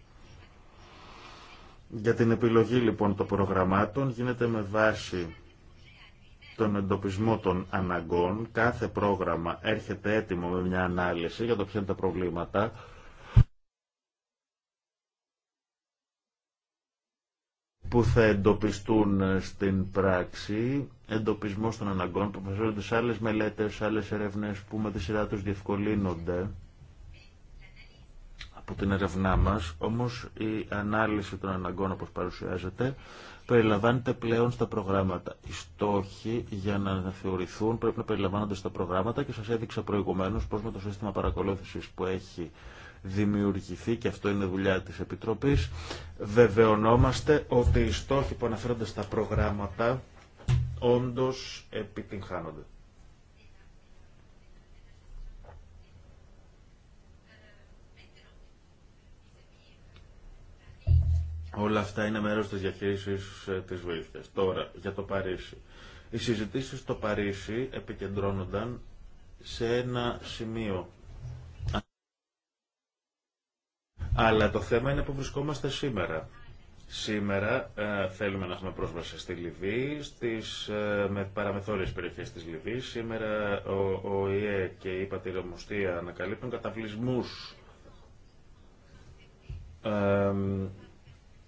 Για την επιλογή λοιπόν των προγραμμάτων γίνεται με βάση τον εντοπισμό των αναγκών. Κάθε πρόγραμμα έρχεται έτοιμο με μια ανάλυση για το ποια είναι τα προβλήματα. που θα εντοπιστούν στην πράξη, εντοπισμός των αναγκών που βασίζονται σε άλλες μελέτες, σε άλλες ερευνές που με τη σειρά τους διευκολύνονται από την ερευνά μας, όμως η ανάλυση των αναγκών όπως παρουσιάζεται περιλαμβάνεται πλέον στα προγράμματα. Οι στόχοι για να θεωρηθούν πρέπει να περιλαμβάνονται στα προγράμματα και σας έδειξα προηγουμένως πώς με το σύστημα παρακολούθησης που έχει δημιουργηθεί και αυτό είναι δουλειά της Επιτροπής βεβαιωνόμαστε ότι οι στόχοι που αναφέρονται στα προγράμματα όντως επιτυγχάνονται. Όλα αυτά είναι μέρος της διαχείρισης ε, της βοήθειας. Τώρα, για το Παρίσι. Οι συζητήσεις στο Παρίσι επικεντρώνονταν σε ένα σημείο. Αλλά το θέμα είναι που βρισκόμαστε σήμερα. Σήμερα ε, θέλουμε να έχουμε πρόσβαση στη Λιβύη, στις ε, με παραμεθόριες περιοχές της Λιβύης. Σήμερα ο, ο ΙΕ και η Πατηρομοστία ανακαλύπτουν καταβλισμούς ε,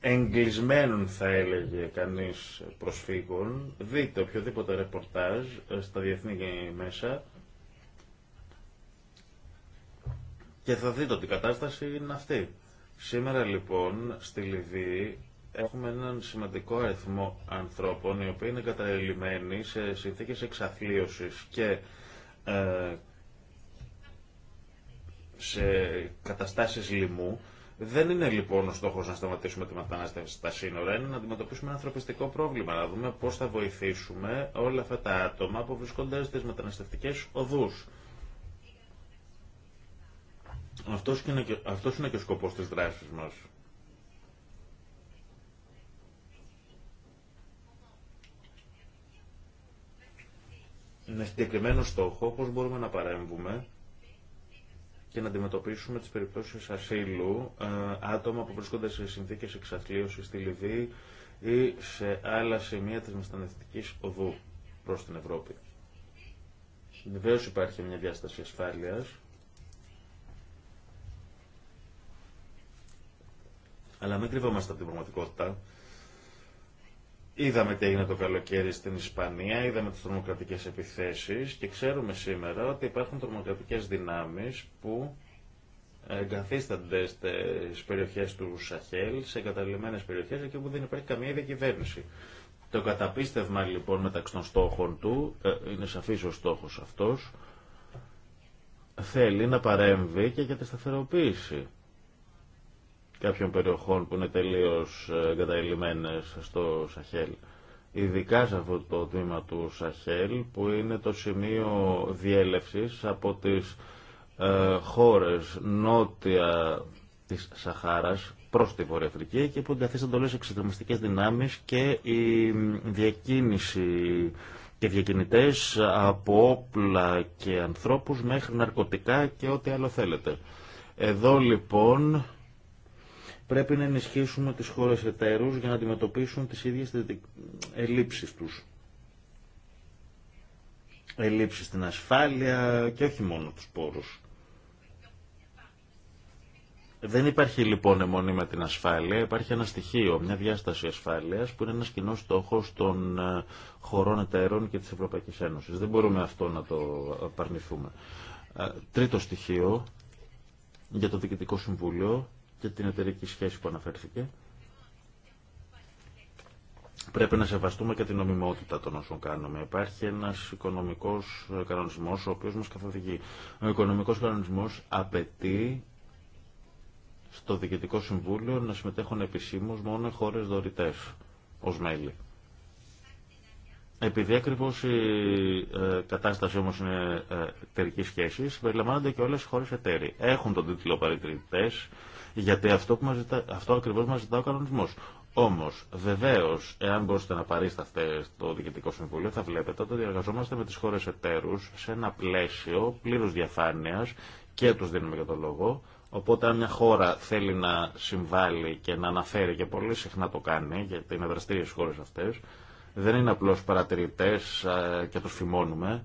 εγκλεισμένων θα έλεγε κανείς προσφύγων. Δείτε οποιοδήποτε ρεπορτάζ ε, στα διεθνή μέσα και θα δείτε ότι η κατάσταση είναι αυτή. Σήμερα λοιπόν στη Λιβύη έχουμε έναν σημαντικό αριθμό ανθρώπων οι οποίοι είναι καταλημμένοι σε συνθήκες εξαθλίωσης και ε, σε καταστάσεις λοιμού δεν είναι λοιπόν ο στόχο να σταματήσουμε τη μετανάστευση στα σύνορα, είναι να αντιμετωπίσουμε ένα ανθρωπιστικό πρόβλημα, να δούμε πώ θα βοηθήσουμε όλα αυτά τα άτομα που βρισκόνται στι μεταναστευτικέ οδού. Αυτός, είναι και, είναι ο σκοπός της δράσης μας. με συγκεκριμένο στόχο πώς μπορούμε να παρέμβουμε και να αντιμετωπίσουμε τις περιπτώσεις ασύλου ε, άτομα που βρίσκονται σε συνθήκες εξαθλίωσης στη Λιβύη ή σε άλλα σημεία της μεταναστευτικής οδού προς την Ευρώπη. Βεβαίω υπάρχει μια διάσταση ασφάλειας, αλλά μην κρυβόμαστε από την πραγματικότητα. Είδαμε τι έγινε το καλοκαίρι στην Ισπανία, είδαμε τις τρομοκρατικές επιθέσεις και ξέρουμε σήμερα ότι υπάρχουν τρομοκρατικές δυνάμεις που εγκαθίστανται στις περιοχές του Σαχέλ, σε εγκαταλειμμένες περιοχές, εκεί που δεν υπάρχει καμία διακυβέρνηση. Το καταπίστευμα λοιπόν μεταξύ των στόχων του, ε, είναι σαφής ο στόχος αυτός, θέλει να παρέμβει και για τη σταθεροποίηση κάποιων περιοχών που είναι τελείως ε, εγκαταλειμμένες στο Σαχέλ. Ειδικά σε αυτό το τμήμα του Σαχέλ που είναι το σημείο διέλευσης από τις ε, χώρες νότια της Σαχάρας προς τη Βόρεια Αφρική και που εγκαθίστανται όλες εξετρομιστικές δυνάμεις και η διακίνηση και διακινητές από όπλα και ανθρώπους μέχρι ναρκωτικά και ό,τι άλλο θέλετε. Εδώ λοιπόν Πρέπει να ενισχύσουμε τις χώρες εταίρους για να αντιμετωπίσουν τις ίδιες ελλείψεις τους. Ελλείψεις στην ασφάλεια και όχι μόνο τους πόρους. Δεν υπάρχει λοιπόν αιμονή με την ασφάλεια, υπάρχει ένα στοιχείο, μια διάσταση ασφάλειας που είναι ένας κοινό στόχος των ε, χωρών εταίρων και της Ευρωπαϊκής Ένωσης. Δεν μπορούμε αυτό να το απαρνηθούμε. Ε, τρίτο στοιχείο για το Διοικητικό Συμβούλιο και την εταιρική σχέση που αναφέρθηκε, πρέπει να σεβαστούμε και την νομιμότητα των όσων κάνουμε. Υπάρχει ένα οικονομικός κανονισμό ο οποίο μας καθοδηγεί. Ο οικονομικός κανονισμό απαιτεί στο Διοικητικό Συμβούλιο να συμμετέχουν επισήμως μόνο χώρες δωρητέ ω μέλη. Επειδή ακριβώ η ε, κατάσταση όμω είναι ε, εταιρική σχέση, περιλαμβάνονται και όλε οι χώρε εταίροι. Έχουν τον τίτλο παρατηρητέ, γιατί αυτό, που μας αυτό ακριβώ μα ζητά ο κανονισμό. Όμω, βεβαίω, εάν μπορούσατε να παρίσταστε στο Διοικητικό Συμβούλιο, θα βλέπετε ότι εργαζόμαστε με τι χώρε εταίρου σε ένα πλαίσιο πλήρου διαφάνεια και του δίνουμε για το λόγο. Οπότε, αν μια χώρα θέλει να συμβάλλει και να αναφέρει και πολύ συχνά το κάνει, γιατί είναι δραστήριε χώρε αυτέ, δεν είναι απλώς παρατηρητές ε, και τους φημώνουμε,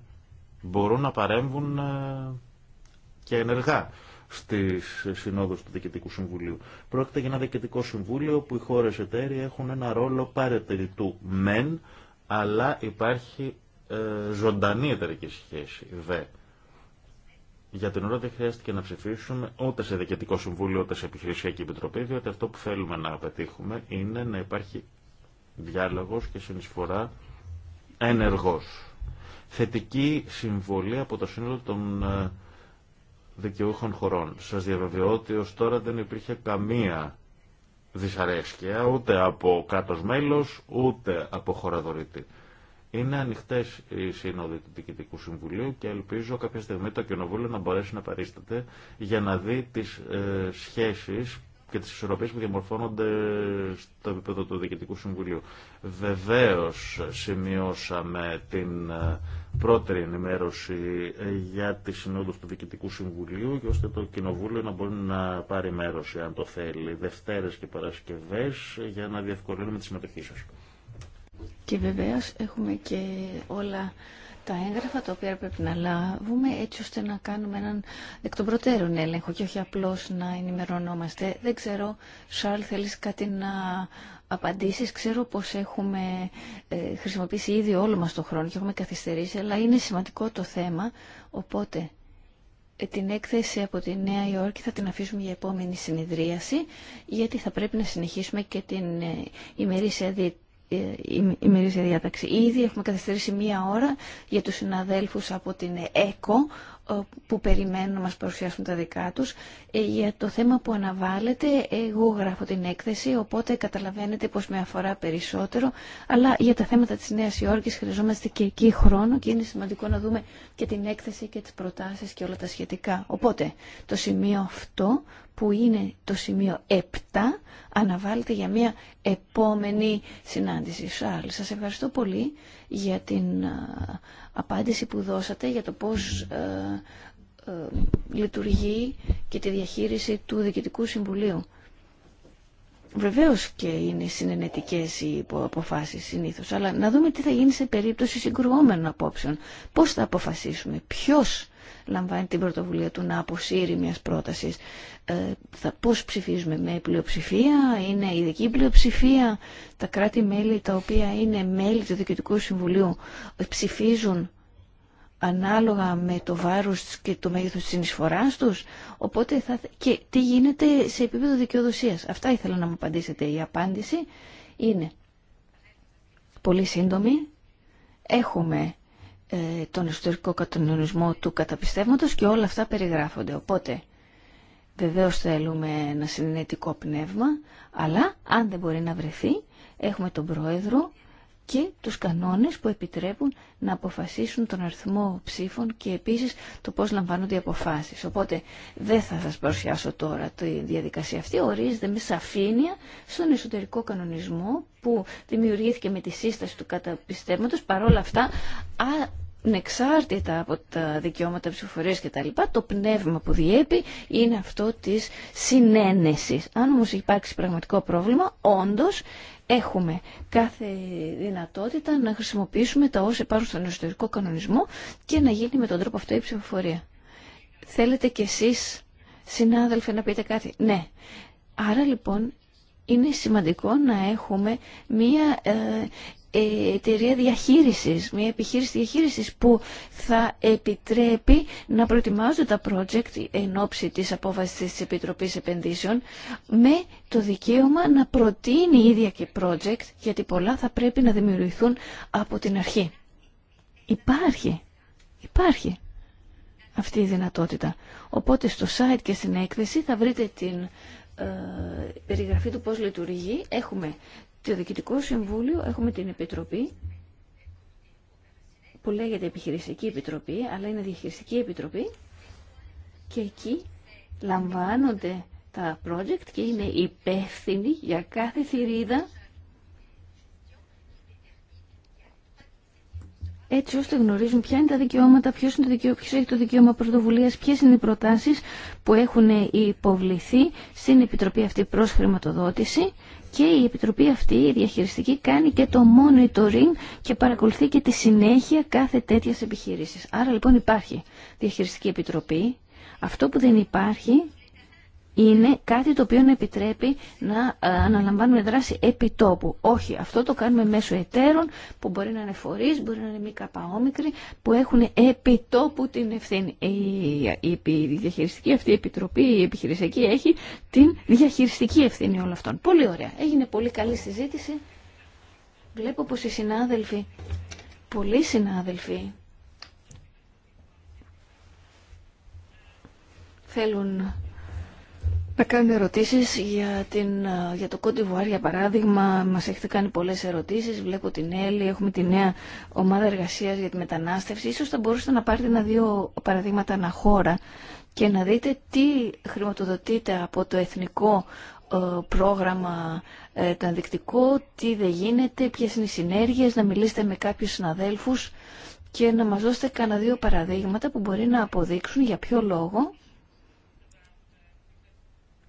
μπορούν να παρέμβουν ε, και ενεργά στι συνόδου του Διοικητικού Συμβουλίου. Πρόκειται για ένα Διοικητικό Συμβούλιο που οι χώρε εταίροι έχουν ένα ρόλο παρατηρητού μεν, αλλά υπάρχει ε, ζωντανή εταιρική σχέση δε. Για την ώρα δεν χρειάστηκε να ψηφίσουμε ούτε σε Διοικητικό Συμβούλιο ούτε σε Επιχειρησιακή Επιτροπή, διότι αυτό που θέλουμε να πετύχουμε είναι να υπάρχει διάλογος και συνεισφορά ενεργός. Θετική συμβολή από το σύνολο των ε, δικαιούχων χωρών. Σας διαβεβαιώ ότι ως τώρα δεν υπήρχε καμία δυσαρέσκεια ούτε από κράτος μέλος ούτε από χώρα Είναι ανοιχτέ οι σύνοδοι του Διοικητικού Συμβουλίου και ελπίζω κάποια στιγμή το Κοινοβούλιο να μπορέσει να παρίσταται για να δει τι ε, σχέσει και τις ισορροπίες που διαμορφώνονται στο επίπεδο του Διοικητικού Συμβουλίου. Βεβαίως σημειώσαμε την ε, πρώτερη ενημέρωση ε, για τη συνόδους του Διοικητικού Συμβουλίου και ώστε το Κοινοβούλιο να μπορεί να πάρει μέρος, αν το θέλει, Δευτέρες και Παρασκευές για να διευκολύνουμε τη συμμετοχή σας. Και βεβαίως έχουμε και όλα τα έγγραφα τα οποία πρέπει να λάβουμε έτσι ώστε να κάνουμε έναν εκ των προτέρων έλεγχο και όχι απλώς να ενημερωνόμαστε. Δεν ξέρω, Σαρλ, θέλεις κάτι να απαντήσεις. Ξέρω πως έχουμε ε, χρησιμοποιήσει ήδη όλο μας το χρόνο και έχουμε καθυστερήσει, αλλά είναι σημαντικό το θέμα, οπότε ε, την έκθεση από τη Νέα Υόρκη θα την αφήσουμε για επόμενη συνεδρίαση γιατί θα πρέπει να συνεχίσουμε και την ε, ημερήσια ε, η ημερήσια διάταξη. Ήδη έχουμε καθυστερήσει μία ώρα για τους συναδέλφους από την ΕΚΟ ε, που περιμένουν να μας παρουσιάσουν τα δικά τους. Ε, για το θέμα που αναβάλλεται, εγώ γράφω την έκθεση, οπότε καταλαβαίνετε πως με αφορά περισσότερο, αλλά για τα θέματα της Νέας Υόρκης χρειαζόμαστε και εκεί χρόνο και είναι σημαντικό να δούμε και την έκθεση και τις προτάσεις και όλα τα σχετικά. Οπότε, το σημείο αυτό που είναι το σημείο 7 αναβάλλεται για μια επόμενη συνάντηση. Σάρλ, σας ευχαριστώ πολύ για την απάντηση που δώσατε για το πώς ε, ε, λειτουργεί και τη διαχείριση του Διοικητικού Συμβουλίου. Βεβαίως και είναι συνενετικές οι αποφάσεις συνήθως, αλλά να δούμε τι θα γίνει σε περίπτωση συγκρουόμενων απόψεων. Πώς θα αποφασίσουμε, ποιος λαμβάνει την πρωτοβουλία του να αποσύρει μιας πρότασης. Ε, θα, πώς ψηφίζουμε, με πλειοψηφία, είναι ειδική πλειοψηφία. Τα κράτη-μέλη τα οποία είναι μέλη του Διοικητικού Συμβουλίου ψηφίζουν ανάλογα με το βάρος και το μέγεθος της συνεισφοράς τους. Οπότε θα... Και τι γίνεται σε επίπεδο δικαιοδοσίας. Αυτά ήθελα να μου απαντήσετε. Η απάντηση είναι πολύ σύντομη. Έχουμε ε, τον εσωτερικό κατονισμό του καταπιστεύματος και όλα αυτά περιγράφονται. Οπότε, βεβαίω θέλουμε ένα συνενετικό πνεύμα, αλλά αν δεν μπορεί να βρεθεί, έχουμε τον πρόεδρο και τους κανόνες που επιτρέπουν να αποφασίσουν τον αριθμό ψήφων και επίσης το πώς λαμβάνονται οι αποφάσεις. Οπότε δεν θα σας παρουσιάσω τώρα τη διαδικασία αυτή, ορίζεται με σαφήνεια στον εσωτερικό κανονισμό που δημιουργήθηκε με τη σύσταση του καταπιστεύματος, παρόλα αυτά ανεξάρτητα από τα δικαιώματα ψηφοφορίας και τα λοιπά, το πνεύμα που διέπει είναι αυτό της συνένεσης. Αν όμως υπάρξει πραγματικό πρόβλημα, όντως έχουμε κάθε δυνατότητα να χρησιμοποιήσουμε τα όσα υπάρχουν στον εσωτερικό κανονισμό και να γίνει με τον τρόπο αυτό η ψηφοφορία. Θέλετε κι εσείς, συνάδελφε, να πείτε κάτι. Ναι. Άρα λοιπόν είναι σημαντικό να έχουμε μία ε, εταιρεία διαχείρισης, μια επιχείρηση διαχείρισης που θα επιτρέπει να προετοιμάζονται τα project εν ώψη της απόφασης της Επιτροπής Επενδύσεων με το δικαίωμα να προτείνει ίδια και project, γιατί πολλά θα πρέπει να δημιουργηθούν από την αρχή. Υπάρχει, υπάρχει αυτή η δυνατότητα. Οπότε στο site και στην έκθεση θα βρείτε την ε, περιγραφή του πώς λειτουργεί. Έχουμε το Διοικητικό Συμβούλιο έχουμε την Επιτροπή που λέγεται Επιχειρηστική Επιτροπή, αλλά είναι Διαχειριστική Επιτροπή και εκεί λαμβάνονται τα project και είναι υπεύθυνοι για κάθε θηρίδα έτσι ώστε γνωρίζουν ποια είναι τα δικαιώματα, ποιος, το έχει το δικαίωμα πρωτοβουλίας, ποιες είναι οι προτάσεις που έχουν υποβληθεί στην Επιτροπή αυτή προς χρηματοδότηση και η Επιτροπή αυτή, η διαχειριστική, κάνει και το monitoring και παρακολουθεί και τη συνέχεια κάθε τέτοια επιχείρησης. Άρα λοιπόν υπάρχει διαχειριστική επιτροπή. Αυτό που δεν υπάρχει είναι κάτι το οποίο επιτρέπει να ε, αναλαμβάνουμε δράση επιτόπου. Όχι, αυτό το κάνουμε μέσω εταίρων που μπορεί να είναι φορεί, μπορεί να είναι μη καπαόμικροι, που έχουν επιτόπου την ευθύνη. Η διαχειριστική αυτή επιτροπή, η επιχειρησιακή, έχει την διαχειριστική ευθύνη όλων αυτών. Πολύ ωραία. Έγινε πολύ καλή συζήτηση. Βλέπω πως οι συνάδελφοι, πολλοί συνάδελφοι, θέλουν να κάνουμε ερωτήσει για, για το Κοντιβουάρ, για παράδειγμα. μα έχετε κάνει πολλέ ερωτήσει. βλέπω την Έλλη, έχουμε τη νέα ομάδα εργασία για τη μετανάστευση. Ίσως θα μπορούσατε να πάρετε ένα-δύο παραδείγματα χώρα και να δείτε τι χρηματοδοτείται από το εθνικό ε, πρόγραμμα ε, το ανδεικτικό, τι δεν γίνεται, ποιε είναι οι συνέργειε, να μιλήσετε με κάποιου συναδέλφου και να μα δώσετε κανένα δύο παραδείγματα που μπορεί να αποδείξουν για ποιο λόγο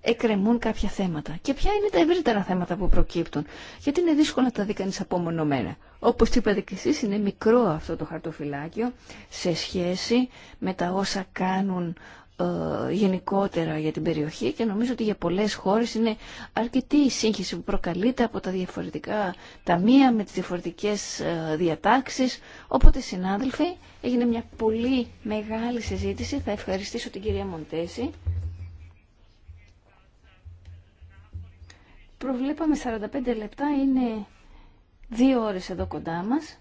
εκκρεμούν κάποια θέματα. Και ποια είναι τα ευρύτερα θέματα που προκύπτουν. Γιατί είναι δύσκολο να τα δει κανεί απομονωμένα. Όπω είπατε και εσεί, είναι μικρό αυτό το χαρτοφυλάκιο σε σχέση με τα όσα κάνουν ε, γενικότερα για την περιοχή και νομίζω ότι για πολλέ χώρε είναι αρκετή η σύγχυση που προκαλείται από τα διαφορετικά ταμεία με τι διαφορετικέ ε, διατάξεις οπότε συνάδελφοι έγινε μια πολύ μεγάλη συζήτηση θα ευχαριστήσω την κυρία Μοντέση Προβλέπαμε 45 λεπτά, είναι δύο ώρες εδώ κοντά μας.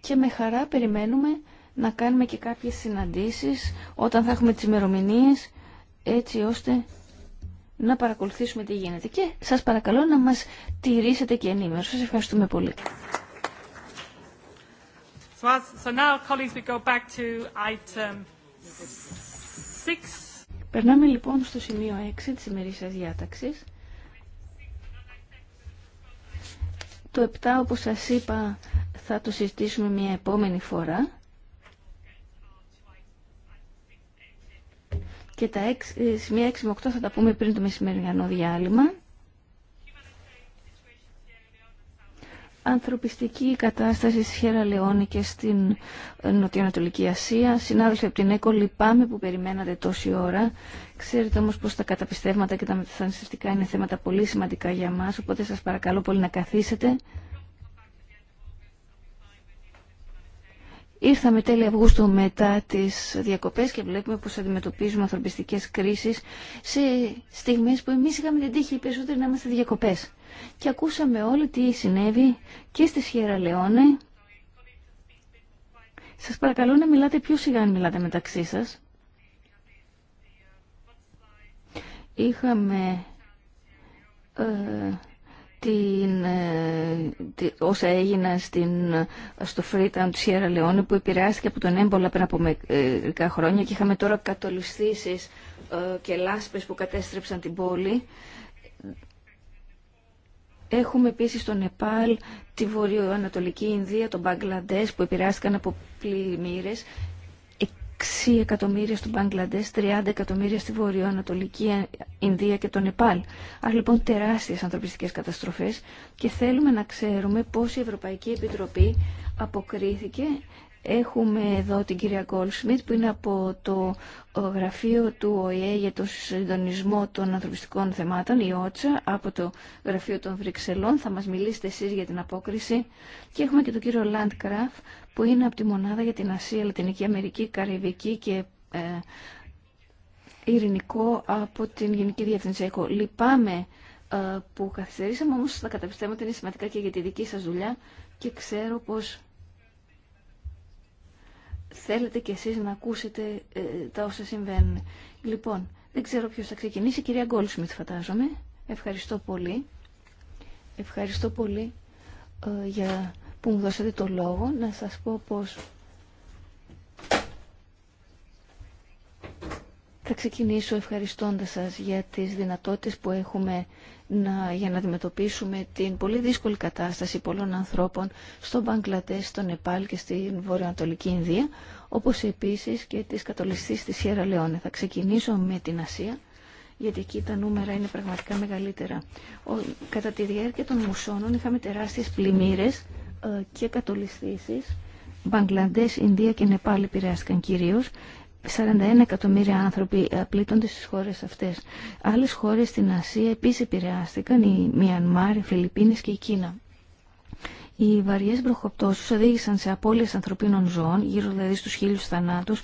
Και με χαρά περιμένουμε να κάνουμε και κάποιες συναντήσεις όταν θα έχουμε τις ημερομηνίε έτσι ώστε να παρακολουθήσουμε τι γίνεται. Και σας παρακαλώ να μας τηρήσετε και ενήμερος. Σας ευχαριστούμε πολύ. So now, colleagues, we go back to item six. Περνάμε λοιπόν στο σημείο 6 της ημερήσιας διάταξης. Το 7, όπως σας είπα, θα το συζητήσουμε μια επόμενη φορά. Και τα 6, ε, σημεία 6 με 8 θα τα πούμε πριν το μεσημεριανό διάλειμμα. ανθρωπιστική κατάσταση στη Χέρα Λεόνη και στην Νοτιοανατολική Ασία. Συνάδελφοι από την ΕΚΟ, λυπάμαι που περιμένατε τόση ώρα. Ξέρετε όμως πως τα καταπιστεύματα και τα μεταφανιστικά είναι θέματα πολύ σημαντικά για μας, οπότε σας παρακαλώ πολύ να καθίσετε. Ήρθαμε τέλη Αυγούστου μετά τις διακοπές και βλέπουμε πως αντιμετωπίζουμε ανθρωπιστικές κρίσεις σε στιγμές που εμείς είχαμε την τύχη περισσότερο να είμαστε διακοπές και ακούσαμε όλοι τι συνέβη και στη Σιέρα Λεόνε. Σας παρακαλώ να μιλάτε πιο σιγά αν μιλάτε μεταξύ σας. Είχαμε ε, την, ε, όσα έγιναν στο Freetown του Σιέρα Λεόνε που επηρεάστηκε από τον έμπολα πριν από μερικά χρόνια και είχαμε τώρα κατολιστήσεις ε, και λάσπες που κατέστρεψαν την πόλη Έχουμε επίσης τον Νεπάλ, τη βορειοανατολική Ινδία, τον Μπαγκλαντές που επηρεάστηκαν από πλημμύρες 6 εκατομμύρια στον Μπαγκλαντές, 30 εκατομμύρια στη βορειοανατολική Ινδία και τον Νεπάλ. Άρα λοιπόν τεράστιες ανθρωπιστικές καταστροφές και θέλουμε να ξέρουμε πώς η Ευρωπαϊκή Επιτροπή αποκρίθηκε Έχουμε εδώ την κυρία Σμιτ που είναι από το γραφείο του ΟΗΕ για το συντονισμό των ανθρωπιστικών θεμάτων, η ΟΤΣΑ, από το γραφείο των Βρυξελών. Θα μας μιλήσετε εσείς για την απόκριση. Και έχουμε και τον κύριο Κραφ που είναι από τη Μονάδα για την Ασία, Λατινική Αμερική, Καραϊβική και ε, Ειρηνικό από την Γενική Διεύθυνση ΕΚΟ. Λυπάμαι ε, που καθυστερήσαμε, όμως θα καταπιστεύω ότι είναι σημαντικά και για τη δική σας δουλειά και ξέρω πως θέλετε κι εσείς να ακούσετε ε, τα όσα συμβαίνουν. Λοιπόν, δεν ξέρω ποιος θα ξεκινήσει. Κυρία Γκόλσμιτ φαντάζομαι. Ευχαριστώ πολύ. Ευχαριστώ πολύ ε, για που μου δώσατε το λόγο. Να σας πω πως θα ξεκινήσω ευχαριστώντας σας για τις δυνατότητες που έχουμε να, για να αντιμετωπίσουμε την πολύ δύσκολη κατάσταση πολλών ανθρώπων στο Μπαγκλατέ, στο Νεπάλ και στην βορειοανατολική Ινδία, όπως επίσης και τις κατολιστής της Σιέρα Λεόνε. Θα ξεκινήσω με την Ασία γιατί εκεί τα νούμερα είναι πραγματικά μεγαλύτερα. κατά τη διάρκεια των μουσώνων είχαμε τεράστιες πλημμύρες ε, και κατολιστήσεις. Μπαγκλαντές, Ινδία και Νεπάλ επηρεάστηκαν κυρίως. 41 εκατομμύρια άνθρωποι ε, πλήττονται στις χώρες αυτές. Άλλες χώρες στην Ασία επίσης επηρεάστηκαν, η Μιανμάρ, οι Φιλιππίνες και η Κίνα. Οι βαριές βροχοπτώσεις οδήγησαν σε απώλειες ανθρωπίνων ζώων, γύρω δηλαδή στους χίλιους θανάτους,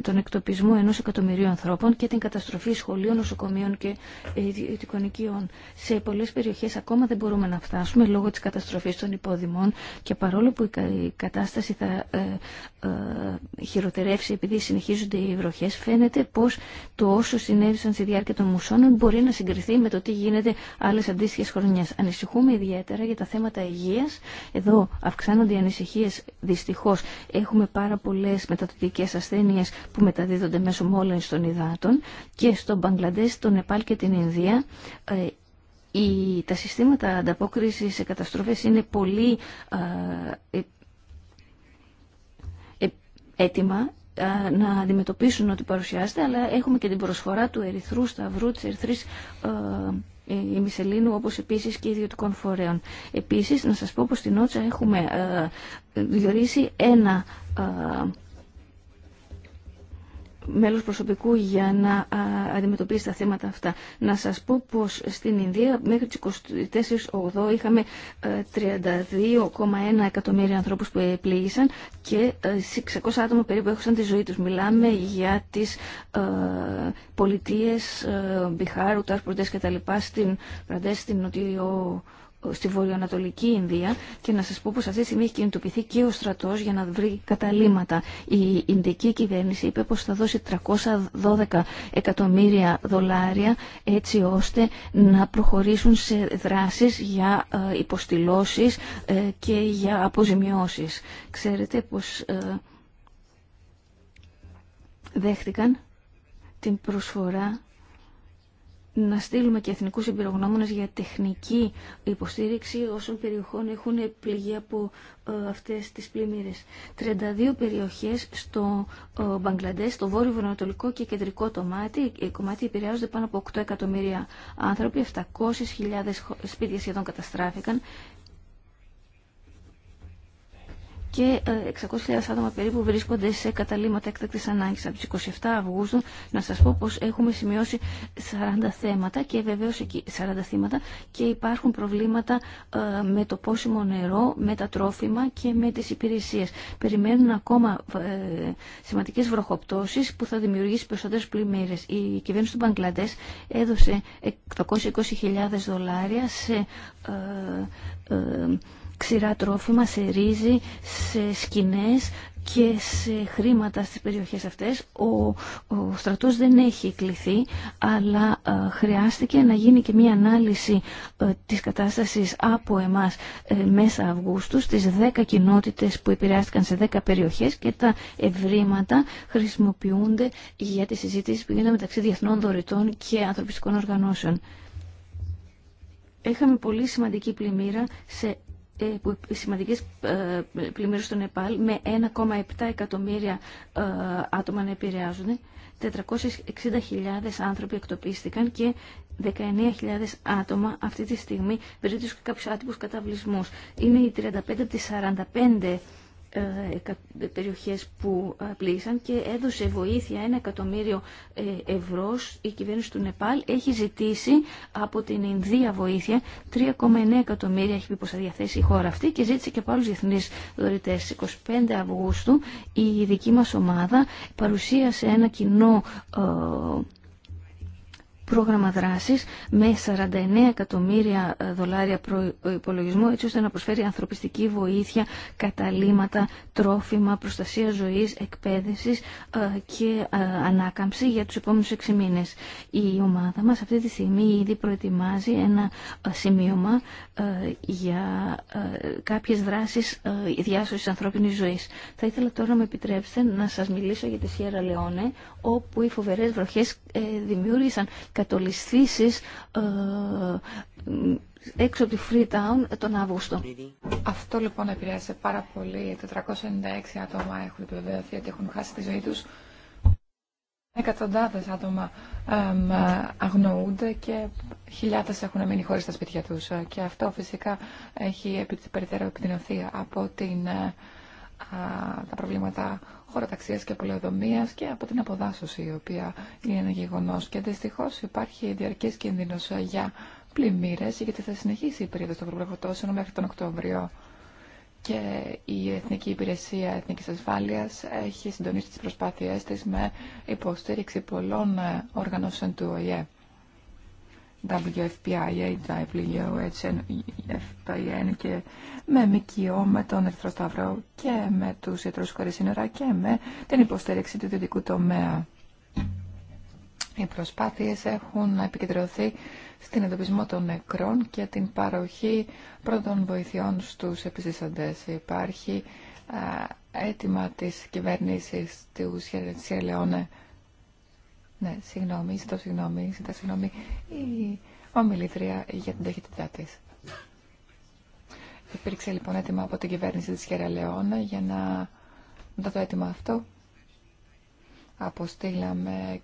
τον εκτοπισμό ενός εκατομμυρίου ανθρώπων και την καταστροφή σχολείων, νοσοκομείων και ιδιωτικών οικειών. Σε πολλές περιοχές ακόμα δεν μπορούμε να φτάσουμε λόγω της καταστροφής των υπόδημων και παρόλο που η κατάσταση θα ε, ε, χειροτερεύσει επειδή συνεχίζονται οι βροχές, φαίνεται πως το όσο συνέβησαν στη διάρκεια των μουσώνων μπορεί να συγκριθεί με το τι γίνεται άλλες αντίστοιχες χρονιές. Ανησυχούμε ιδιαίτερα για τα θέματα υγείας. Εδώ αυξάνονται οι ανησυχίες δυστυχώς. Έχουμε πάρα πολλές μεταδοτικές ασθένειες που μεταδίδονται μέσω μόλυνσης των υδάτων και στο Μπαγκλαντές, τον Νεπάλ και την Ινδία ε, η, τα συστήματα ανταπόκρισης σε καταστροφές είναι πολύ ε, ε, έτοιμα να αντιμετωπίσουν ό,τι παρουσιάζεται, αλλά έχουμε και την προσφορά του Ερυθρού Σταυρού, της Ερυθρής η Μισελίνου, όπως επίσης και ιδιωτικών φορέων. Επίσης, να σας πω πως στην Ότσα έχουμε διορίσει ένα μέλος προσωπικού για να αντιμετωπίσει τα θέματα αυτά. Να σας πω πως στην Ινδία μέχρι τις 24 8 είχαμε 32,1 ε, εκατομμύρια ανθρώπους που επλήγησαν και 600 ε, άτομα περίπου έχουν τη ζωή τους. Μιλάμε για τις ε, πολιτείες Μπιχάρου, Ταρ και τα λοιπά στην στην Νοτιό στη βορειοανατολική Ινδία και να σας πω πως αυτή τη στιγμή έχει κινητοποιηθεί και ο στρατός για να βρει καταλήμματα. Η Ινδική κυβέρνηση είπε πως θα δώσει 312 εκατομμύρια δολάρια έτσι ώστε να προχωρήσουν σε δράσεις για ε, υποστηλώσεις ε, και για αποζημιώσεις. Ξέρετε πως ε, δέχτηκαν την προσφορά να στείλουμε και εθνικούς εμπειρογνώμονες για τεχνική υποστήριξη όσων περιοχών έχουν πληγεί από ε, αυτές τις πλημμύρες. 32 περιοχές στο ε, Μπαγκλαντές, στο βόρειο βορειοανατολικό και κεντρικό τομάτι, ε, κομμάτι επηρεάζονται πάνω από 8 εκατομμύρια άνθρωποι, 700.000 σπίτια σχεδόν καταστράφηκαν και 600.000 ε, άτομα περίπου βρίσκονται σε καταλήμματα έκτακτης ανάγκης. Από τι 27 Αυγούστου να σας πω πως έχουμε σημειώσει 40 θέματα και βεβαίω εκεί 40 θύματα και υπάρχουν προβλήματα ε, με το πόσιμο νερό, με τα τρόφιμα και με τις υπηρεσίες. Περιμένουν ακόμα ε, σημαντικές βροχοπτώσεις που θα δημιουργήσει περισσότερε πλημμύρε. Η κυβέρνηση του Μπαγκλαντέ έδωσε 820.000 δολάρια σε ξηρά τρόφιμα, σε ρύζι, σε σκηνές και σε χρήματα στις περιοχές αυτές. Ο, ο στρατός δεν έχει κληθεί, αλλά ε, χρειάστηκε να γίνει και μία ανάλυση ε, της κατάστασης από εμάς ε, μέσα Αυγούστου στις 10 κοινότητες που επηρεάστηκαν σε 10 περιοχές και τα ευρήματα χρησιμοποιούνται για τις συζήτηση που γίνονται μεταξύ διεθνών δωρητών και ανθρωπιστικών οργανώσεων. Έχαμε πολύ σημαντική πλημμύρα σε ε, που σημαντικής ε, πλημμύρες στο Νεπάλ με 1,7 εκατομμύρια ε, άτομα να επηρεάζουν. 460.000 άνθρωποι εκτοπίστηκαν και 19.000 άτομα αυτή τη στιγμή βρίσκονται σε κάποιους άτυπους καταβλισμούς. Είναι οι 35 από 45 ε, περιοχές που ε, πλήγησαν και έδωσε βοήθεια ένα εκατομμύριο ε, ευρώ η κυβέρνηση του Νεπάλ έχει ζητήσει από την Ινδία βοήθεια 3,9 εκατομμύρια έχει πει πως θα διαθέσει η χώρα αυτή και ζήτησε και από άλλους διεθνείς δωρητές 25 Αυγούστου η δική μας ομάδα παρουσίασε ένα κοινό πρόγραμμα δράση με 49 εκατομμύρια ε, δολάρια προπολογισμό, ε, έτσι ώστε να προσφέρει ανθρωπιστική βοήθεια, καταλήματα, τρόφιμα, προστασία ζωή, εκπαίδευση ε, και ανάκαμψη για του επόμενου 6 μήνε. Η ομάδα μα αυτή τη στιγμή ήδη προετοιμάζει ένα σημείωμα για κάποιε δράσει διάσωση ανθρώπινη ζωή. Θα ήθελα τώρα να με επιτρέψετε να σα μιλήσω για τη Σιέρα Λεόνε όπου οι φοβερέ βροχέ δημιούργησαν κατολισθήσεις ε, έξω από τη Freetown τον Αύγουστο. Αυτό λοιπόν επηρέασε πάρα πολύ. 496 άτομα έχουν επιβεβαιωθεί ότι έχουν χάσει τη ζωή τους. Εκατοντάδες άτομα αγνοούνται και χιλιάδες έχουν μείνει χωρίς τα σπίτια τους. Και αυτό φυσικά έχει περιττέρω επιδεινωθεί από την, ε, τα προβλήματα χωροταξία και πολεοδομία και από την αποδάσωση, η οποία είναι ένα γεγονό. Και δυστυχώ υπάρχει διαρκή κίνδυνο για πλημμύρε, γιατί θα συνεχίσει η περίοδο των προπλογωτώσεων μέχρι τον Οκτώβριο. Και η Εθνική Υπηρεσία Εθνικής Ασφάλειας έχει συντονίσει τις προσπάθειές της με υποστήριξη πολλών οργανώσεων του ΟΗΕ. WFPIA, WHN και με ΜΚΟ, με τον Ερθρό Σταυρό και με τους Ιατρούς Χωρίς Σύνορα και με την υποστήριξη του ιδιωτικού τομέα. Οι προσπάθειες έχουν επικεντρωθεί στην εντοπισμό των νεκρών και την παροχή πρώτων βοηθειών στους επιζησαντές. Υπάρχει αίτημα της κυβέρνηση του Σιελεόνε ναι, συγγνώμη, ζητώ συγγνώμη, ζητώ συγγνώμη η ομιλήτρια για την ταχύτητά τη. Υπήρξε λοιπόν έτοιμα από την κυβέρνηση της Χέρα Λεώνα για να μετά το έτοιμο αυτό αποστήλαμε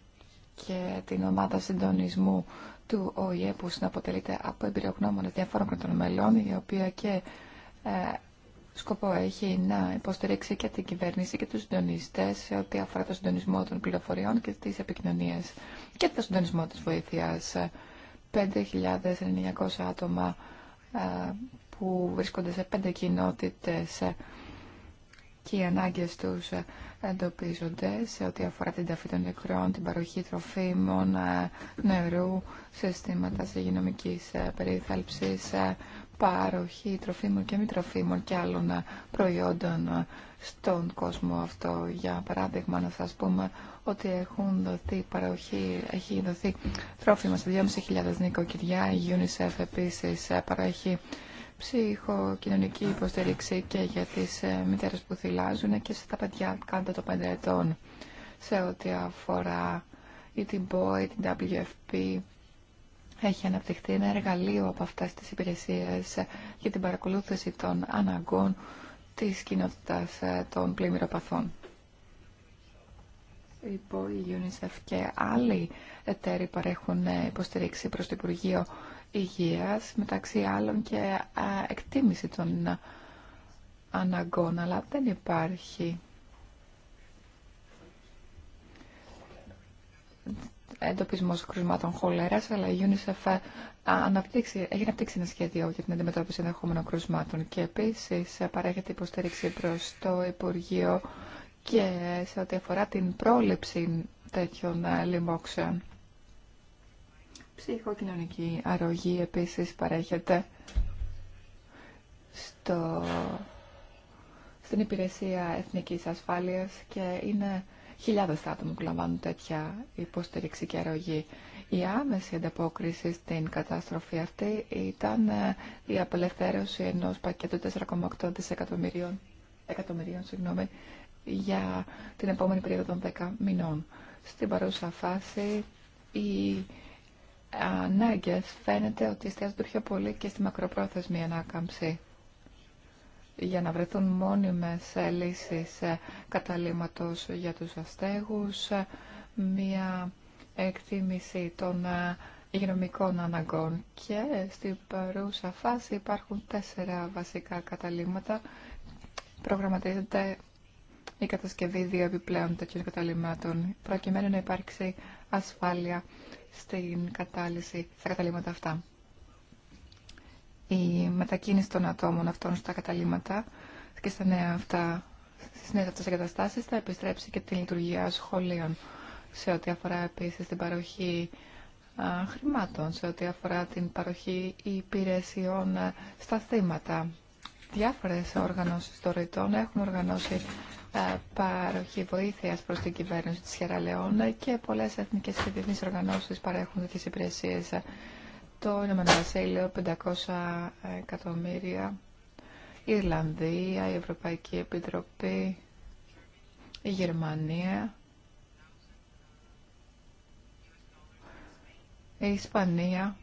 και την ομάδα συντονισμού του ΟΗΕ που συναποτελείται από εμπειρογνώμονε διάφορων κρατών μελών η οποία και ε, σκοπό έχει να υποστηρίξει και την κυβέρνηση και τους συντονιστές σε ό,τι αφορά το συντονισμό των πληροφοριών και τις επικοινωνίες και το συντονισμό της βοήθειας. 5.900 άτομα ε, που βρίσκονται σε πέντε κοινότητες ε, και οι ανάγκες τους ε, εντοπίζονται σε ό,τι αφορά την ταφή των νεκρών, την παροχή τροφίμων, νερού, συστήματα υγειονομική περίθαλψης, παροχή τροφίμων και μη τροφίμων και άλλων ε, προϊόντων ε, στον κόσμο αυτό. Για παράδειγμα, να σας πούμε ότι έχουν δοθεί παροχή, έχει δοθεί τρόφιμα σε 2.500 νοικοκυριά. Η UNICEF επίσης ε, παρέχει ψυχοκοινωνική υποστήριξη και για τις μητέρες που θυλάζουν και στα παιδιά κάτω των 5 ετών σε ό,τι αφορά ή την BOE, την WFP, έχει αναπτυχθεί ένα εργαλείο από αυτές τις υπηρεσίες για την παρακολούθηση των αναγκών της κοινότητας ε, των πλημμυροπαθών. Υπό η UNICEF και άλλοι εταίροι παρέχουν ε, υποστηρίξη προς το Υπουργείο Υγείας, μεταξύ άλλων και ε, εκτίμηση των αναγκών, αλλά δεν υπάρχει Εντοπισμό κρουσμάτων χολέρας, αλλά η UNICEF ε, αναπτύξει, έχει αναπτύξει ένα σχέδιο για την αντιμετώπιση ενδεχόμενων κρουσμάτων και επίσης ε, παρέχεται υποστήριξη προς το Υπουργείο και σε ό,τι αφορά την πρόληψη τέτοιων ε, λοιμόξεων. Ψυχοκοινωνική αρρωγή επίσης παρέχεται στο, στην Υπηρεσία Εθνικής Ασφάλειας και είναι Χιλιάδες άτομα που λαμβάνουν τέτοια υποστήριξη και αρρωγή. Η άμεση ανταπόκριση στην καταστροφή αυτή ήταν ε, η απελευθέρωση ενός πακέτου 4,8 δισεκατομμυρίων εκατομμυρίων, συγγνώμη, για την επόμενη περίοδο των 10 μηνών. Στην παρούσα φάση οι ανάγκες φαίνεται ότι εστιάζονται πιο πολύ και στη μακροπρόθεσμη ανάκαμψη για να βρεθούν μόνιμες λύσεις ε, καταλήμματος για τους αστέγους, ε, μια εκτίμηση των ε, υγειονομικών αναγκών. Και στην παρούσα φάση υπάρχουν τέσσερα βασικά καταλήμματα. Προγραμματίζεται η κατασκευή δύο επιπλέον τέτοιων καταλήμματων, προκειμένου να υπάρξει ασφάλεια στην κατάλυση στα καταλήμματα αυτά η μετακίνηση των ατόμων αυτών στα καταλήμματα και στα νέα αυτά, στις νέες αυτές εγκαταστάσεις θα επιστρέψει και τη λειτουργία σχολείων σε ό,τι αφορά επίσης την παροχή χρημάτων, σε ό,τι αφορά την παροχή υπηρεσιών στα θύματα. Διάφορες οργανώσεις δωρητών έχουν οργανώσει α, παροχή βοήθειας προς την κυβέρνηση της Χεραλεών και πολλές εθνικές και διεθνείς οργανώσεις παρέχουν τέτοιες υπηρεσίες το Ηνωμένο Βασίλειο 500 εκατομμύρια, η Ιρλανδία, η Ευρωπαϊκή Επιτροπή, η Γερμανία, η Ισπανία,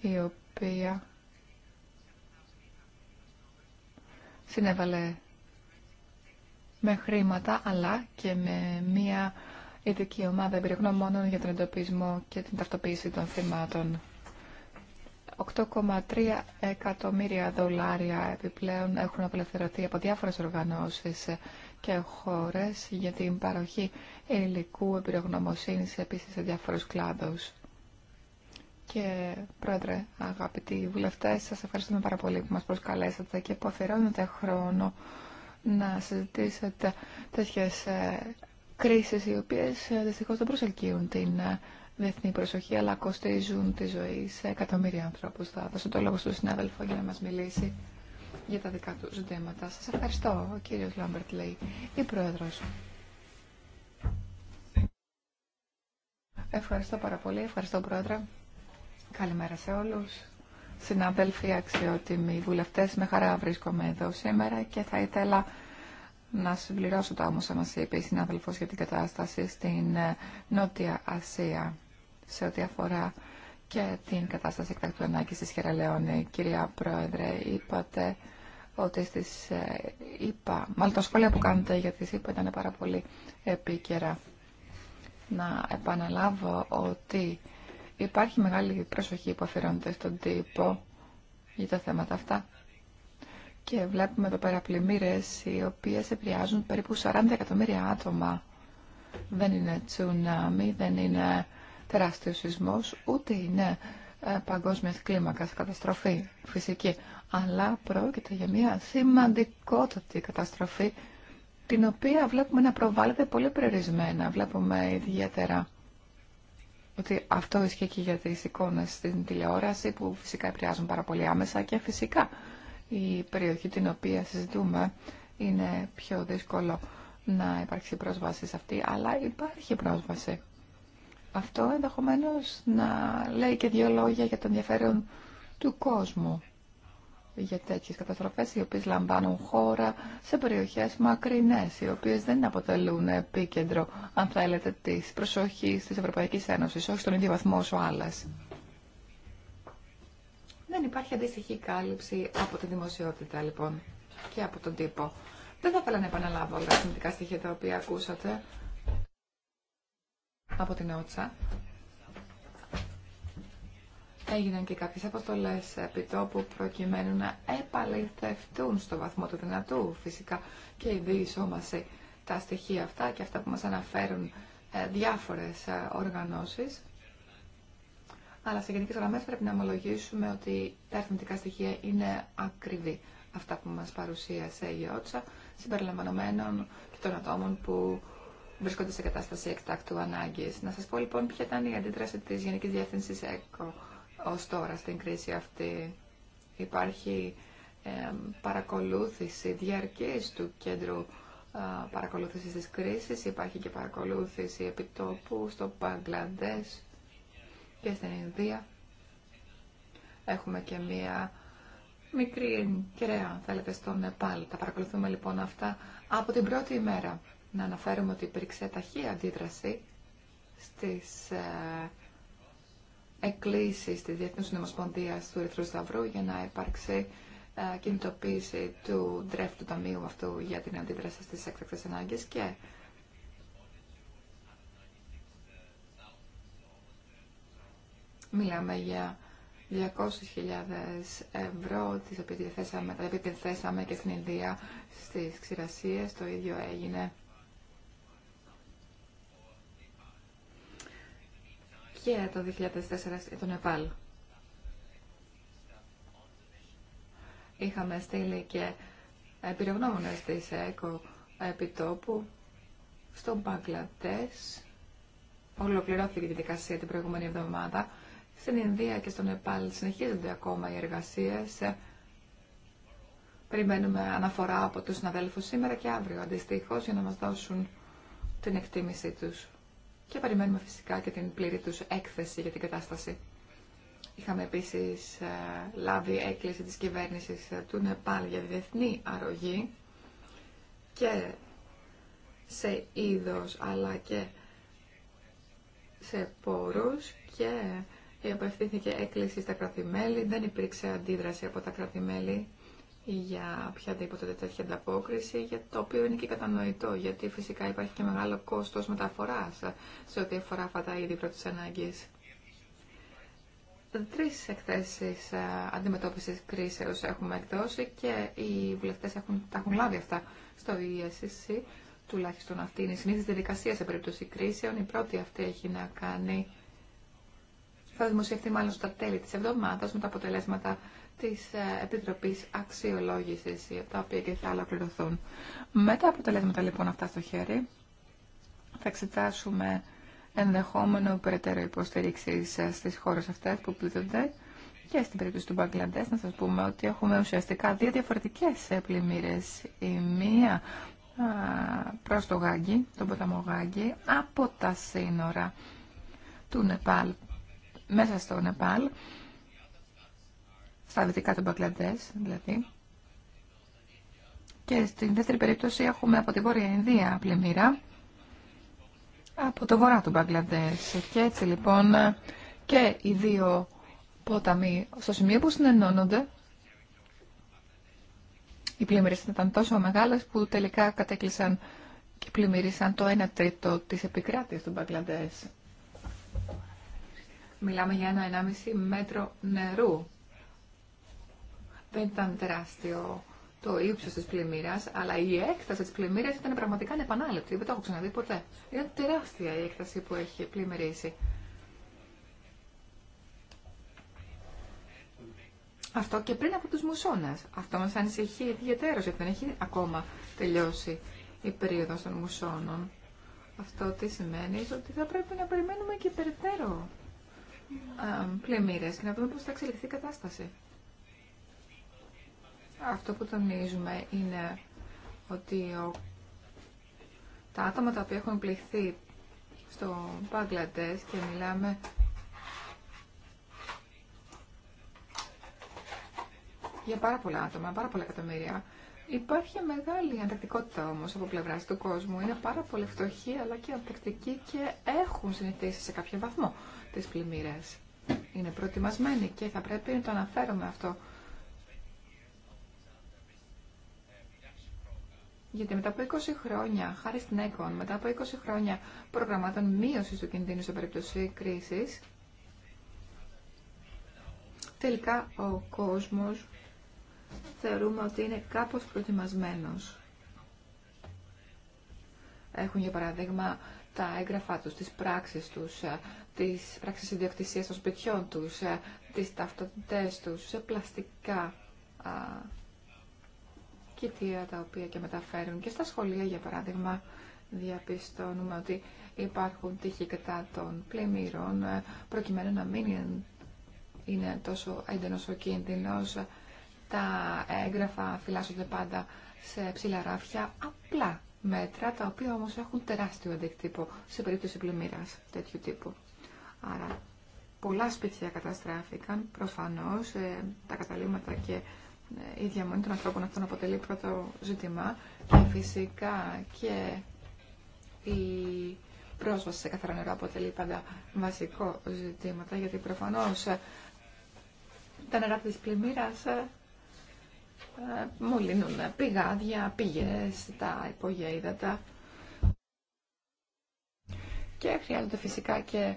η οποία συνέβαλε με χρήματα αλλά και με μία ειδική ομάδα εμπειρογνωμόνων για τον εντοπισμό και την ταυτοποίηση των θυμάτων. 8,3 εκατομμύρια δολάρια επιπλέον έχουν απελευθερωθεί από διάφορες οργανώσεις και χώρες για την παροχή υλικού εμπειρογνωμοσύνης επίσης σε διάφορους κλάδους. Και πρόεδρε, αγαπητοί βουλευτές, σας ευχαριστούμε πάρα πολύ που μας προσκαλέσατε και που αφιερώνετε χρόνο να συζητήσετε τέτοιες ε, κρίσεις οι οποίες ε, δυστυχώς δεν προσελκύουν την ε, διεθνή προσοχή αλλά κοστίζουν τη ζωή σε εκατομμύρια ανθρώπους. Θα δώσω το λόγο στον συνάδελφο για να μας μιλήσει για τα δικά του ζητήματα. Σας ευχαριστώ, ο κύριος Λάμπερτ λέει, η πρόεδρος. Ευχαριστώ πάρα πολύ, ευχαριστώ πρόεδρε. Καλημέρα σε όλους. Συνάδελφοι, αξιότιμοι βουλευτές, με χαρά βρίσκομαι εδώ σήμερα και θα ήθελα να συμπληρώσω τα όμως όμως είπε η συνάδελφος για την κατάσταση στην ε, Νότια Ασία σε ό,τι αφορά και την κατάσταση εκτακτού ανάγκης της Χεραλεόνη. Κυρία Πρόεδρε, είπατε ότι στις ε, είπα, μάλλον τα σχόλια που κάνετε για τις είπα ήταν πάρα πολύ επίκαιρα. Να επαναλάβω ότι υπάρχει μεγάλη προσοχή που αφιερώνεται στον τύπο για τα θέματα αυτά και βλέπουμε εδώ πέρα πλημμύρες οι οποίες επηρεάζουν περίπου 40 εκατομμύρια άτομα. Δεν είναι τσουνάμι, δεν είναι τεράστιος σεισμός, ούτε είναι ε, παγκόσμια κλίμακα καταστροφή φυσική. Αλλά πρόκειται για μια σημαντικότατη καταστροφή την οποία βλέπουμε να προβάλλεται πολύ περιορισμένα. Βλέπουμε ιδιαίτερα ότι αυτό ισχύει και για τις εικόνες στην τηλεόραση που φυσικά επηρεάζουν πάρα πολύ άμεσα και φυσικά η περιοχή την οποία συζητούμε είναι πιο δύσκολο να υπάρξει πρόσβαση σε αυτή, αλλά υπάρχει πρόσβαση. Αυτό ενδεχομένω να λέει και δύο λόγια για το ενδιαφέρον του κόσμου για τέτοιες καταστροφές οι οποίες λαμβάνουν χώρα σε περιοχές μακρινές, οι οποίες δεν αποτελούν επίκεντρο, αν θέλετε, της προσοχής της Ευρωπαϊκής Ένωσης, όχι στον ίδιο βαθμό όσο άλλες. Δεν υπάρχει αντίστοιχη κάλυψη από τη δημοσιότητα λοιπόν και από τον τύπο. Δεν θα ήθελα να επαναλάβω όλα τα σημαντικά στοιχεία τα οποία ακούσατε από την Ότσα. Έγιναν και κάποιες αποστολές επιτόπου προκειμένου να επαληθευτούν στο βαθμό του δυνατού φυσικά και η διεισόμαση τα στοιχεία αυτά και αυτά που μας αναφέρουν ε, διάφορες ε, οργανώσεις αλλά σε γενικέ γραμμέ πρέπει να ομολογήσουμε ότι τα αριθμητικά στοιχεία είναι ακριβή. Αυτά που μα παρουσίασε η ΟΤΣΑ, συμπεριλαμβανομένων και των ατόμων που βρίσκονται σε κατάσταση εκτάκτου ανάγκη. Να σα πω λοιπόν ποια ήταν η αντίδραση τη Γενική Διεύθυνση ΕΚΟ ω τώρα στην κρίση αυτή. Υπάρχει παρακολούθηση διαρκής του κέντρου παρακολούθησης της κρίσης, υπάρχει και παρακολούθηση επιτόπου στο Παγκλαντές και στην Ινδία. Έχουμε και μία μικρή κεραία, θέλετε, στο Νεπάλ. Τα παρακολουθούμε λοιπόν αυτά από την πρώτη ημέρα. Να αναφέρουμε ότι υπήρξε ταχύ αντίδραση στις ε, εκκλήσεις της Διεθνούς Νομοσπονδίας του Ερυθρού Σταυρού για να υπάρξει ε, κινητοποίηση του ντρεφ του ταμείου αυτού για την αντίδραση στις έκτακτες ανάγκες και Μιλάμε για 200.000 ευρώ, τις οποίες τα οποία και στην Ινδία στις ξηρασίες. Το ίδιο έγινε και το 2004 στο Νεπάλ. Είχαμε στείλει και πυρογνώμονες της ΕΚΟ επιτόπου στον Μπαγκλατές. Ολοκληρώθηκε η δικασία την προηγούμενη εβδομάδα στην Ινδία και στο Νεπάλ συνεχίζονται ακόμα οι εργασίες. Περιμένουμε αναφορά από τους συναδέλφους σήμερα και αύριο αντιστοίχω για να μας δώσουν την εκτίμησή τους. Και περιμένουμε φυσικά και την πλήρη τους έκθεση για την κατάσταση. Είχαμε επίσης ε, λάβει έκκληση της κυβέρνησης ε, του Νεπάλ για διεθνή αρρωγή και σε είδος αλλά και σε πόρους και η Απευθύνθηκε έκκληση στα κρατημέλη δεν υπήρξε αντίδραση από τα κρατημέλη για οποιαδήποτε τέτοια ανταπόκριση, για το οποίο είναι και κατανοητό, γιατί φυσικά υπάρχει και μεγάλο κόστος μεταφοράς σε ό,τι αφορά αυτά τα είδη πρώτης ανάγκης. Τρεις εκθέσεις ε, αντιμετώπισης κρίσεως έχουμε εκδώσει και οι βουλευτές έχουν, τα έχουν λάβει αυτά στο ESCC, τουλάχιστον αυτή είναι η συνήθιση διαδικασία σε περίπτωση κρίσεων. Η πρώτη αυτή έχει να κάνει θα δημοσιευτεί μάλλον στα τέλη της εβδομάδας με τα αποτελέσματα της ε, Επιτροπής Αξιολόγησης, τα οποία και θα ολοκληρωθούν. Με τα αποτελέσματα λοιπόν αυτά στο χέρι, θα εξετάσουμε ενδεχόμενο περαιτέρω υποστήριξη ε, στις χώρες αυτές που πλήττονται και στην περίπτωση του Μπαγκλαντές να σας πούμε ότι έχουμε ουσιαστικά δύο διαφορετικές ε, πλημμύρες. Η μία προς το Γάγκη, τον ποταμό Γάγκη, από τα σύνορα του Νεπάλ μέσα στο Νεπάλ, στα δυτικά του Μπαγκλαντές δηλαδή. Και στην δεύτερη περίπτωση έχουμε από τη Βόρεια Ινδία πλημμύρα, από το βορρά του Μπαγκλαντές. Και έτσι λοιπόν και οι δύο ποταμοί στο σημείο που συνενώνονται, οι πλημμύρες ήταν τόσο μεγάλες που τελικά κατέκλυσαν και πλημμύρισαν το 1 τρίτο της επικράτειας του Μπαγκλαντές. Μιλάμε για ένα 1,5 μέτρο νερού. Δεν ήταν τεράστιο το ύψο τη πλημμύρα, αλλά η έκταση τη πλημμύρα ήταν πραγματικά ανεπανάληπτη. Δεν το έχω ξαναδεί ποτέ. Ήταν τεράστια η έκταση που έχει πλημμυρίσει. Αυτό και πριν από τους μουσώνες. Αυτό μας ανησυχεί ιδιαίτερως, γιατί δεν έχει ακόμα τελειώσει η περίοδος των μουσώνων. Αυτό τι σημαίνει ότι θα πρέπει να περιμένουμε και περαιτέρω πλημμύρε και να δούμε πώς θα εξελιχθεί η κατάσταση. Αυτό που τονίζουμε είναι ότι ο... τα άτομα τα οποία έχουν πληχθεί στο Μπαγκλαντές και μιλάμε για πάρα πολλά άτομα, πάρα πολλά εκατομμύρια. Υπάρχει μεγάλη αντακτικότητα όμω από πλευρά του κόσμου. Είναι πάρα πολύ φτωχοί αλλά και αντακτικοί και έχουν συνηθίσει σε κάποιο βαθμό τι πλημμύρε. Είναι προετοιμασμένοι και θα πρέπει να το αναφέρουμε αυτό. Γιατί μετά από 20 χρόνια, χάρη στην ΕΚΟΝ, μετά από 20 χρόνια προγραμμάτων μείωση του κινδύνου σε περίπτωση κρίση, τελικά ο κόσμος θεωρούμε ότι είναι κάπως προετοιμασμένος. Έχουν, για παράδειγμα, τα έγγραφά τους, τις πράξεις τους, ε, τις πράξεις ιδιοκτησίας των σπιτιών τους, ε, τις ταυτότητές τους, σε πλαστικά α, κοιτία τα οποία και μεταφέρουν. Και στα σχολεία, για παράδειγμα, διαπιστώνουμε ότι υπάρχουν τυχή κατά των πλημμύρων, ε, προκειμένου να μην είναι τόσο έντονος ο κίνδυνος τα έγγραφα φυλάσσονται πάντα σε ψηλά ράφια, απλά μέτρα, τα οποία όμως έχουν τεράστιο αντικτύπο σε περίπτωση πλημμύρα τέτοιου τύπου. Άρα πολλά σπίτια καταστράφηκαν, προφανώς ε, τα καταλήμματα και ε, η διαμονή των ανθρώπων αυτών αποτελεί πρώτο ζήτημα και φυσικά και η πρόσβαση σε καθαρά νερό αποτελεί πάντα βασικό ζητήματα γιατί προφανώς ε, τα νερά της πλημμύρας ε, μολύνουν πηγάδια, πηγές, τα υπόγεια ύδατα. Και χρειάζονται φυσικά και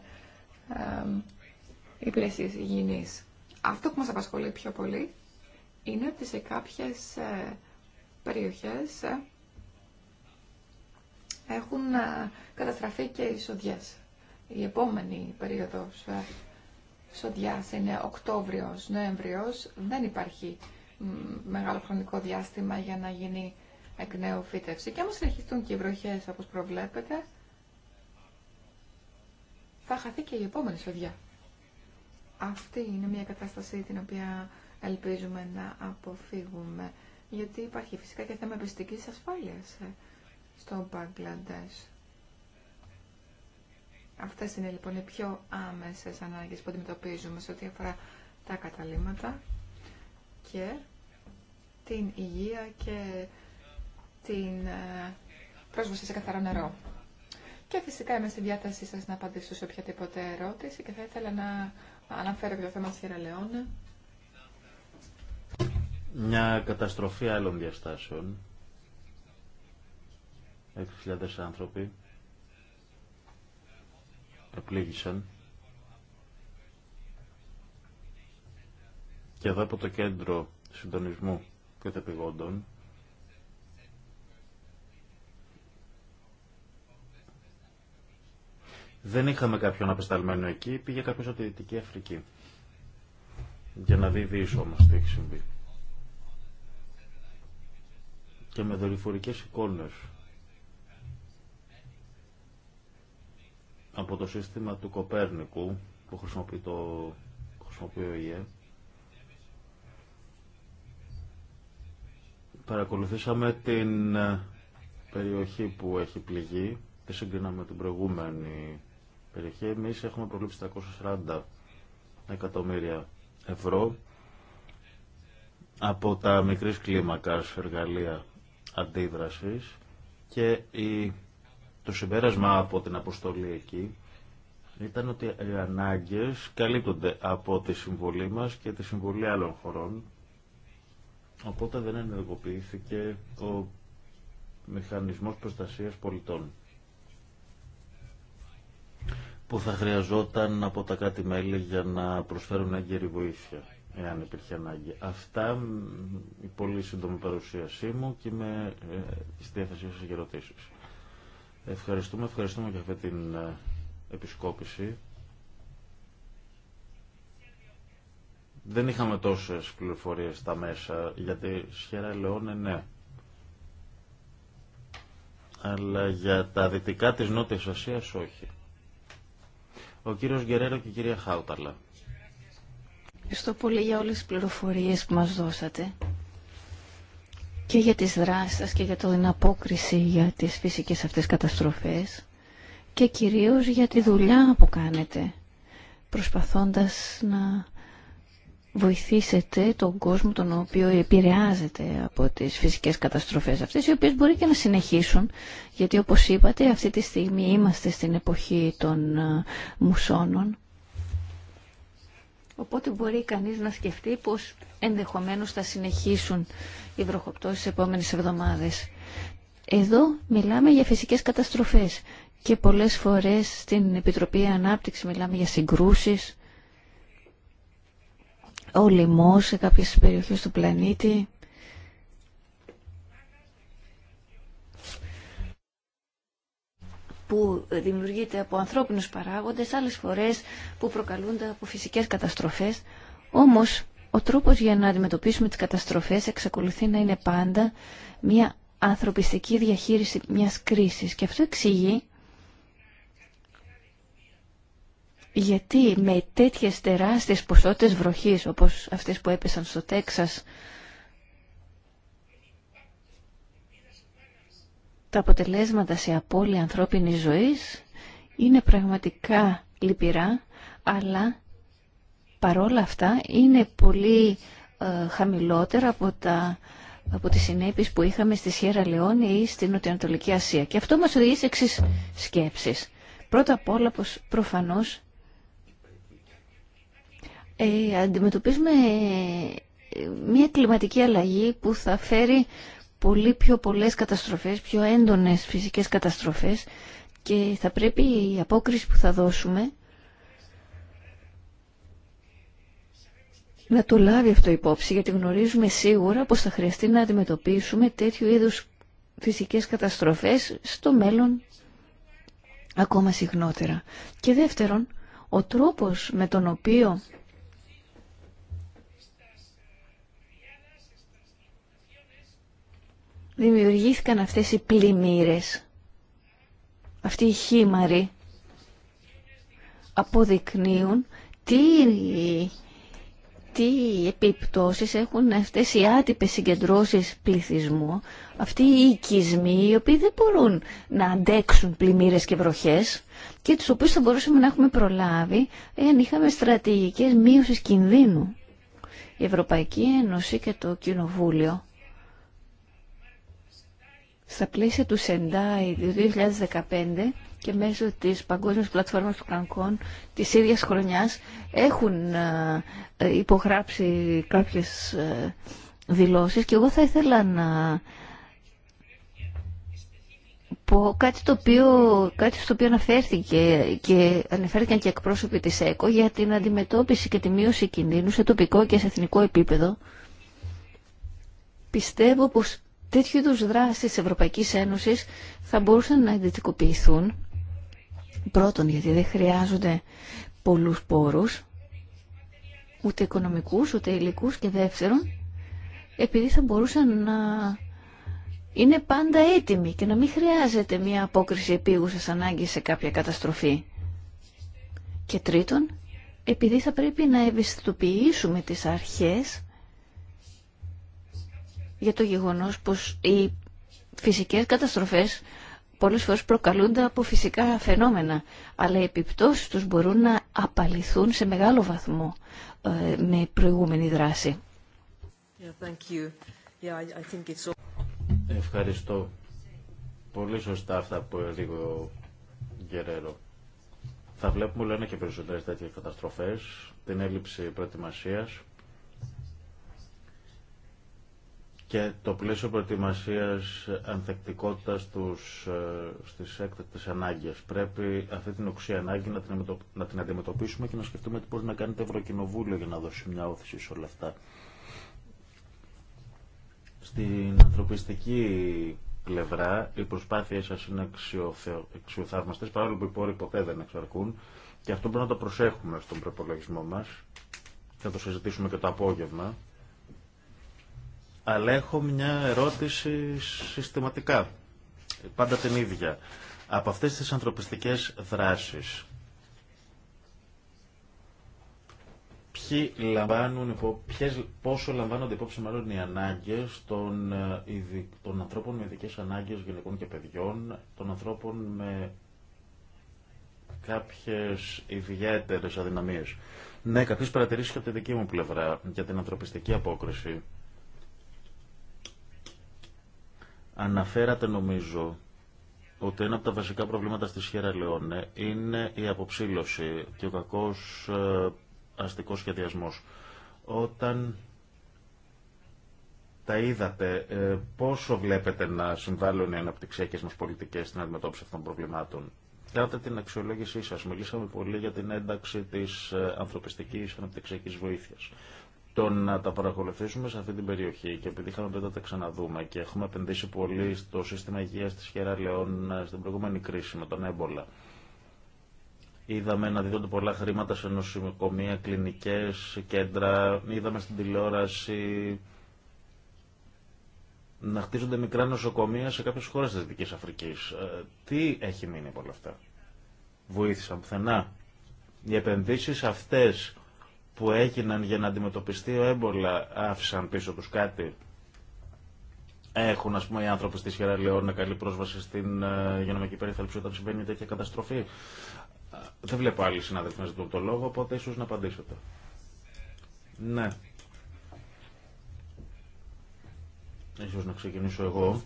ε, υπηρεσίες υγιεινής. Αυτό που μας απασχολεί πιο πολύ είναι ότι σε κάποιες ε, περιοχές ε, έχουν καταστραφεί και οι σοδιές. Η επόμενη περίοδος σοδιάς είναι Οκτώβριος-Νοέμβριος. Δεν υπάρχει μεγάλο χρονικό διάστημα για να γίνει εκ νέου φύτευση. Και άμα συνεχιστούν και οι βροχές όπως προβλέπετε, θα χαθεί και η επόμενη σοδιά. Αυτή είναι μια κατάσταση την οποία ελπίζουμε να αποφύγουμε, γιατί υπάρχει φυσικά και θέμα επιστικής ασφάλειας ε, στο Μπαγκλαντές. Αυτές είναι λοιπόν οι πιο άμεσες ανάγκες που αντιμετωπίζουμε σε ό,τι αφορά τα καταλήμματα και την υγεία και την ε, πρόσβαση σε καθαρό νερό. Και φυσικά είμαι στη διάθεσή σας να απαντήσω σε οποιαδήποτε ερώτηση και θα ήθελα να αναφέρω και το θέμα της Μια καταστροφή άλλων διαστάσεων. 6.000 άνθρωποι επλήγησαν και εδώ από το Κέντρο Συντονισμού και Κατεπηγόντων δεν είχαμε κάποιον απεσταλμένο εκεί, πήγε κάποιος από τη Δυτική Αφρική για να δει δύο όμως τι έχει συμβεί. Και με δορυφορικές εικόνες από το σύστημα του Κοπέρνικου που χρησιμοποιεί το χρησιμοποιεί ο ΙΕ Παρακολουθήσαμε την ε, περιοχή που έχει πληγεί. τη συγκρίναμε με την προηγούμενη περιοχή. Εμεί έχουμε προβλήψει 340 εκατομμύρια ευρώ από τα μικρής κλίμακας εργαλεία αντίδρασης και η, το συμπέρασμα από την αποστολή εκεί ήταν ότι οι ανάγκες καλύπτονται από τη συμβολή μας και τη συμβολή άλλων χωρών Οπότε δεν ενεργοποιήθηκε ο μηχανισμός προστασίας πολιτών που θα χρειαζόταν από τα κάτι μέλη για να προσφέρουν έγκαιρη βοήθεια, εάν υπήρχε ανάγκη. Αυτά η πολύ σύντομη παρουσίασή μου και με στη διάθεσή σας για ερωτήσεις. Ευχαριστούμε, ευχαριστούμε για αυτή την ε, επισκόπηση. Δεν είχαμε τόσες πληροφορίες στα μέσα, γιατί Σιέρα Λεόνε ναι. Αλλά για τα δυτικά της Νότιας Ασίας όχι. Ο κύριος Γκερέρο και η κυρία Χάουταλα. Ευχαριστώ πολύ για όλες τις πληροφορίες που μας δώσατε και για τις δράσεις σας και για την απόκριση για τις φυσικές αυτές καταστροφές και κυρίως για τη δουλειά που κάνετε προσπαθώντας να βοηθήσετε τον κόσμο τον οποίο επηρεάζεται από τις φυσικές καταστροφές αυτές, οι οποίες μπορεί και να συνεχίσουν, γιατί όπως είπατε αυτή τη στιγμή είμαστε στην εποχή των ε, μουσώνων. Οπότε μπορεί κανείς να σκεφτεί πως ενδεχομένως θα συνεχίσουν οι βροχοπτώσεις τις επόμενες εβδομάδες. Εδώ μιλάμε για φυσικές καταστροφές και πολλές φορές στην Επιτροπή Ανάπτυξη μιλάμε για συγκρούσεις, ο λοιμός σε κάποιες περιοχές του πλανήτη. που δημιουργείται από ανθρώπινους παράγοντες, άλλες φορές που προκαλούνται από φυσικές καταστροφές. Όμως, ο τρόπος για να αντιμετωπίσουμε τις καταστροφές εξακολουθεί να είναι πάντα μια ανθρωπιστική διαχείριση μιας κρίσης. Και αυτό εξηγεί Γιατί με τέτοιες τεράστιες ποσότητες βροχής όπως αυτές που έπεσαν στο Τέξας τα αποτελέσματα σε απώλεια ανθρώπινης ζωής είναι πραγματικά λυπηρά αλλά παρόλα αυτά είναι πολύ ε, χαμηλότερα από, τα, από τις συνέπειες που είχαμε στη Σιέρα Λεόνη ή στην Νοτιοανατολική Ασία. Και αυτό μας οδηγεί σε εξής σκέψεις. Πρώτα απ' όλα πως προφανώς ε, αντιμετωπίζουμε ε, μια κλιματική αλλαγή που θα φέρει πολύ πιο πολλές καταστροφές, πιο έντονες φυσικές καταστροφές και θα πρέπει η απόκριση που θα δώσουμε να το λάβει αυτό υπόψη, γιατί γνωρίζουμε σίγουρα πως θα χρειαστεί να αντιμετωπίσουμε τέτοιου είδους φυσικές καταστροφές στο μέλλον ακόμα συχνότερα. Και δεύτερον, ο τρόπος με τον οποίο δημιουργήθηκαν αυτές οι πλημμύρες, αυτοί οι χήμαροι αποδεικνύουν τι, τι επιπτώσεις έχουν αυτές οι άτυπες συγκεντρώσεις πληθυσμού, αυτοί οι οικισμοί οι οποίοι δεν μπορούν να αντέξουν πλημμύρες και βροχές και τους οποίους θα μπορούσαμε να έχουμε προλάβει εάν είχαμε στρατηγικές μείωσης κινδύνου. Η Ευρωπαϊκή Ένωση και το Κοινοβούλιο στα πλαίσια του ΣΕΝΤΑΙ του 2015 και μέσω της Παγκόσμιας Πλατφόρμας του Κανκών της ίδιας χρονιάς έχουν ε, ε, υπογράψει κάποιες ε, δηλώσεις και εγώ θα ήθελα να πω κάτι, το οποίο, κάτι στο οποίο αναφέρθηκε και αναφέρθηκαν και εκπρόσωποι της ΕΚΟ για την αντιμετώπιση και τη μείωση κινδύνου σε τοπικό και σε εθνικό επίπεδο. Πιστεύω πως τέτοιου είδου δράσεις τη Ευρωπαϊκής Ένωσης θα μπορούσαν να εντετικοποιηθούν πρώτον γιατί δεν χρειάζονται πολλούς πόρους ούτε οικονομικούς ούτε υλικούς και δεύτερον επειδή θα μπορούσαν να είναι πάντα έτοιμοι και να μην χρειάζεται μια απόκριση επίγουσας ανάγκη σε κάποια καταστροφή. Και τρίτον, επειδή θα πρέπει να ευαισθητοποιήσουμε τις αρχές για το γεγονός πως οι φυσικές καταστροφές πολλές φορές προκαλούνται από φυσικά φαινόμενα, αλλά οι επιπτώσεις τους μπορούν να απαλληθούν σε μεγάλο βαθμό ε, με προηγούμενη δράση. Ευχαριστώ. Πολύ σωστά αυτά που έλεγε ο Γκερέρο. Θα βλέπουμε λένε και περισσότερες τέτοιες καταστροφές, την έλλειψη προετοιμασίας, και το πλαίσιο προετοιμασίας ανθεκτικότητας στι ε, στις έκτακτες ανάγκες. Πρέπει αυτή την οξύ ανάγκη να την, να την αντιμετωπίσουμε και να σκεφτούμε τι μπορεί να κάνει το Ευρωκοινοβούλιο για να δώσει μια όθηση σε όλα αυτά. Στην ανθρωπιστική πλευρά οι προσπάθειες σας είναι αξιοθαύμαστες, παρόλο που οι πόροι ποτέ δεν εξαρκούν και αυτό πρέπει να το προσέχουμε στον προπολογισμό μας. Θα το συζητήσουμε και το απόγευμα αλλά έχω μια ερώτηση συστηματικά, πάντα την ίδια. Από αυτές τις ανθρωπιστικές δράσεις, ποιοι λαμβάνουν, πόσο λαμβάνονται υπόψη μάλλον οι ανάγκες των, ε, των ανθρώπων με ειδικέ ανάγκες γυναικών και παιδιών, των ανθρώπων με κάποιες ιδιαίτερες αδυναμίες. Ναι, κάποιες παρατηρήσεις και από τη δική μου πλευρά για την ανθρωπιστική απόκριση Αναφέρατε νομίζω ότι ένα από τα βασικά προβλήματα στη Σιέρα Λεόνε είναι η αποψήλωση και ο κακός ε, αστικός σχεδιασμός. Όταν τα είδατε, ε, πόσο βλέπετε να συμβάλλουν οι αναπτυξιακές μας πολιτικές στην αντιμετώπιση αυτών των προβλημάτων. Κατά την αξιολόγησή σας, μιλήσαμε πολύ για την ένταξη της ε, ανθρωπιστικής αναπτυξιακής βοήθειας το να τα παρακολουθήσουμε σε αυτή την περιοχή και επειδή είχαμε πει τα ξαναδούμε και έχουμε επενδύσει πολύ στο σύστημα υγεία τη Χέρα Λεών ε, στην προηγούμενη κρίση με τον έμπολα. Είδαμε να δίδονται πολλά χρήματα σε νοσοκομεία, κλινικέ κέντρα. Είδαμε στην τηλεόραση να χτίζονται μικρά νοσοκομεία σε κάποιες χώρες της Δυτικής Αφρικής. Ε, τι έχει μείνει από όλα αυτά. Βοήθησαν πουθενά. Οι επενδύσει αυτέ που έγιναν για να αντιμετωπιστεί ο έμπολα άφησαν πίσω τους κάτι. Έχουν, ας πούμε, οι άνθρωποι στη Σιέρα Λεόνα καλή πρόσβαση στην ε, υγειονομική περίθαλψη όταν συμβαίνει τέτοια καταστροφή. Ε, δεν βλέπω άλλοι συνάδελφοι να ζητούν το λόγο, οπότε ίσως να απαντήσετε. Ναι. Ίσως να ξεκινήσω εγώ.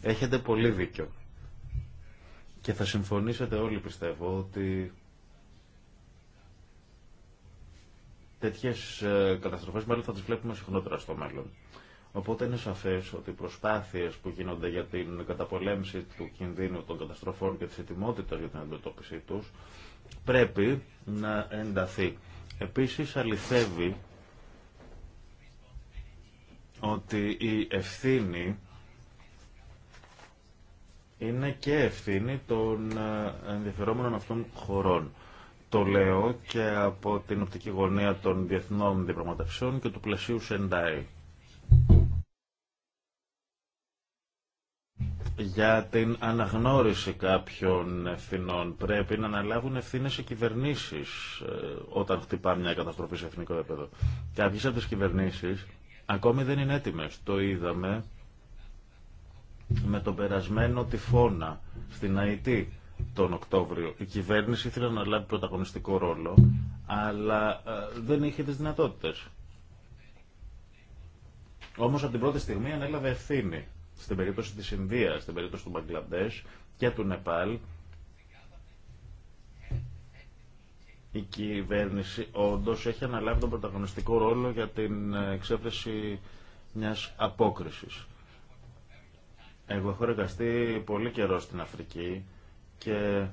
Έχετε πολύ δίκιο. Και θα συμφωνήσετε όλοι πιστεύω ότι Τέτοιε καταστροφέ μάλλον θα τι βλέπουμε συχνότερα στο μέλλον. Οπότε είναι σαφέ ότι οι προσπάθειε που γίνονται για την καταπολέμηση του κινδύνου των καταστροφών και τη ετοιμότητα για την αντιμετώπιση του, πρέπει να ενταθεί. Επίση αληθεύει ότι η ευθύνη είναι και ευθύνη των ε, ενδιαφερόμενων αυτών χωρών. Το λέω και από την οπτική γωνία των διεθνών διαπραγματευσεών και του πλαισίου Σεντάι. για την αναγνώριση κάποιων ευθυνών. Πρέπει να αναλάβουν ευθύνε οι κυβερνήσει ε, όταν χτυπά μια καταστροφή σε εθνικό επίπεδο. Κάποιε από τι κυβερνήσει ακόμη δεν είναι έτοιμε. Το είδαμε με τον περασμένο τυφώνα στην Αϊτή τον Οκτώβριο. Η κυβέρνηση ήθελε να λάβει πρωταγωνιστικό ρόλο, αλλά ε, δεν είχε τις δυνατότητες. Όμως από την πρώτη στιγμή ανέλαβε ευθύνη στην περίπτωση της Ινδίας, στην περίπτωση του Μπαγκλαντές και του Νεπάλ. Η κυβέρνηση όντω έχει αναλάβει τον πρωταγωνιστικό ρόλο για την ε, εξέφραση μιας απόκρισης. Εγώ έχω εργαστεί πολύ καιρό στην Αφρική και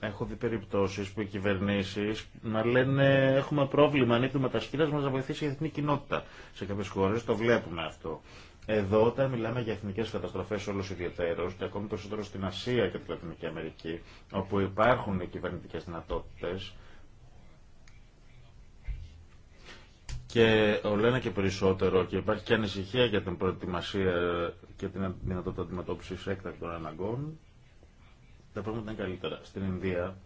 έχω δει περιπτώσει που οι κυβερνήσει να λένε έχουμε πρόβλημα, ανοίγουμε τα σκύλα μα να βοηθήσει η εθνική κοινότητα. Σε κάποιε χώρε το βλέπουμε αυτό. Εδώ, όταν μιλάμε για εθνικέ καταστροφέ όλο ιδιαίτερω και ακόμη περισσότερο στην Ασία και τη Λατινική Αμερική, όπου υπάρχουν οι κυβερνητικέ δυνατότητε, και ολένα και περισσότερο και υπάρχει και ανησυχία για την προετοιμασία και την δυνατότητα αντιμετώπιση έκτακτων αναγκών, τα πράγματα είναι καλύτερα. Στην Ινδία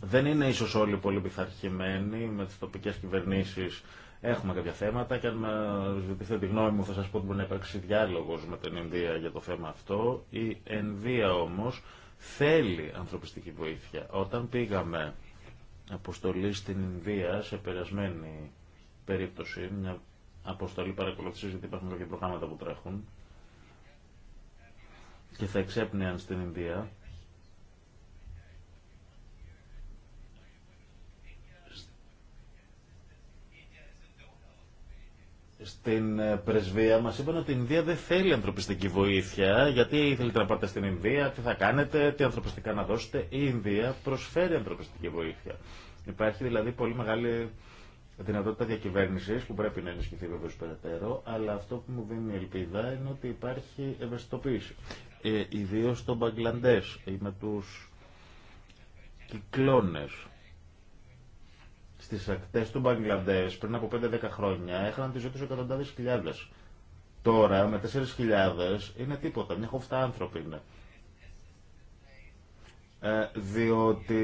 δεν είναι ίσως όλοι πολύ πειθαρχημένοι με τις τοπικές κυβερνήσεις Έχουμε κάποια θέματα και αν με ζητήσετε τη γνώμη μου θα σας πω ότι μπορεί να υπάρξει διάλογος με την Ινδία για το θέμα αυτό. Η Ινδία όμως θέλει ανθρωπιστική βοήθεια. Όταν πήγαμε αποστολή στην Ινδία σε περασμένη περίπτωση, μια αποστολή παρακολουθήσεις γιατί υπάρχουν κάποια προγράμματα που τρέχουν, και θα εξέπνεαν στην Ινδία, στην ε, πρεσβεία μας είπαν ότι η Ινδία δεν θέλει ανθρωπιστική βοήθεια γιατί θέλετε να πάτε στην Ινδία, τι θα κάνετε, τι ανθρωπιστικά να δώσετε. Η Ινδία προσφέρει ανθρωπιστική βοήθεια. Υπάρχει δηλαδή πολύ μεγάλη δυνατότητα διακυβέρνηση που πρέπει να ενισχυθεί βεβαίω περαιτέρω, αλλά αυτό που μου δίνει η ελπίδα είναι ότι υπάρχει ευαισθητοποίηση ε, ιδίως στο Μπαγκλαντές ή με τους κυκλώνες στις ακτές του Μπαγκλαντές πριν από 5-10 χρόνια έχαναν τη ζωή τους εκατοντάδες χιλιάδες. Τώρα με 4.000 είναι τίποτα, μια χοφτά άνθρωποι είναι. Ε, διότι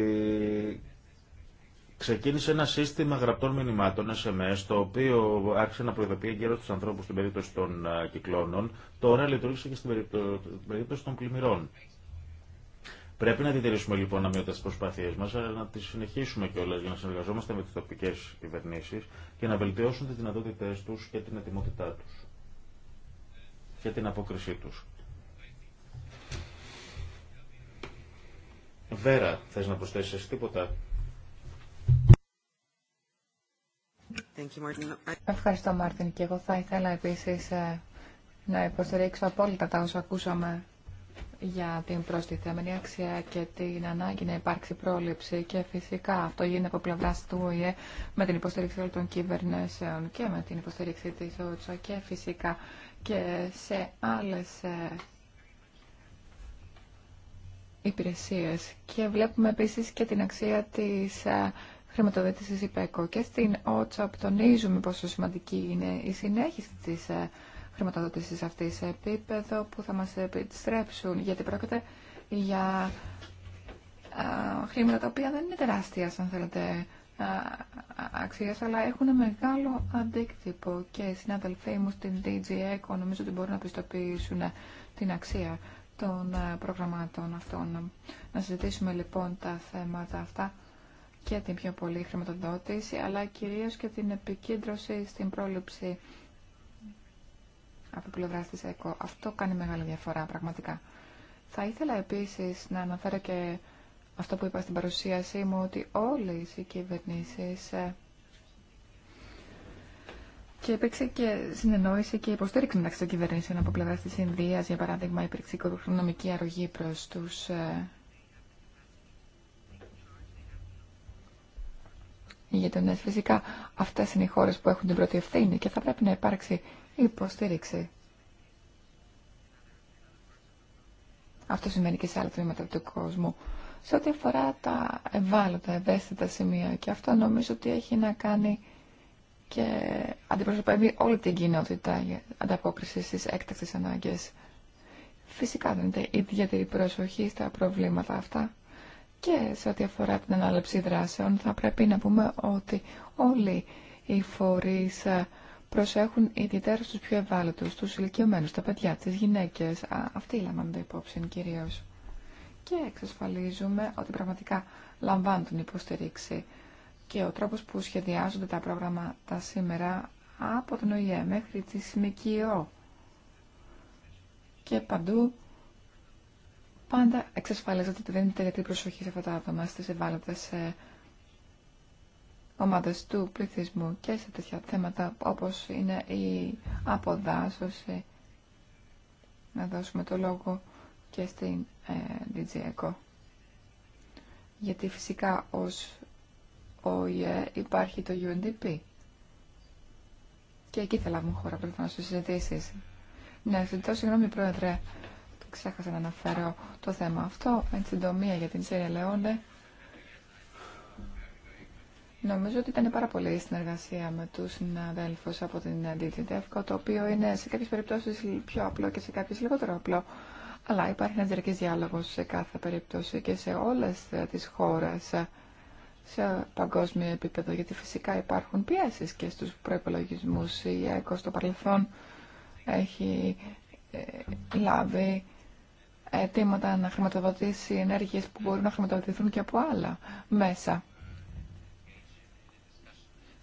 Ξεκίνησε ένα σύστημα γραπτών μηνυμάτων SMS, το οποίο άρχισε να προειδοποιεί γύρω στους ανθρώπους στην περίπτωση των κυκλώνων, τώρα λειτουργήσε και στην περίπτωση των πλημμυρών. Πρέπει να διατηρήσουμε λοιπόν αμύωτα τι προσπάθειέ μα, αλλά να τι συνεχίσουμε κιόλα για να συνεργαζόμαστε με τι τοπικέ κυβερνήσει και να βελτιώσουν τι δυνατότητέ του και την ετοιμότητά του και την απόκρισή του. Βέρα, θε να προσθέσει τίποτα. Ευχαριστώ Μάρτιν και εγώ θα ήθελα επίσης ε, να υποστηρίξω απόλυτα τα όσα ακούσαμε για την προστιθέμενη αξία και την ανάγκη να υπάρξει πρόληψη και φυσικά αυτό γίνεται από πλευρά του ΟΗΕ με την υποστήριξη όλων των κυβερνήσεων και με την υποστήριξη τη ότσο και φυσικά και σε άλλες ε, υπηρεσίε. και βλέπουμε επίση και την αξία τη. Ε, χρηματοδότησης ΥΠΕΚΟ και στην ΟΤΣΑ τονίζουμε πόσο σημαντική είναι η συνέχιση της ε, χρηματοδότηση αυτή σε επίπεδο που θα μας επιστρέψουν γιατί πρόκειται για ε, χρήματα τα οποία δεν είναι τεράστια αν θέλετε ε, αξία, αλλά έχουν μεγάλο αντίκτυπο και οι συναδελφοί μου στην DGECO νομίζω ότι μπορούν να πιστοποιήσουν την αξία των προγραμμάτων αυτών. Να συζητήσουμε λοιπόν τα θέματα αυτά και την πιο πολύ χρηματοδότηση, αλλά κυρίως και την επικέντρωση στην πρόληψη από πλευρά τη ΕΚΟ. Αυτό κάνει μεγάλη διαφορά πραγματικά. Θα ήθελα επίσης να αναφέρω και αυτό που είπα στην παρουσίασή μου, ότι όλες οι κυβερνήσεις ε, και υπήρξε και συνεννόηση και υποστήριξη μεταξύ των κυβερνήσεων από πλευρά τη Ινδία. Για παράδειγμα, υπήρξε οικονομική αρρωγή προ του ε, γείτονε. Φυσικά αυτέ είναι οι χώρε που έχουν την πρώτη ευθύνη και θα πρέπει να υπάρξει υποστήριξη. Αυτό σημαίνει και σε άλλα τμήματα του κόσμου. Σε ό,τι αφορά τα ευάλωτα, ευαίσθητα σημεία, και αυτό νομίζω ότι έχει να κάνει και αντιπροσωπεύει όλη την κοινότητα για ανταπόκριση στις έκτακτε ανάγκες. Φυσικά η ιδιαίτερη προσοχή στα προβλήματα αυτά και σε ό,τι αφορά την ανάληψη δράσεων θα πρέπει να πούμε ότι όλοι οι φορείς ε, προσέχουν ιδιαίτερα στους πιο ευάλωτους, τους ηλικιωμένους, τα παιδιά, τις γυναίκες. Α, αυτοί λαμβάνονται υπόψη κυρίως. Και εξασφαλίζουμε ότι πραγματικά λαμβάνουν υποστηρίξη. Και ο τρόπος που σχεδιάζονται τα πρόγραμματα σήμερα από τον ΟΗΕ μέχρι τη ΣΜΚΙΟ. Και παντού πάντα εξασφαλίζεται ότι δίνεται ιδιαίτερη προσοχή σε αυτά τα άτομα, στι ε, ομάδε του πληθυσμού και σε τέτοια θέματα όπω είναι η αποδάσωση. Να δώσουμε το λόγο και στην ε, Echo. Γιατί φυσικά ως ΟΗΕ υπάρχει το UNDP. Και εκεί θα λάβουν χώρα προφανώς στις συζητήσει. Ναι, ζητώ συγγνώμη πρόεδρε, ξέχασα να αναφέρω το θέμα αυτό. Εν συντομία για την ΣΕΡΙΑ Λεόντε. Νομίζω ότι ήταν πάρα πολύ η συνεργασία με τους συναδέλφους από την DigiDevco, το οποίο είναι σε κάποιες περιπτώσεις πιο απλό και σε κάποιες λιγότερο απλό. Αλλά υπάρχει ένα διαρκής διάλογος σε κάθε περίπτωση και σε όλες ε, τις χώρες ε, σε παγκόσμιο επίπεδο, γιατί φυσικά υπάρχουν πιέσεις και στους προϋπολογισμούς. Η ΕΚΟ στο παρελθόν έχει ε, λάβει αιτήματα να χρηματοδοτήσει ενέργειες που μπορούν να χρηματοδοτηθούν και από άλλα μέσα.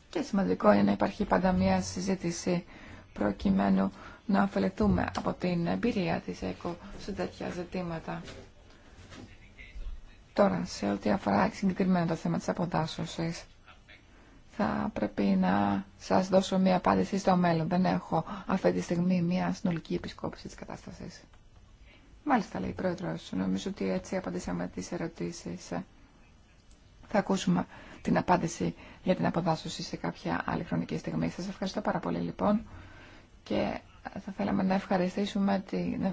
Και σημαντικό είναι να υπάρχει πάντα μια συζήτηση προκειμένου να αφαιρεθούμε από την εμπειρία της ΕΚΟ σε τέτοια ζητήματα. Τώρα, σε ό,τι αφορά συγκεκριμένα το θέμα της αποδάσωσης, θα πρέπει να σας δώσω μια απάντηση στο μέλλον. Δεν έχω αυτή τη στιγμή μια συνολική επισκόπηση της κατάστασης. Μάλιστα, λέει η Πρόεδρος. Νομίζω ότι έτσι απαντήσαμε τις ερωτήσεις. Θα ακούσουμε την απάντηση για την αποδάσωση σε κάποια άλλη χρονική στιγμή. Σας ευχαριστώ πάρα πολύ, λοιπόν. Και θα θέλαμε να ευχαριστήσουμε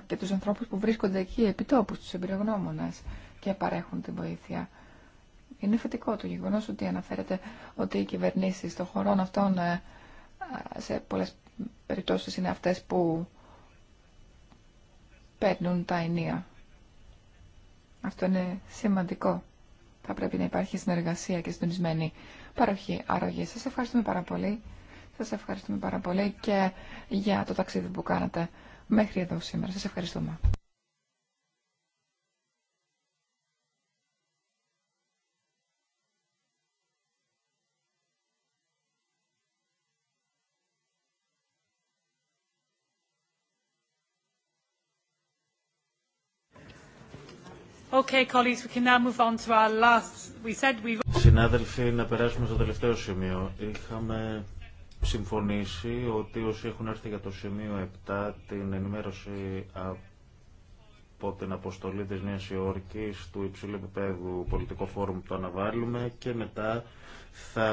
και τους ανθρώπους που βρίσκονται εκεί επί τόπου, στους εμπειρογνώμονες και παρέχουν την βοήθεια. Είναι θετικό το γεγονό ότι αναφέρεται ότι οι κυβερνήσει των χωρών αυτών ε, σε πολλές περιπτώσεις είναι αυτές που παίρνουν τα ενία. Αυτό είναι σημαντικό. Θα πρέπει να υπάρχει συνεργασία και συντονισμένη παροχή αρρωγή. Σας ευχαριστούμε πάρα πολύ. Σας ευχαριστούμε πάρα πολύ και για το ταξίδι που κάνατε μέχρι εδώ σήμερα. Σας ευχαριστούμε. Συνάδελφοι, να περάσουμε στο τελευταίο σημείο. Είχαμε συμφωνήσει ότι όσοι έχουν έρθει για το σημείο 7, την ενημέρωση από από την αποστολή της Νέας Υόρκης του υψηλού επίπεδου πολιτικό φόρουμ που το αναβάλουμε και μετά θα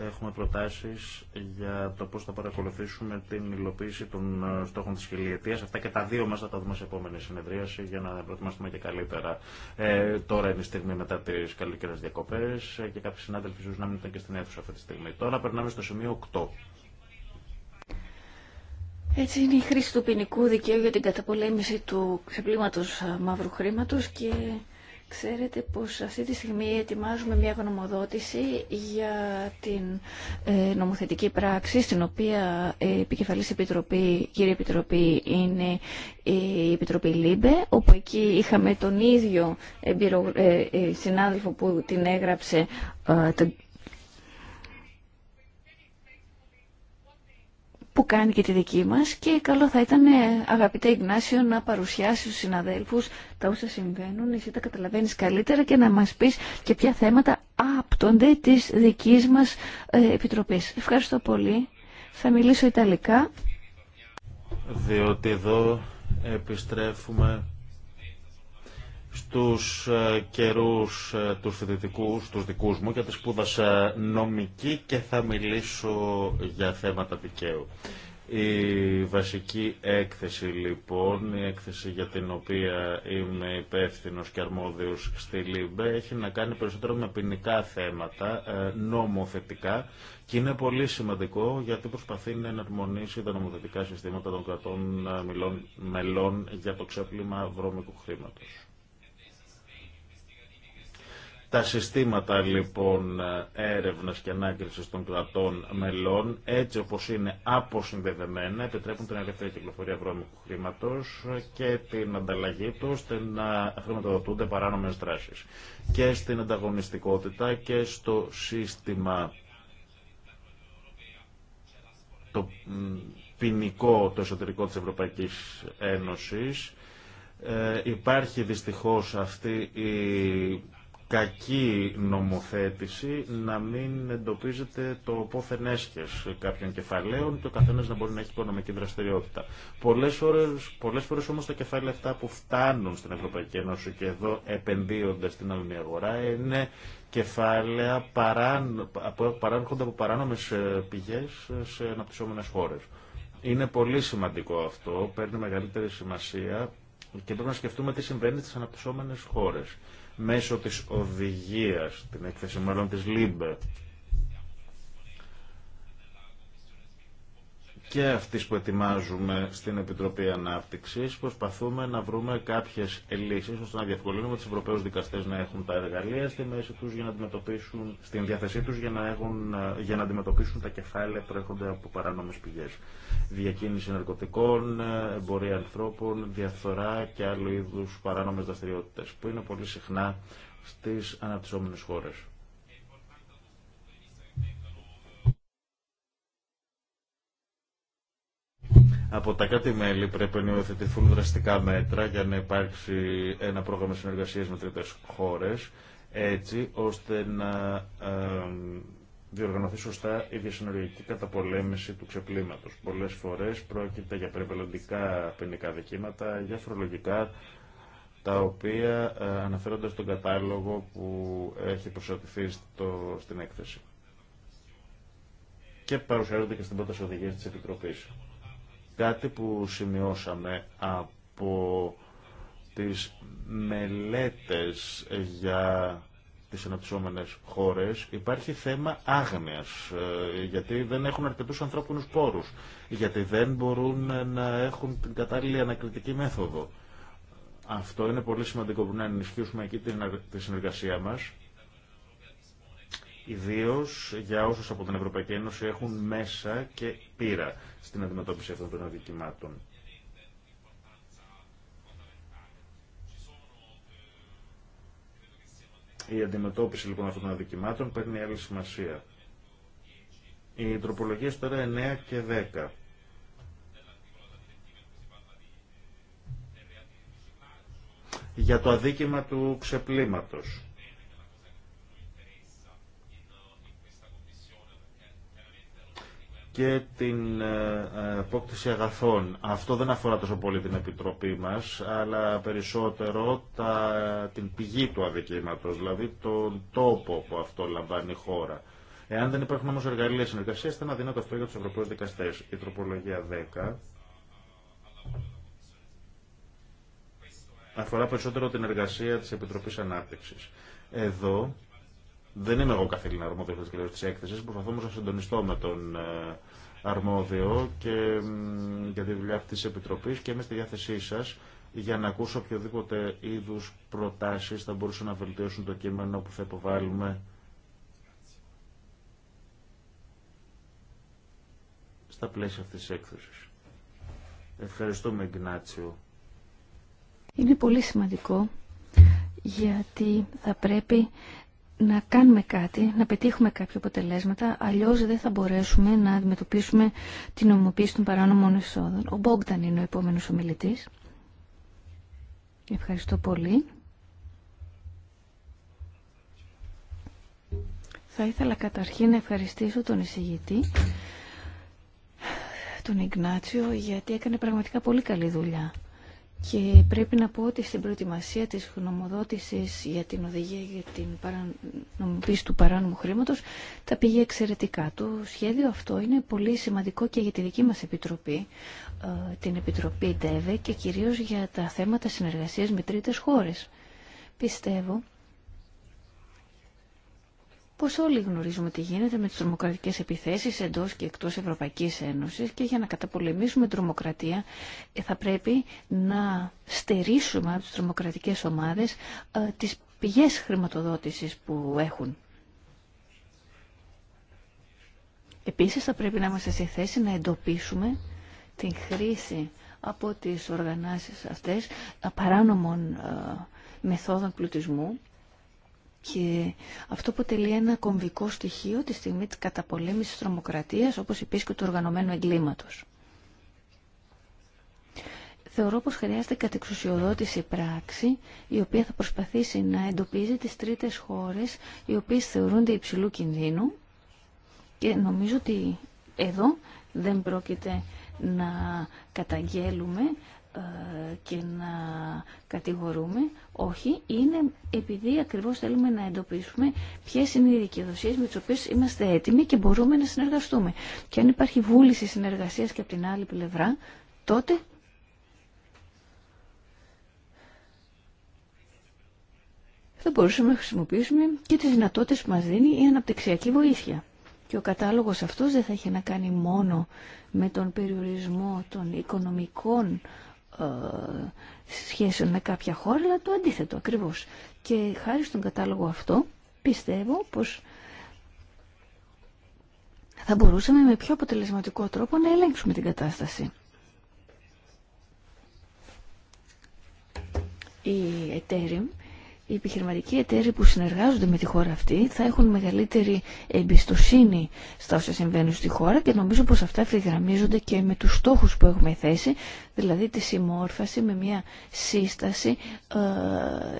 ε, έχουμε προτάσεις για το πώς θα παρακολουθήσουμε την υλοποίηση των ε, στόχων της χιλιετίας. Αυτά και τα δύο μας θα τα δούμε σε επόμενη συνεδρίαση για να προετοιμαστούμε και καλύτερα. Ε, τώρα είναι η στιγμή μετά τις καλύτερες διακοπές ε, και κάποιοι συνάδελφοι ζουν να μην ήταν και στην αίθουσα αυτή τη στιγμή. Τώρα περνάμε στο σημείο 8. Έτσι είναι η χρήση του ποινικού δικαίου για την καταπολέμηση του ξεπλήματος ε, μαύρου χρήματος και Ξέρετε πως αυτή τη στιγμή ετοιμάζουμε μια γνωμοδότηση για την ε, νομοθετική πράξη στην οποία ε, επικεφαλής επιτροπή, κύριε Επιτροπή είναι η Επιτροπή ΛΥΜΠΕ όπου εκεί είχαμε τον ίδιο συνάδελφο που την έγραψε που κάνει και τη δική μας και καλό θα ήταν ε, αγαπητέ Ιγνάσιο να παρουσιάσει στους συναδέλφους τα όσα συμβαίνουν, εσύ τα καταλαβαίνεις καλύτερα και να μας πεις και ποια θέματα άπτονται της δικής μας ε, επιτροπής. Ευχαριστώ πολύ. Θα μιλήσω Ιταλικά. Διότι εδώ επιστρέφουμε στους ε, καιρούς ε, τους φοιτητικού, τους δικούς μου, γιατί σπούδασα νομική και θα μιλήσω για θέματα δικαίου. Η βασική έκθεση λοιπόν, η έκθεση για την οποία είμαι υπεύθυνο και αρμόδιος στη ΛΥΜΠΕ έχει να κάνει περισσότερο με ποινικά θέματα, ε, νομοθετικά και είναι πολύ σημαντικό γιατί προσπαθεί να εναρμονίσει τα νομοθετικά συστήματα των κρατών μελών για το ξέπλυμα βρώμικου χρήματος. Τα συστήματα λοιπόν έρευνας και ανάκρισης των κρατών μελών, έτσι όπως είναι αποσυνδεδεμένα, επιτρέπουν την ελευθερία κυκλοφορία βρώμικου χρήματος και την ανταλλαγή του ώστε να χρηματοδοτούνται παράνομες δράσεις. Και στην ανταγωνιστικότητα και στο σύστημα το ποινικό, το εσωτερικό της Ευρωπαϊκής Ένωσης, ε, υπάρχει δυστυχώς αυτή η κακή νομοθέτηση να μην εντοπίζεται το πόθεν έσχες κάποιων κεφαλαίων και ο καθένα να μπορεί να έχει οικονομική δραστηριότητα. Πολλές, φορές, πολλές φορές όμως τα κεφάλαια αυτά που φτάνουν στην Ευρωπαϊκή Ένωση και εδώ επενδύονται στην άλλη αγορά είναι κεφάλαια παράν, παράγονται από παράνομες ε, πηγές σε αναπτυσσόμενες χώρες. Είναι πολύ σημαντικό αυτό, παίρνει μεγαλύτερη σημασία και πρέπει να σκεφτούμε τι συμβαίνει στις αναπτυσσόμενες χώρες μέσω της οδηγίας, την έκθεση μάλλον της ΛΥΜΠΕ και αυτής που ετοιμάζουμε στην Επιτροπή Ανάπτυξης προσπαθούμε να βρούμε κάποιες λύσεις ώστε να διευκολύνουμε τους Ευρωπαίους δικαστές να έχουν τα εργαλεία στη μέση τους για να αντιμετωπίσουν, στην διάθεσή τους για να, για να αντιμετωπίσουν τα κεφάλαια που έρχονται από παράνομες πηγές. Διακίνηση ναρκωτικών, εμπορία ανθρώπων, διαφθορά και άλλου είδους παράνομες δραστηριότητες που είναι πολύ συχνά στις αναπτυσσόμενες χώρες. Από τα κάτι μέλη πρέπει να υιοθετηθούν δραστικά μέτρα για να υπάρξει ένα πρόγραμμα συνεργασίας με τρίτες χώρες, έτσι ώστε να διοργανωθεί σωστά η διασυνοριακή καταπολέμηση του ξεπλήματος. Πολλές φορές πρόκειται για περιβαλλοντικά ποινικά δικήματα, για φορολογικά, τα οποία ε, αναφέρονται στον κατάλογο που έχει προσαρτηθεί στο, στην έκθεση. Και παρουσιάζονται και στην πρόταση οδηγία της Επιτροπής. Κάτι που σημειώσαμε από τις μελέτες για τις αναπτυσσόμενες χώρες υπάρχει θέμα άγνοιας ε, γιατί δεν έχουν αρκετούς ανθρώπινους πόρους γιατί δεν μπορούν να έχουν την κατάλληλη ανακριτική μέθοδο αυτό είναι πολύ σημαντικό που να ενισχύσουμε εκεί τη συνεργασία μας Ιδίω για όσου από την Ευρωπαϊκή Ένωση έχουν μέσα και πείρα στην αντιμετώπιση αυτών των αδικημάτων. Η αντιμετώπιση λοιπόν αυτών των αδικημάτων παίρνει άλλη σημασία. Οι τροπολογίε τώρα 9 και 10. για το αδίκημα του ξεπλήματος. και την ε, ε, απόκτηση αγαθών. Αυτό δεν αφορά τόσο πολύ την Επιτροπή μας, αλλά περισσότερο τα, την πηγή του αδικήματος, δηλαδή τον τόπο που αυτό λαμβάνει η χώρα. Εάν δεν υπάρχουν όμως εργαλεία συνεργασία θα είναι αδύνατο αυτό για τους Ευρωπαίους δικαστές. Η τροπολογία 10 αφορά περισσότερο την εργασία τη επιτροπή ανάπτυξη. Εδώ δεν είμαι εγώ καθήλυνα αρμόδιο τη τη έκθεση. Προσπαθώ όμω να συντονιστώ με τον ε, αρμόδιο και για τη δουλειά αυτής της Επιτροπής και είμαι στη διάθεσή σας για να ακούσω οποιοδήποτε είδους προτάσεις θα μπορούσαν να βελτιώσουν το κείμενο που θα υποβάλουμε στα πλαίσια αυτής της έκθεσης. Ευχαριστούμε, Γκνάτσιο. Είναι πολύ σημαντικό γιατί θα πρέπει να κάνουμε κάτι, να πετύχουμε κάποια αποτελέσματα, αλλιώς δεν θα μπορέσουμε να αντιμετωπίσουμε την ομοποίηση των παράνομων εισόδων. Ο Μπόγκταν είναι ο επόμενος ομιλητής. Ευχαριστώ πολύ. Θα ήθελα καταρχήν να ευχαριστήσω τον εισηγητή, τον Ιγνάτσιο, γιατί έκανε πραγματικά πολύ καλή δουλειά. Και πρέπει να πω ότι στην προετοιμασία της γνωμοδότησης για την οδηγία για την παρανομοποίηση του παράνομου χρήματος τα πήγε εξαιρετικά. Το σχέδιο αυτό είναι πολύ σημαντικό και για τη δική μας επιτροπή, ε, την Επιτροπή ΔΕΒΕ και κυρίως για τα θέματα συνεργασίας με τρίτες χώρες. Πιστεύω πως όλοι γνωρίζουμε τι γίνεται με τις τρομοκρατικές επιθέσεις εντός και εκτός Ευρωπαϊκής Ένωσης και για να καταπολεμήσουμε τρομοκρατία θα πρέπει να στερήσουμε από τις τρομοκρατικές ομάδες ε, τις πηγές χρηματοδότησης που έχουν. Επίσης θα πρέπει να είμαστε σε θέση να εντοπίσουμε την χρήση από τις οργανώσεις αυτές παράνομων ε, μεθόδων πλουτισμού και αυτό αποτελεί ένα κομβικό στοιχείο τη στιγμή της καταπολέμησης της τρομοκρατίας όπως επίσης και του οργανωμένου εγκλήματος. Θεωρώ πως χρειάζεται κατεξουσιοδότηση πράξη η οποία θα προσπαθήσει να εντοπίζει τις τρίτες χώρες οι οποίες θεωρούνται υψηλού κινδύνου και νομίζω ότι εδώ δεν πρόκειται να καταγγέλουμε και να κατηγορούμε. Όχι, είναι επειδή ακριβώς θέλουμε να εντοπίσουμε ποιες είναι οι δικαιοδοσίε με τις οποίες είμαστε έτοιμοι και μπορούμε να συνεργαστούμε. Και αν υπάρχει βούληση συνεργασίας και από την άλλη πλευρά, τότε θα μπορούσαμε να χρησιμοποιήσουμε και τις δυνατότητες που μας δίνει η αναπτυξιακή βοήθεια. Και ο κατάλογος αυτός δεν θα έχει να κάνει μόνο με τον περιορισμό των οικονομικών ε, σχέσεων με κάποια χώρα, αλλά το αντίθετο ακριβώς. Και χάρη στον κατάλογο αυτό πιστεύω πως θα μπορούσαμε με πιο αποτελεσματικό τρόπο να ελέγξουμε την κατάσταση. Η Ethereum οι επιχειρηματικοί εταίροι που συνεργάζονται με τη χώρα αυτή θα έχουν μεγαλύτερη εμπιστοσύνη στα όσα συμβαίνουν στη χώρα και νομίζω πως αυτά ευθυγραμμίζονται και με τους στόχους που έχουμε θέσει, δηλαδή τη συμμόρφαση με μια σύσταση ε,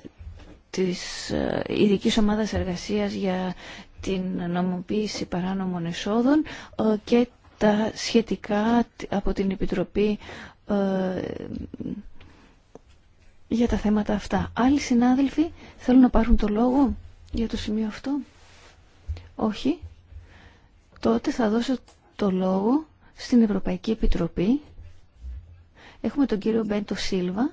της ε, ειδικής ομάδας εργασίας για την νομοποίηση παράνομων εσόδων ε, και τα σχετικά από την Επιτροπή ε, για τα θέματα αυτά. Άλλοι συνάδελφοι θέλουν να πάρουν το λόγο για το σημείο αυτό. Όχι. Τότε θα δώσω το λόγο στην Ευρωπαϊκή Επιτροπή. Έχουμε τον κύριο Μπέντο Σίλβα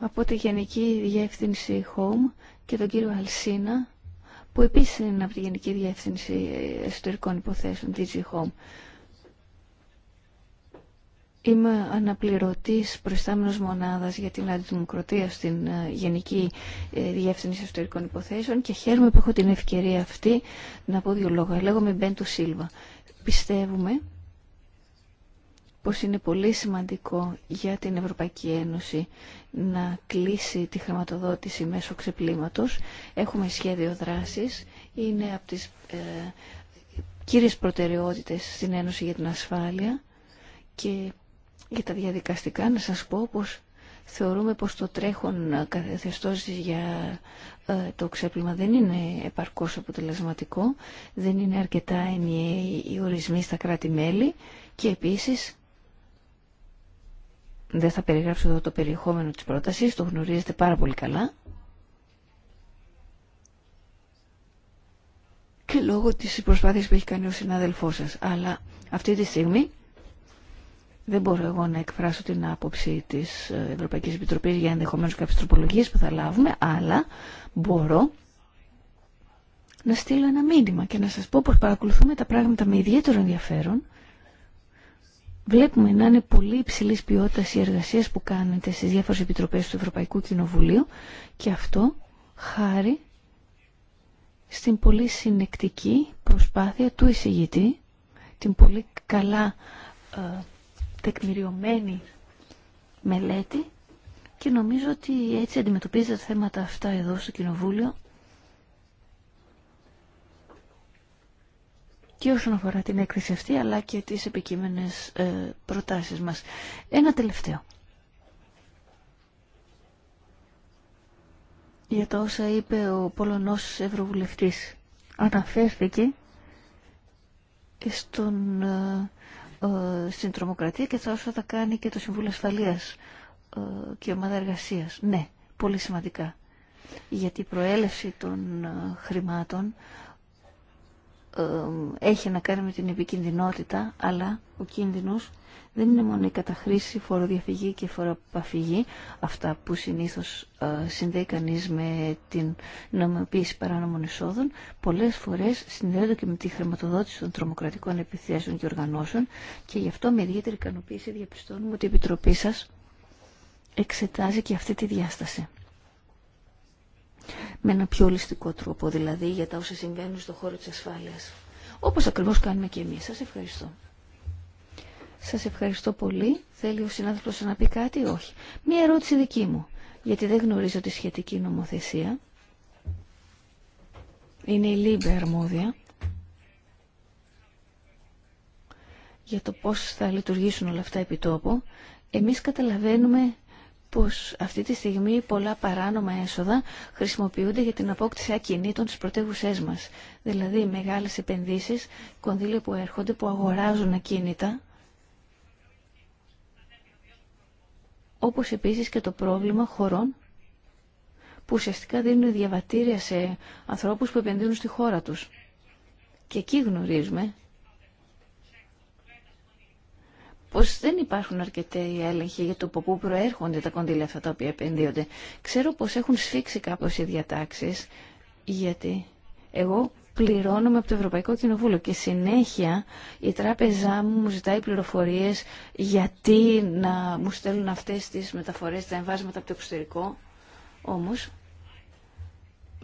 από τη Γενική Διεύθυνση Home και τον κύριο Αλσίνα που επίσης είναι από τη Γενική Διεύθυνση Εσωτερικών Υποθέσεων DG Home. Είμαι αναπληρωτής προϊστάμενος μονάδας για την αντιδημοκρατία στην ε, Γενική ε, Διεύθυνση Ιστορικών Υποθέσεων και χαίρομαι που έχω την ευκαιρία αυτή να πω δύο λόγια. Λέγομαι Μπέντου Σίλβα. Πιστεύουμε πως είναι πολύ σημαντικό για την Ευρωπαϊκή Ένωση να κλείσει τη χρηματοδότηση μέσω ξεπλήματος. Έχουμε σχέδιο δράσης. Είναι από τις ε, κύριες προτεραιότητες στην Ένωση για την Ασφάλεια και για τα διαδικαστικά να σας πω πως θεωρούμε πως το τρέχον καθεστώς για ε, το ξέπλυμα δεν είναι επαρκώς αποτελεσματικό, δεν είναι αρκετά ενιαίοι οι ορισμοί στα κράτη-μέλη και επίσης δεν θα περιγράψω εδώ το περιεχόμενο της πρότασης, το γνωρίζετε πάρα πολύ καλά. Και λόγω της προσπάθειας που έχει κάνει ο συνάδελφός σας. Αλλά αυτή τη στιγμή δεν μπορώ εγώ να εκφράσω την άποψη της Ευρωπαϊκής Επιτροπής για ενδεχομένως κάποιες τροπολογίες που θα λάβουμε, αλλά μπορώ να στείλω ένα μήνυμα και να σας πω πως παρακολουθούμε τα πράγματα με ιδιαίτερο ενδιαφέρον. Βλέπουμε να είναι πολύ υψηλή ποιότητα οι εργασίε που κάνετε στι διάφορε επιτροπέ του Ευρωπαϊκού Κοινοβουλίου και αυτό χάρη στην πολύ συνεκτική προσπάθεια του εισηγητή, την πολύ καλά ε, τεκμηριωμένη μελέτη και νομίζω ότι έτσι αντιμετωπίζετε θέματα αυτά εδώ στο Κοινοβούλιο και όσον αφορά την έκθεση αυτή αλλά και τις επικείμενες ε, προτάσεις μας. Ένα τελευταίο. Για τα όσα είπε ο Πολωνός Ευρωβουλευτής. Αναφέρθηκε στον ε, ε, στην τρομοκρατία και τόσο θα κάνει και το Συμβούλιο Ασφαλείας ε, και η Ομάδα Εργασίας. Ναι, πολύ σημαντικά. Γιατί η προέλευση των ε, χρημάτων έχει να κάνει με την επικίνδυνότητα, αλλά ο κίνδυνος δεν είναι μόνο η καταχρήση, η φοροδιαφυγή και η φοροπαφυγή, αυτά που συνήθως ε, συνδέει κανείς με την νομιμοποίηση παράνομων εισόδων, πολλές φορές συνδέονται και με τη χρηματοδότηση των τρομοκρατικών επιθέσεων και οργανώσεων και γι' αυτό με ιδιαίτερη ικανοποίηση διαπιστώνουμε ότι η Επιτροπή σας εξετάζει και αυτή τη διάσταση με ένα πιο ολιστικό τρόπο δηλαδή για τα όσα συμβαίνουν στον χώρο της ασφάλειας. Όπως ακριβώς κάνουμε και εμείς. Σας ευχαριστώ. Σας ευχαριστώ πολύ. Θέλει ο συνάδελφος να πει κάτι, όχι. Μία ερώτηση δική μου, γιατί δεν γνωρίζω τη σχετική νομοθεσία. Είναι η ΛΥΜΠΕ αρμόδια για το πώς θα λειτουργήσουν όλα αυτά επί τόπου. Εμείς καταλαβαίνουμε πως αυτή τη στιγμή πολλά παράνομα έσοδα χρησιμοποιούνται για την απόκτηση ακινήτων στις πρωτεύουσές μας. Δηλαδή μεγάλες επενδύσεις, κονδύλια που έρχονται, που αγοράζουν ακίνητα όπως επίσης και το πρόβλημα χωρών που ουσιαστικά δίνουν διαβατήρια σε ανθρώπους που επενδύουν στη χώρα τους. Και εκεί γνωρίζουμε πως δεν υπάρχουν αρκετοί έλεγχοι για το από πού προέρχονται τα κονδύλια αυτά τα οποία επενδύονται. Ξέρω πως έχουν σφίξει κάπως οι διατάξεις, γιατί εγώ πληρώνουμε από το Ευρωπαϊκό Κοινοβούλιο και συνέχεια η τράπεζά μου μου ζητάει πληροφορίες γιατί να μου στέλνουν αυτές τις μεταφορές, τα εμβάσματα από το εξωτερικό. Όμως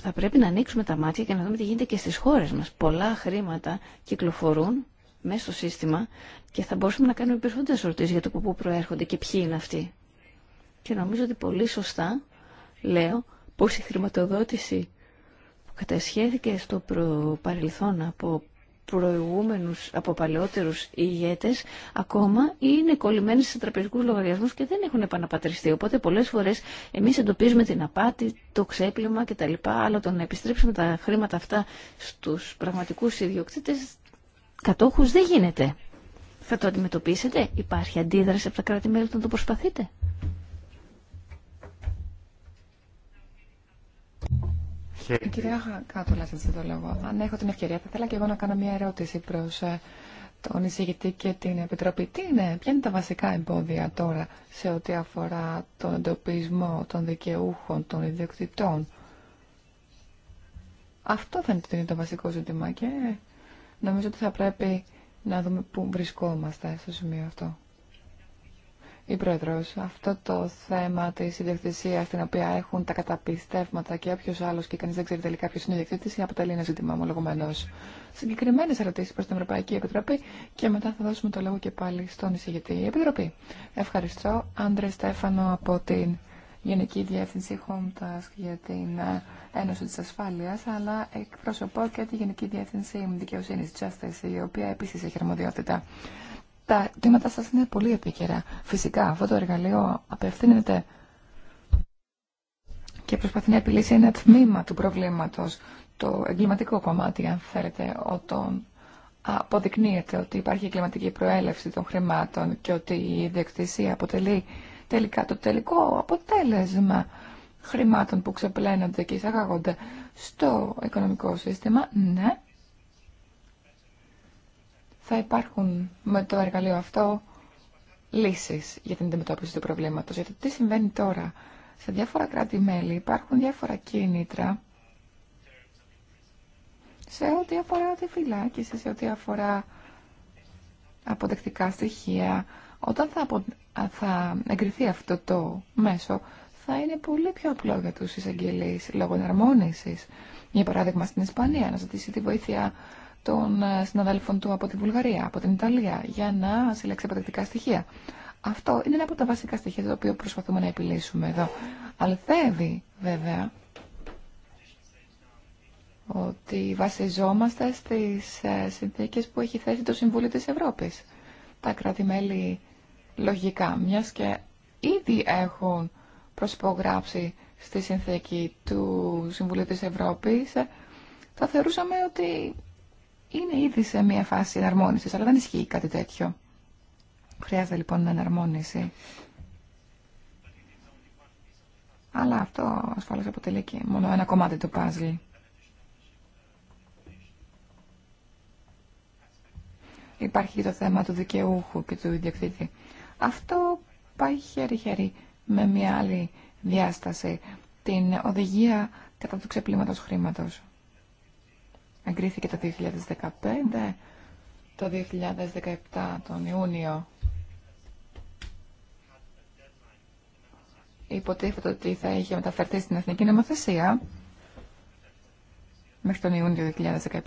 θα πρέπει να ανοίξουμε τα μάτια και να δούμε τι γίνεται και στις χώρες μας. Πολλά χρήματα κυκλοφορούν μέσα στο σύστημα και θα μπορούσαμε να κάνουμε περισσότερε ερωτήσει για το πού προέρχονται και ποιοι είναι αυτοί. Και νομίζω ότι πολύ σωστά λέω πως η χρηματοδότηση κατασχέθηκε στο προ... παρελθόν από προηγούμενους, από παλαιότερους ηγέτες ακόμα είναι κολλημένοι σε τραπεζικούς λογαριασμούς και δεν έχουν επαναπατριστεί. Οπότε πολλές φορές εμείς εντοπίζουμε την απάτη, το ξέπλυμα κτλ. Αλλά το να επιστρέψουμε τα χρήματα αυτά στους πραγματικούς ιδιοκτήτες κατόχους δεν γίνεται. Θα το αντιμετωπίσετε, υπάρχει αντίδραση από τα κράτη-μέλη όταν το προσπαθείτε. Ε, κυρία Κάτολα, το Αν έχω την ευκαιρία, θα ήθελα και εγώ να κάνω μια ερώτηση προ ε, τον εισηγητή και την Επιτροπή. Τι είναι, ποια είναι τα βασικά εμπόδια τώρα σε ό,τι αφορά τον εντοπισμό των δικαιούχων, των ιδιοκτητών. Αυτό θα είναι το βασικό ζήτημα και νομίζω ότι θα πρέπει να δούμε πού βρισκόμαστε στο σημείο αυτό η Πρόεδρος. Αυτό το θέμα της ιδιοκτησίας την οποία έχουν τα καταπιστεύματα και όποιος άλλος και κανείς δεν ξέρει τελικά ποιος είναι ιδιοκτήτης αποτελεί ένα ζήτημα ομολογουμένως. Συγκεκριμένες ερωτήσεις προς την Ευρωπαϊκή Επιτροπή και μετά θα δώσουμε το λόγο και πάλι στον εισηγητή Επιτροπή. Ευχαριστώ. Άντρε Στέφανο από την Γενική Διεύθυνση Home Task για την ε, Ένωση της Ασφάλειας, αλλά εκπροσωπώ και τη Γενική Διεύθυνση Δικαιοσύνης Justice, η οποία επίση έχει αρμοδιότητα τα αιτήματά σας είναι πολύ επίκαιρα. Φυσικά αυτό το εργαλείο απευθύνεται και προσπαθεί να επιλύσει ένα τμήμα του προβλήματος, το εγκληματικό κομμάτι αν θέλετε, όταν αποδεικνύεται ότι υπάρχει εγκληματική προέλευση των χρημάτων και ότι η διεκτησία αποτελεί τελικά το τελικό αποτέλεσμα χρημάτων που ξεπλένονται και εισαγάγονται στο οικονομικό σύστημα, ναι, θα υπάρχουν με το εργαλείο αυτό λύσεις για την αντιμετώπιση του προβλήματος. Γιατί τι συμβαίνει τώρα. Σε διάφορα κράτη-μέλη υπάρχουν διάφορα κίνητρα σε ό,τι αφορά τη φυλάκιση, σε ό,τι αφορά αποδεκτικά στοιχεία. Όταν θα, απο... θα εγκριθεί αυτό το μέσο, θα είναι πολύ πιο απλό για τους εισαγγελείς λόγω εναρμόνισης. Για παράδειγμα, στην Ισπανία να ζητήσει τη βοήθεια των ε, συναδέλφων του από τη Βουλγαρία, από την Ιταλία, για να συλλέξει αποδεκτικά στοιχεία. Αυτό είναι ένα από τα βασικά στοιχεία τα οποία προσπαθούμε να επιλύσουμε εδώ. Αλθεύει βέβαια ότι βασιζόμαστε στις ε, συνθήκες που έχει θέσει το Συμβούλιο της Ευρώπης. Τα κράτη-μέλη λογικά, μιας και ήδη έχουν προσπογράψει στη συνθήκη του Συμβουλίου της Ευρώπης, ε, θα θεωρούσαμε ότι είναι ήδη σε μια φάση εναρμόνιση, αλλά δεν ισχύει κάτι τέτοιο. Χρειάζεται λοιπόν εναρμόνιση. Αλλά αυτό ασφαλώς αποτελεί και μόνο ένα κομμάτι του παζλ. Υπάρχει και το θέμα του δικαιούχου και του ιδιοκτήτη. Αυτό πάει χέρι-χέρι με μια άλλη διάσταση, την οδηγία κατά του ξεπλήματος χρήματος. Εγκρίθηκε το 2015, το 2017 τον Ιούνιο. Υποτίθεται ότι θα είχε μεταφερθεί στην Εθνική Νομοθεσία μέχρι τον Ιούνιο 2017.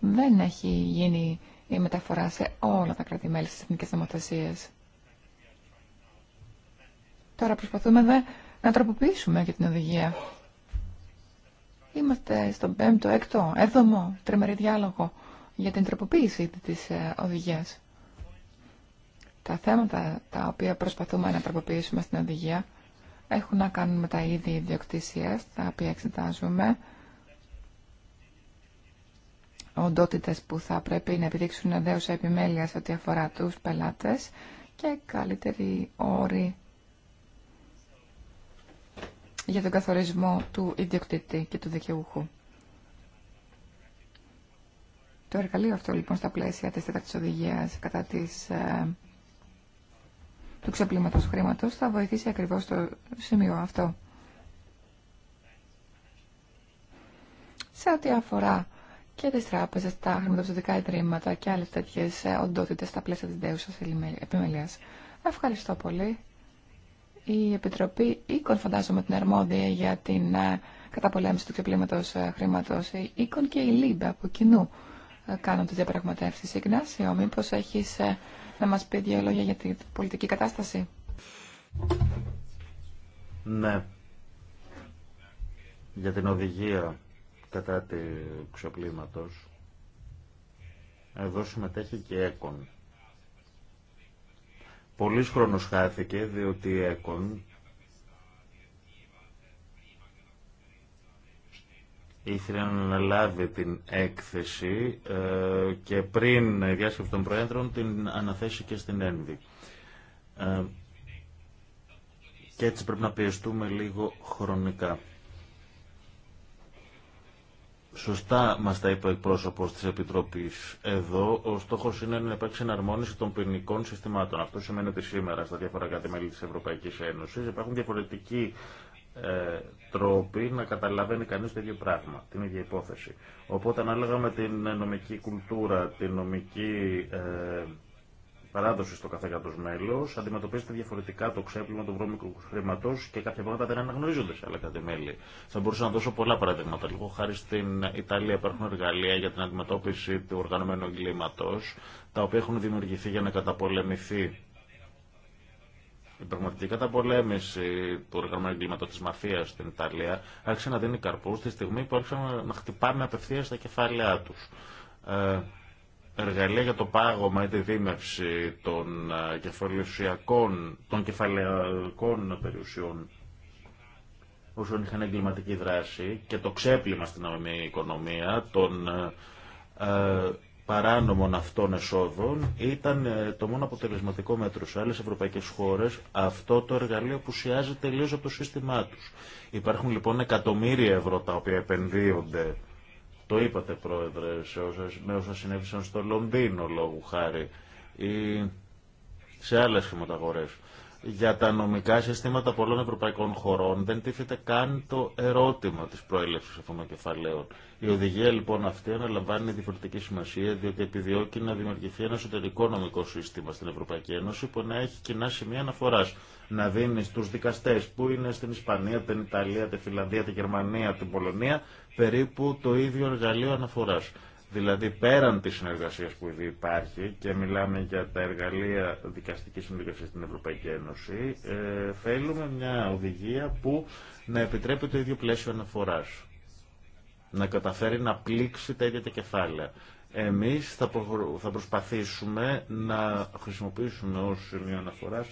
Δεν έχει γίνει η μεταφορά σε όλα τα κράτη-μέλη στις εθνικές νομοθεσίες. Τώρα προσπαθούμε να τροποποιήσουμε και την οδηγία. Είμαστε στον 5ο, 6ο, 7ο τριμερή διάλογο για την τροποποίηση της ε, οδηγίας. Τα θέματα τα οποία προσπαθούμε να τροποποιήσουμε στην οδηγία έχουν να κάνουν με τα είδη ιδιοκτησίας, τα οποία εξετάζουμε, οντότητες που θα πρέπει να επιδείξουν δέουσα επιμέλεια σε ό,τι αφορά τους πελάτες και καλύτεροι όροι για τον καθορισμό του ιδιοκτήτη και του δικαιούχου. Το εργαλείο αυτό λοιπόν στα πλαίσια της τέταρτης οδηγίας κατά της, ε, του ξεπλήματος χρήματος θα βοηθήσει ακριβώς το σημείο αυτό. Σε ό,τι αφορά και τις τράπεζες, τα χρηματοδοτικά ιδρύματα και άλλες τέτοιες ε, οντότητες στα πλαίσια της δέουσας επιμελίας. Ευχαριστώ πολύ η Επιτροπή Οίκων, φαντάζομαι την αρμόδια για την ε, καταπολέμηση του ξεπλήματος ε, χρήματος. Η Οίκων και η Λίμπα από κοινού ε, κάνουν τις διαπραγματεύσεις. Ιγνάσιο, μήπως έχεις να μας πει δύο λόγια για την πολιτική κατάσταση. Ναι. Για την οδηγία κατά του ξεπλήματος, εδώ συμμετέχει και έκον Πολύς χρόνος χάθηκε διότι η ΕΚΟΝ ήθελε να αναλάβει την έκθεση ε, και πριν η διάσκεψη των Προέδρων την αναθέσει και στην ΕΝΒΗ. Ε, και έτσι πρέπει να πιεστούμε λίγο χρονικά. Σωστά μα τα είπε ο εκπρόσωπο τη Επιτροπή εδώ. Ο στόχο είναι να υπάρξει εναρμόνιση των ποινικών συστημάτων. Αυτό σημαίνει ότι σήμερα στα διάφορα κατημέλη τη Ευρωπαϊκή Ένωση υπάρχουν διαφορετικοί ε, τρόποι να καταλαβαίνει κανεί το ίδιο πράγμα, την ίδια υπόθεση. Οπότε, ανάλογα με την νομική κουλτούρα, την νομική. Ε, παράδοση στο κάθε κράτο μέλο, αντιμετωπίζεται διαφορετικά το ξέπλυμα του βρώμικου χρήματο και κάποια πράγματα δεν αναγνωρίζονται σε άλλα κράτη-μέλη. Θα μπορούσα να δώσω πολλά παραδείγματα. Λίγο χάρη στην Ιταλία υπάρχουν εργαλεία για την αντιμετώπιση του οργανωμένου εγκλήματο, τα οποία έχουν δημιουργηθεί για να καταπολεμηθεί η πραγματική καταπολέμηση του οργανωμένου εγκλήματο τη μαφία στην Ιταλία άρχισε να δίνει καρπού τη στιγμή που άρχισαν να χτυπάμε απευθεία στα κεφάλαιά του. Ε, εργαλεία για το πάγωμα ή τη δίμευση των ε, κεφαλαιοσιακών, των κεφαλαιακών περιουσιών όσων είχαν εγκληματική δράση και το ξέπλυμα στην οικονομία των ε, ε, παράνομων αυτών εσόδων ήταν το μόνο αποτελεσματικό μέτρο. Σε άλλες ευρωπαϊκές χώρες αυτό το εργαλείο σιάζει τελείως από το σύστημά τους. Υπάρχουν λοιπόν εκατομμύρια ευρώ τα οποία επενδύονται το είπατε, Πρόεδρε, σε όσα, με όσα συνέβησαν στο Λονδίνο, λόγου χάρη, ή σε άλλες χρηματαγορές για τα νομικά συστήματα πολλών ευρωπαϊκών χωρών δεν τίθεται καν το ερώτημα της προέλευσης αυτών των κεφαλαίων. Η οδηγία λοιπόν αυτή αναλαμβάνει διαφορετική σημασία διότι επιδιώκει να δημιουργηθεί ένα εσωτερικό νομικό σύστημα στην Ευρωπαϊκή Ένωση που να έχει κοινά σημεία αναφορά Να δίνει στου δικαστέ που είναι στην Ισπανία, την Ιταλία, τη Φιλανδία, τη Γερμανία, την Πολωνία περίπου το ίδιο εργαλείο αναφορά. Δηλαδή πέραν της συνεργασίας που ήδη υπάρχει και μιλάμε για τα εργαλεία δικαστικής συνεργασίας στην Ευρωπαϊκή Ένωση, ε, θέλουμε μια οδηγία που να επιτρέπει το ίδιο πλαίσιο αναφοράς. Να καταφέρει να πλήξει τα ίδια τα κεφάλαια. Εμείς θα, θα προσπαθήσουμε να χρησιμοποιήσουμε ως σημείο αναφοράς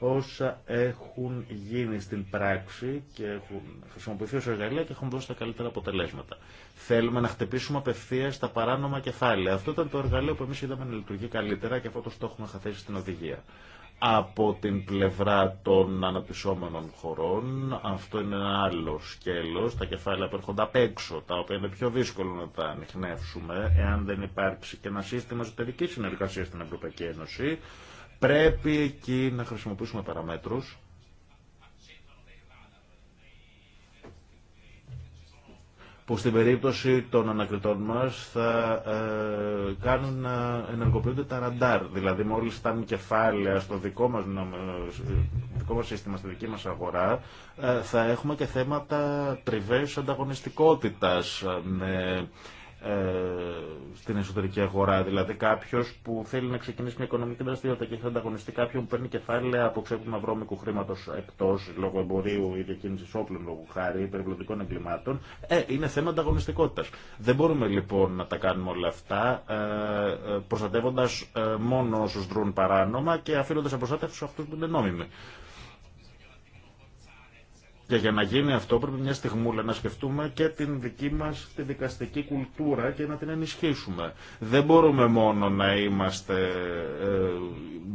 όσα έχουν γίνει στην πράξη και έχουν χρησιμοποιηθεί ως εργαλεία και έχουν δώσει τα καλύτερα αποτελέσματα. Θέλουμε να χτυπήσουμε απευθεία τα παράνομα κεφάλαια. Αυτό ήταν το εργαλείο που εμεί είδαμε να λειτουργεί καλύτερα και αυτό το στόχο έχουμε χαθέσει στην οδηγία. Από την πλευρά των αναπτυσσόμενων χωρών, αυτό είναι ένα άλλο σκέλος, τα κεφάλαια που έρχονται απ' έξω, τα οποία είναι πιο δύσκολο να τα ανοιχνεύσουμε, εάν δεν υπάρξει και ένα σύστημα εσωτερική συνεργασία στην Ευρωπαϊκή Ένωση, Πρέπει εκεί να χρησιμοποιήσουμε παραμέτρους που στην περίπτωση των ανακριτών μας θα ε, κάνουν να ενεργοποιούνται τα ραντάρ. Δηλαδή μόλις ήταν κεφάλαια στο δικό μας, δικό μας σύστημα, στη δική μας αγορά, ε, θα έχουμε και θέματα τριβές ανταγωνιστικότητας ε, με ε, στην εσωτερική αγορά. Δηλαδή κάποιο που θέλει να ξεκινήσει μια οικονομική δραστηριότητα και θα ανταγωνιστεί κάποιον που παίρνει κεφάλαια από ξέπλυμα βρώμικου χρήματο εκτό λόγω εμπορίου ή διακίνηση όπλων λόγω χάρη περιβλητικών εγκλημάτων. Ε, είναι θέμα ανταγωνιστικότητα. Δεν μπορούμε λοιπόν να τα κάνουμε όλα αυτά ε, ε προστατεύοντα ε, μόνο όσου δρούν παράνομα και αφήνοντα απροστάτευτου αυτού που είναι νόμιμοι. Και για να γίνει αυτό πρέπει μια στιγμούλα να σκεφτούμε και την δική μας τη δικαστική κουλτούρα και να την ενισχύσουμε. Δεν μπορούμε μόνο να είμαστε ε,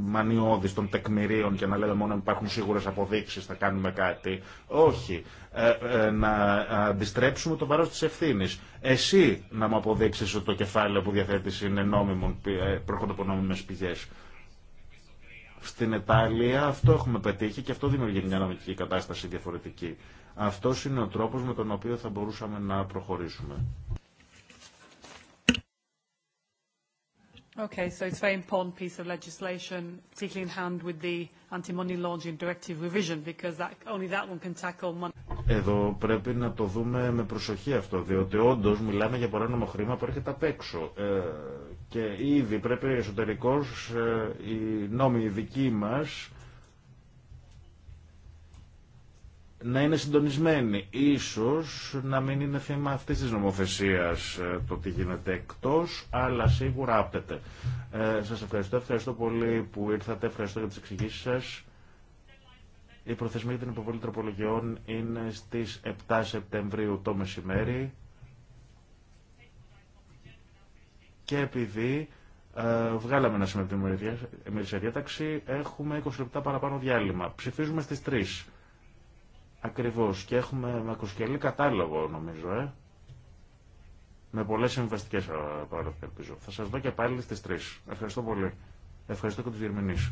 μανιώδεις των τεκμηρίων και να λέμε μόνο αν υπάρχουν σίγουρες αποδείξεις θα κάνουμε κάτι. Όχι. Ε, ε, να αντιστρέψουμε το βάρος της ευθύνης. Εσύ να μου αποδείξεις ότι το κεφάλαιο που διαθέτεις είναι νόμιμο, ε, προέρχονται από νόμιμες πηγές. Στην Ιταλία αυτό έχουμε πετύχει και αυτό δημιουργεί μια νομική κατάσταση διαφορετική. Αυτός είναι ο τρόπος με τον οποίο θα μπορούσαμε να προχωρήσουμε. Okay, so it's a very important piece of legislation, particularly in hand with the anti-money laundering directive revision, because that, only that one can tackle money. Εδώ πρέπει να το δούμε με προσοχή αυτό, διότι όντω μιλάμε για παράνομο χρήμα που έρχεται απ' έξω. Ε, και ήδη πρέπει εσωτερικώ ε, οι νόμοι δικοί μα να είναι συντονισμένοι. Ίσως να μην είναι θέμα αυτής της νομοθεσίας ε, το τι γίνεται εκτός, αλλά σίγουρα άπτεται. Ε, σας ευχαριστώ, ευχαριστώ πολύ που ήρθατε, ευχαριστώ για τις εξηγήσεις σας. Η προθεσμία για την υποβολή τροπολογιών είναι στις 7 Σεπτεμβρίου το μεσημέρι. Και επειδή ε, βγάλαμε ένα σημείο από διάταξη, έχουμε 20 λεπτά παραπάνω διάλειμμα. Ψηφίζουμε στις 3. Ακριβώς. Και έχουμε μακροσκελή κατάλογο νομίζω, ε. Με πολλές συμβαστικές ε, ελπίζω. Θα σας δω και πάλι στις 3. Ευχαριστώ πολύ. Ευχαριστώ και τους διερμηνείς.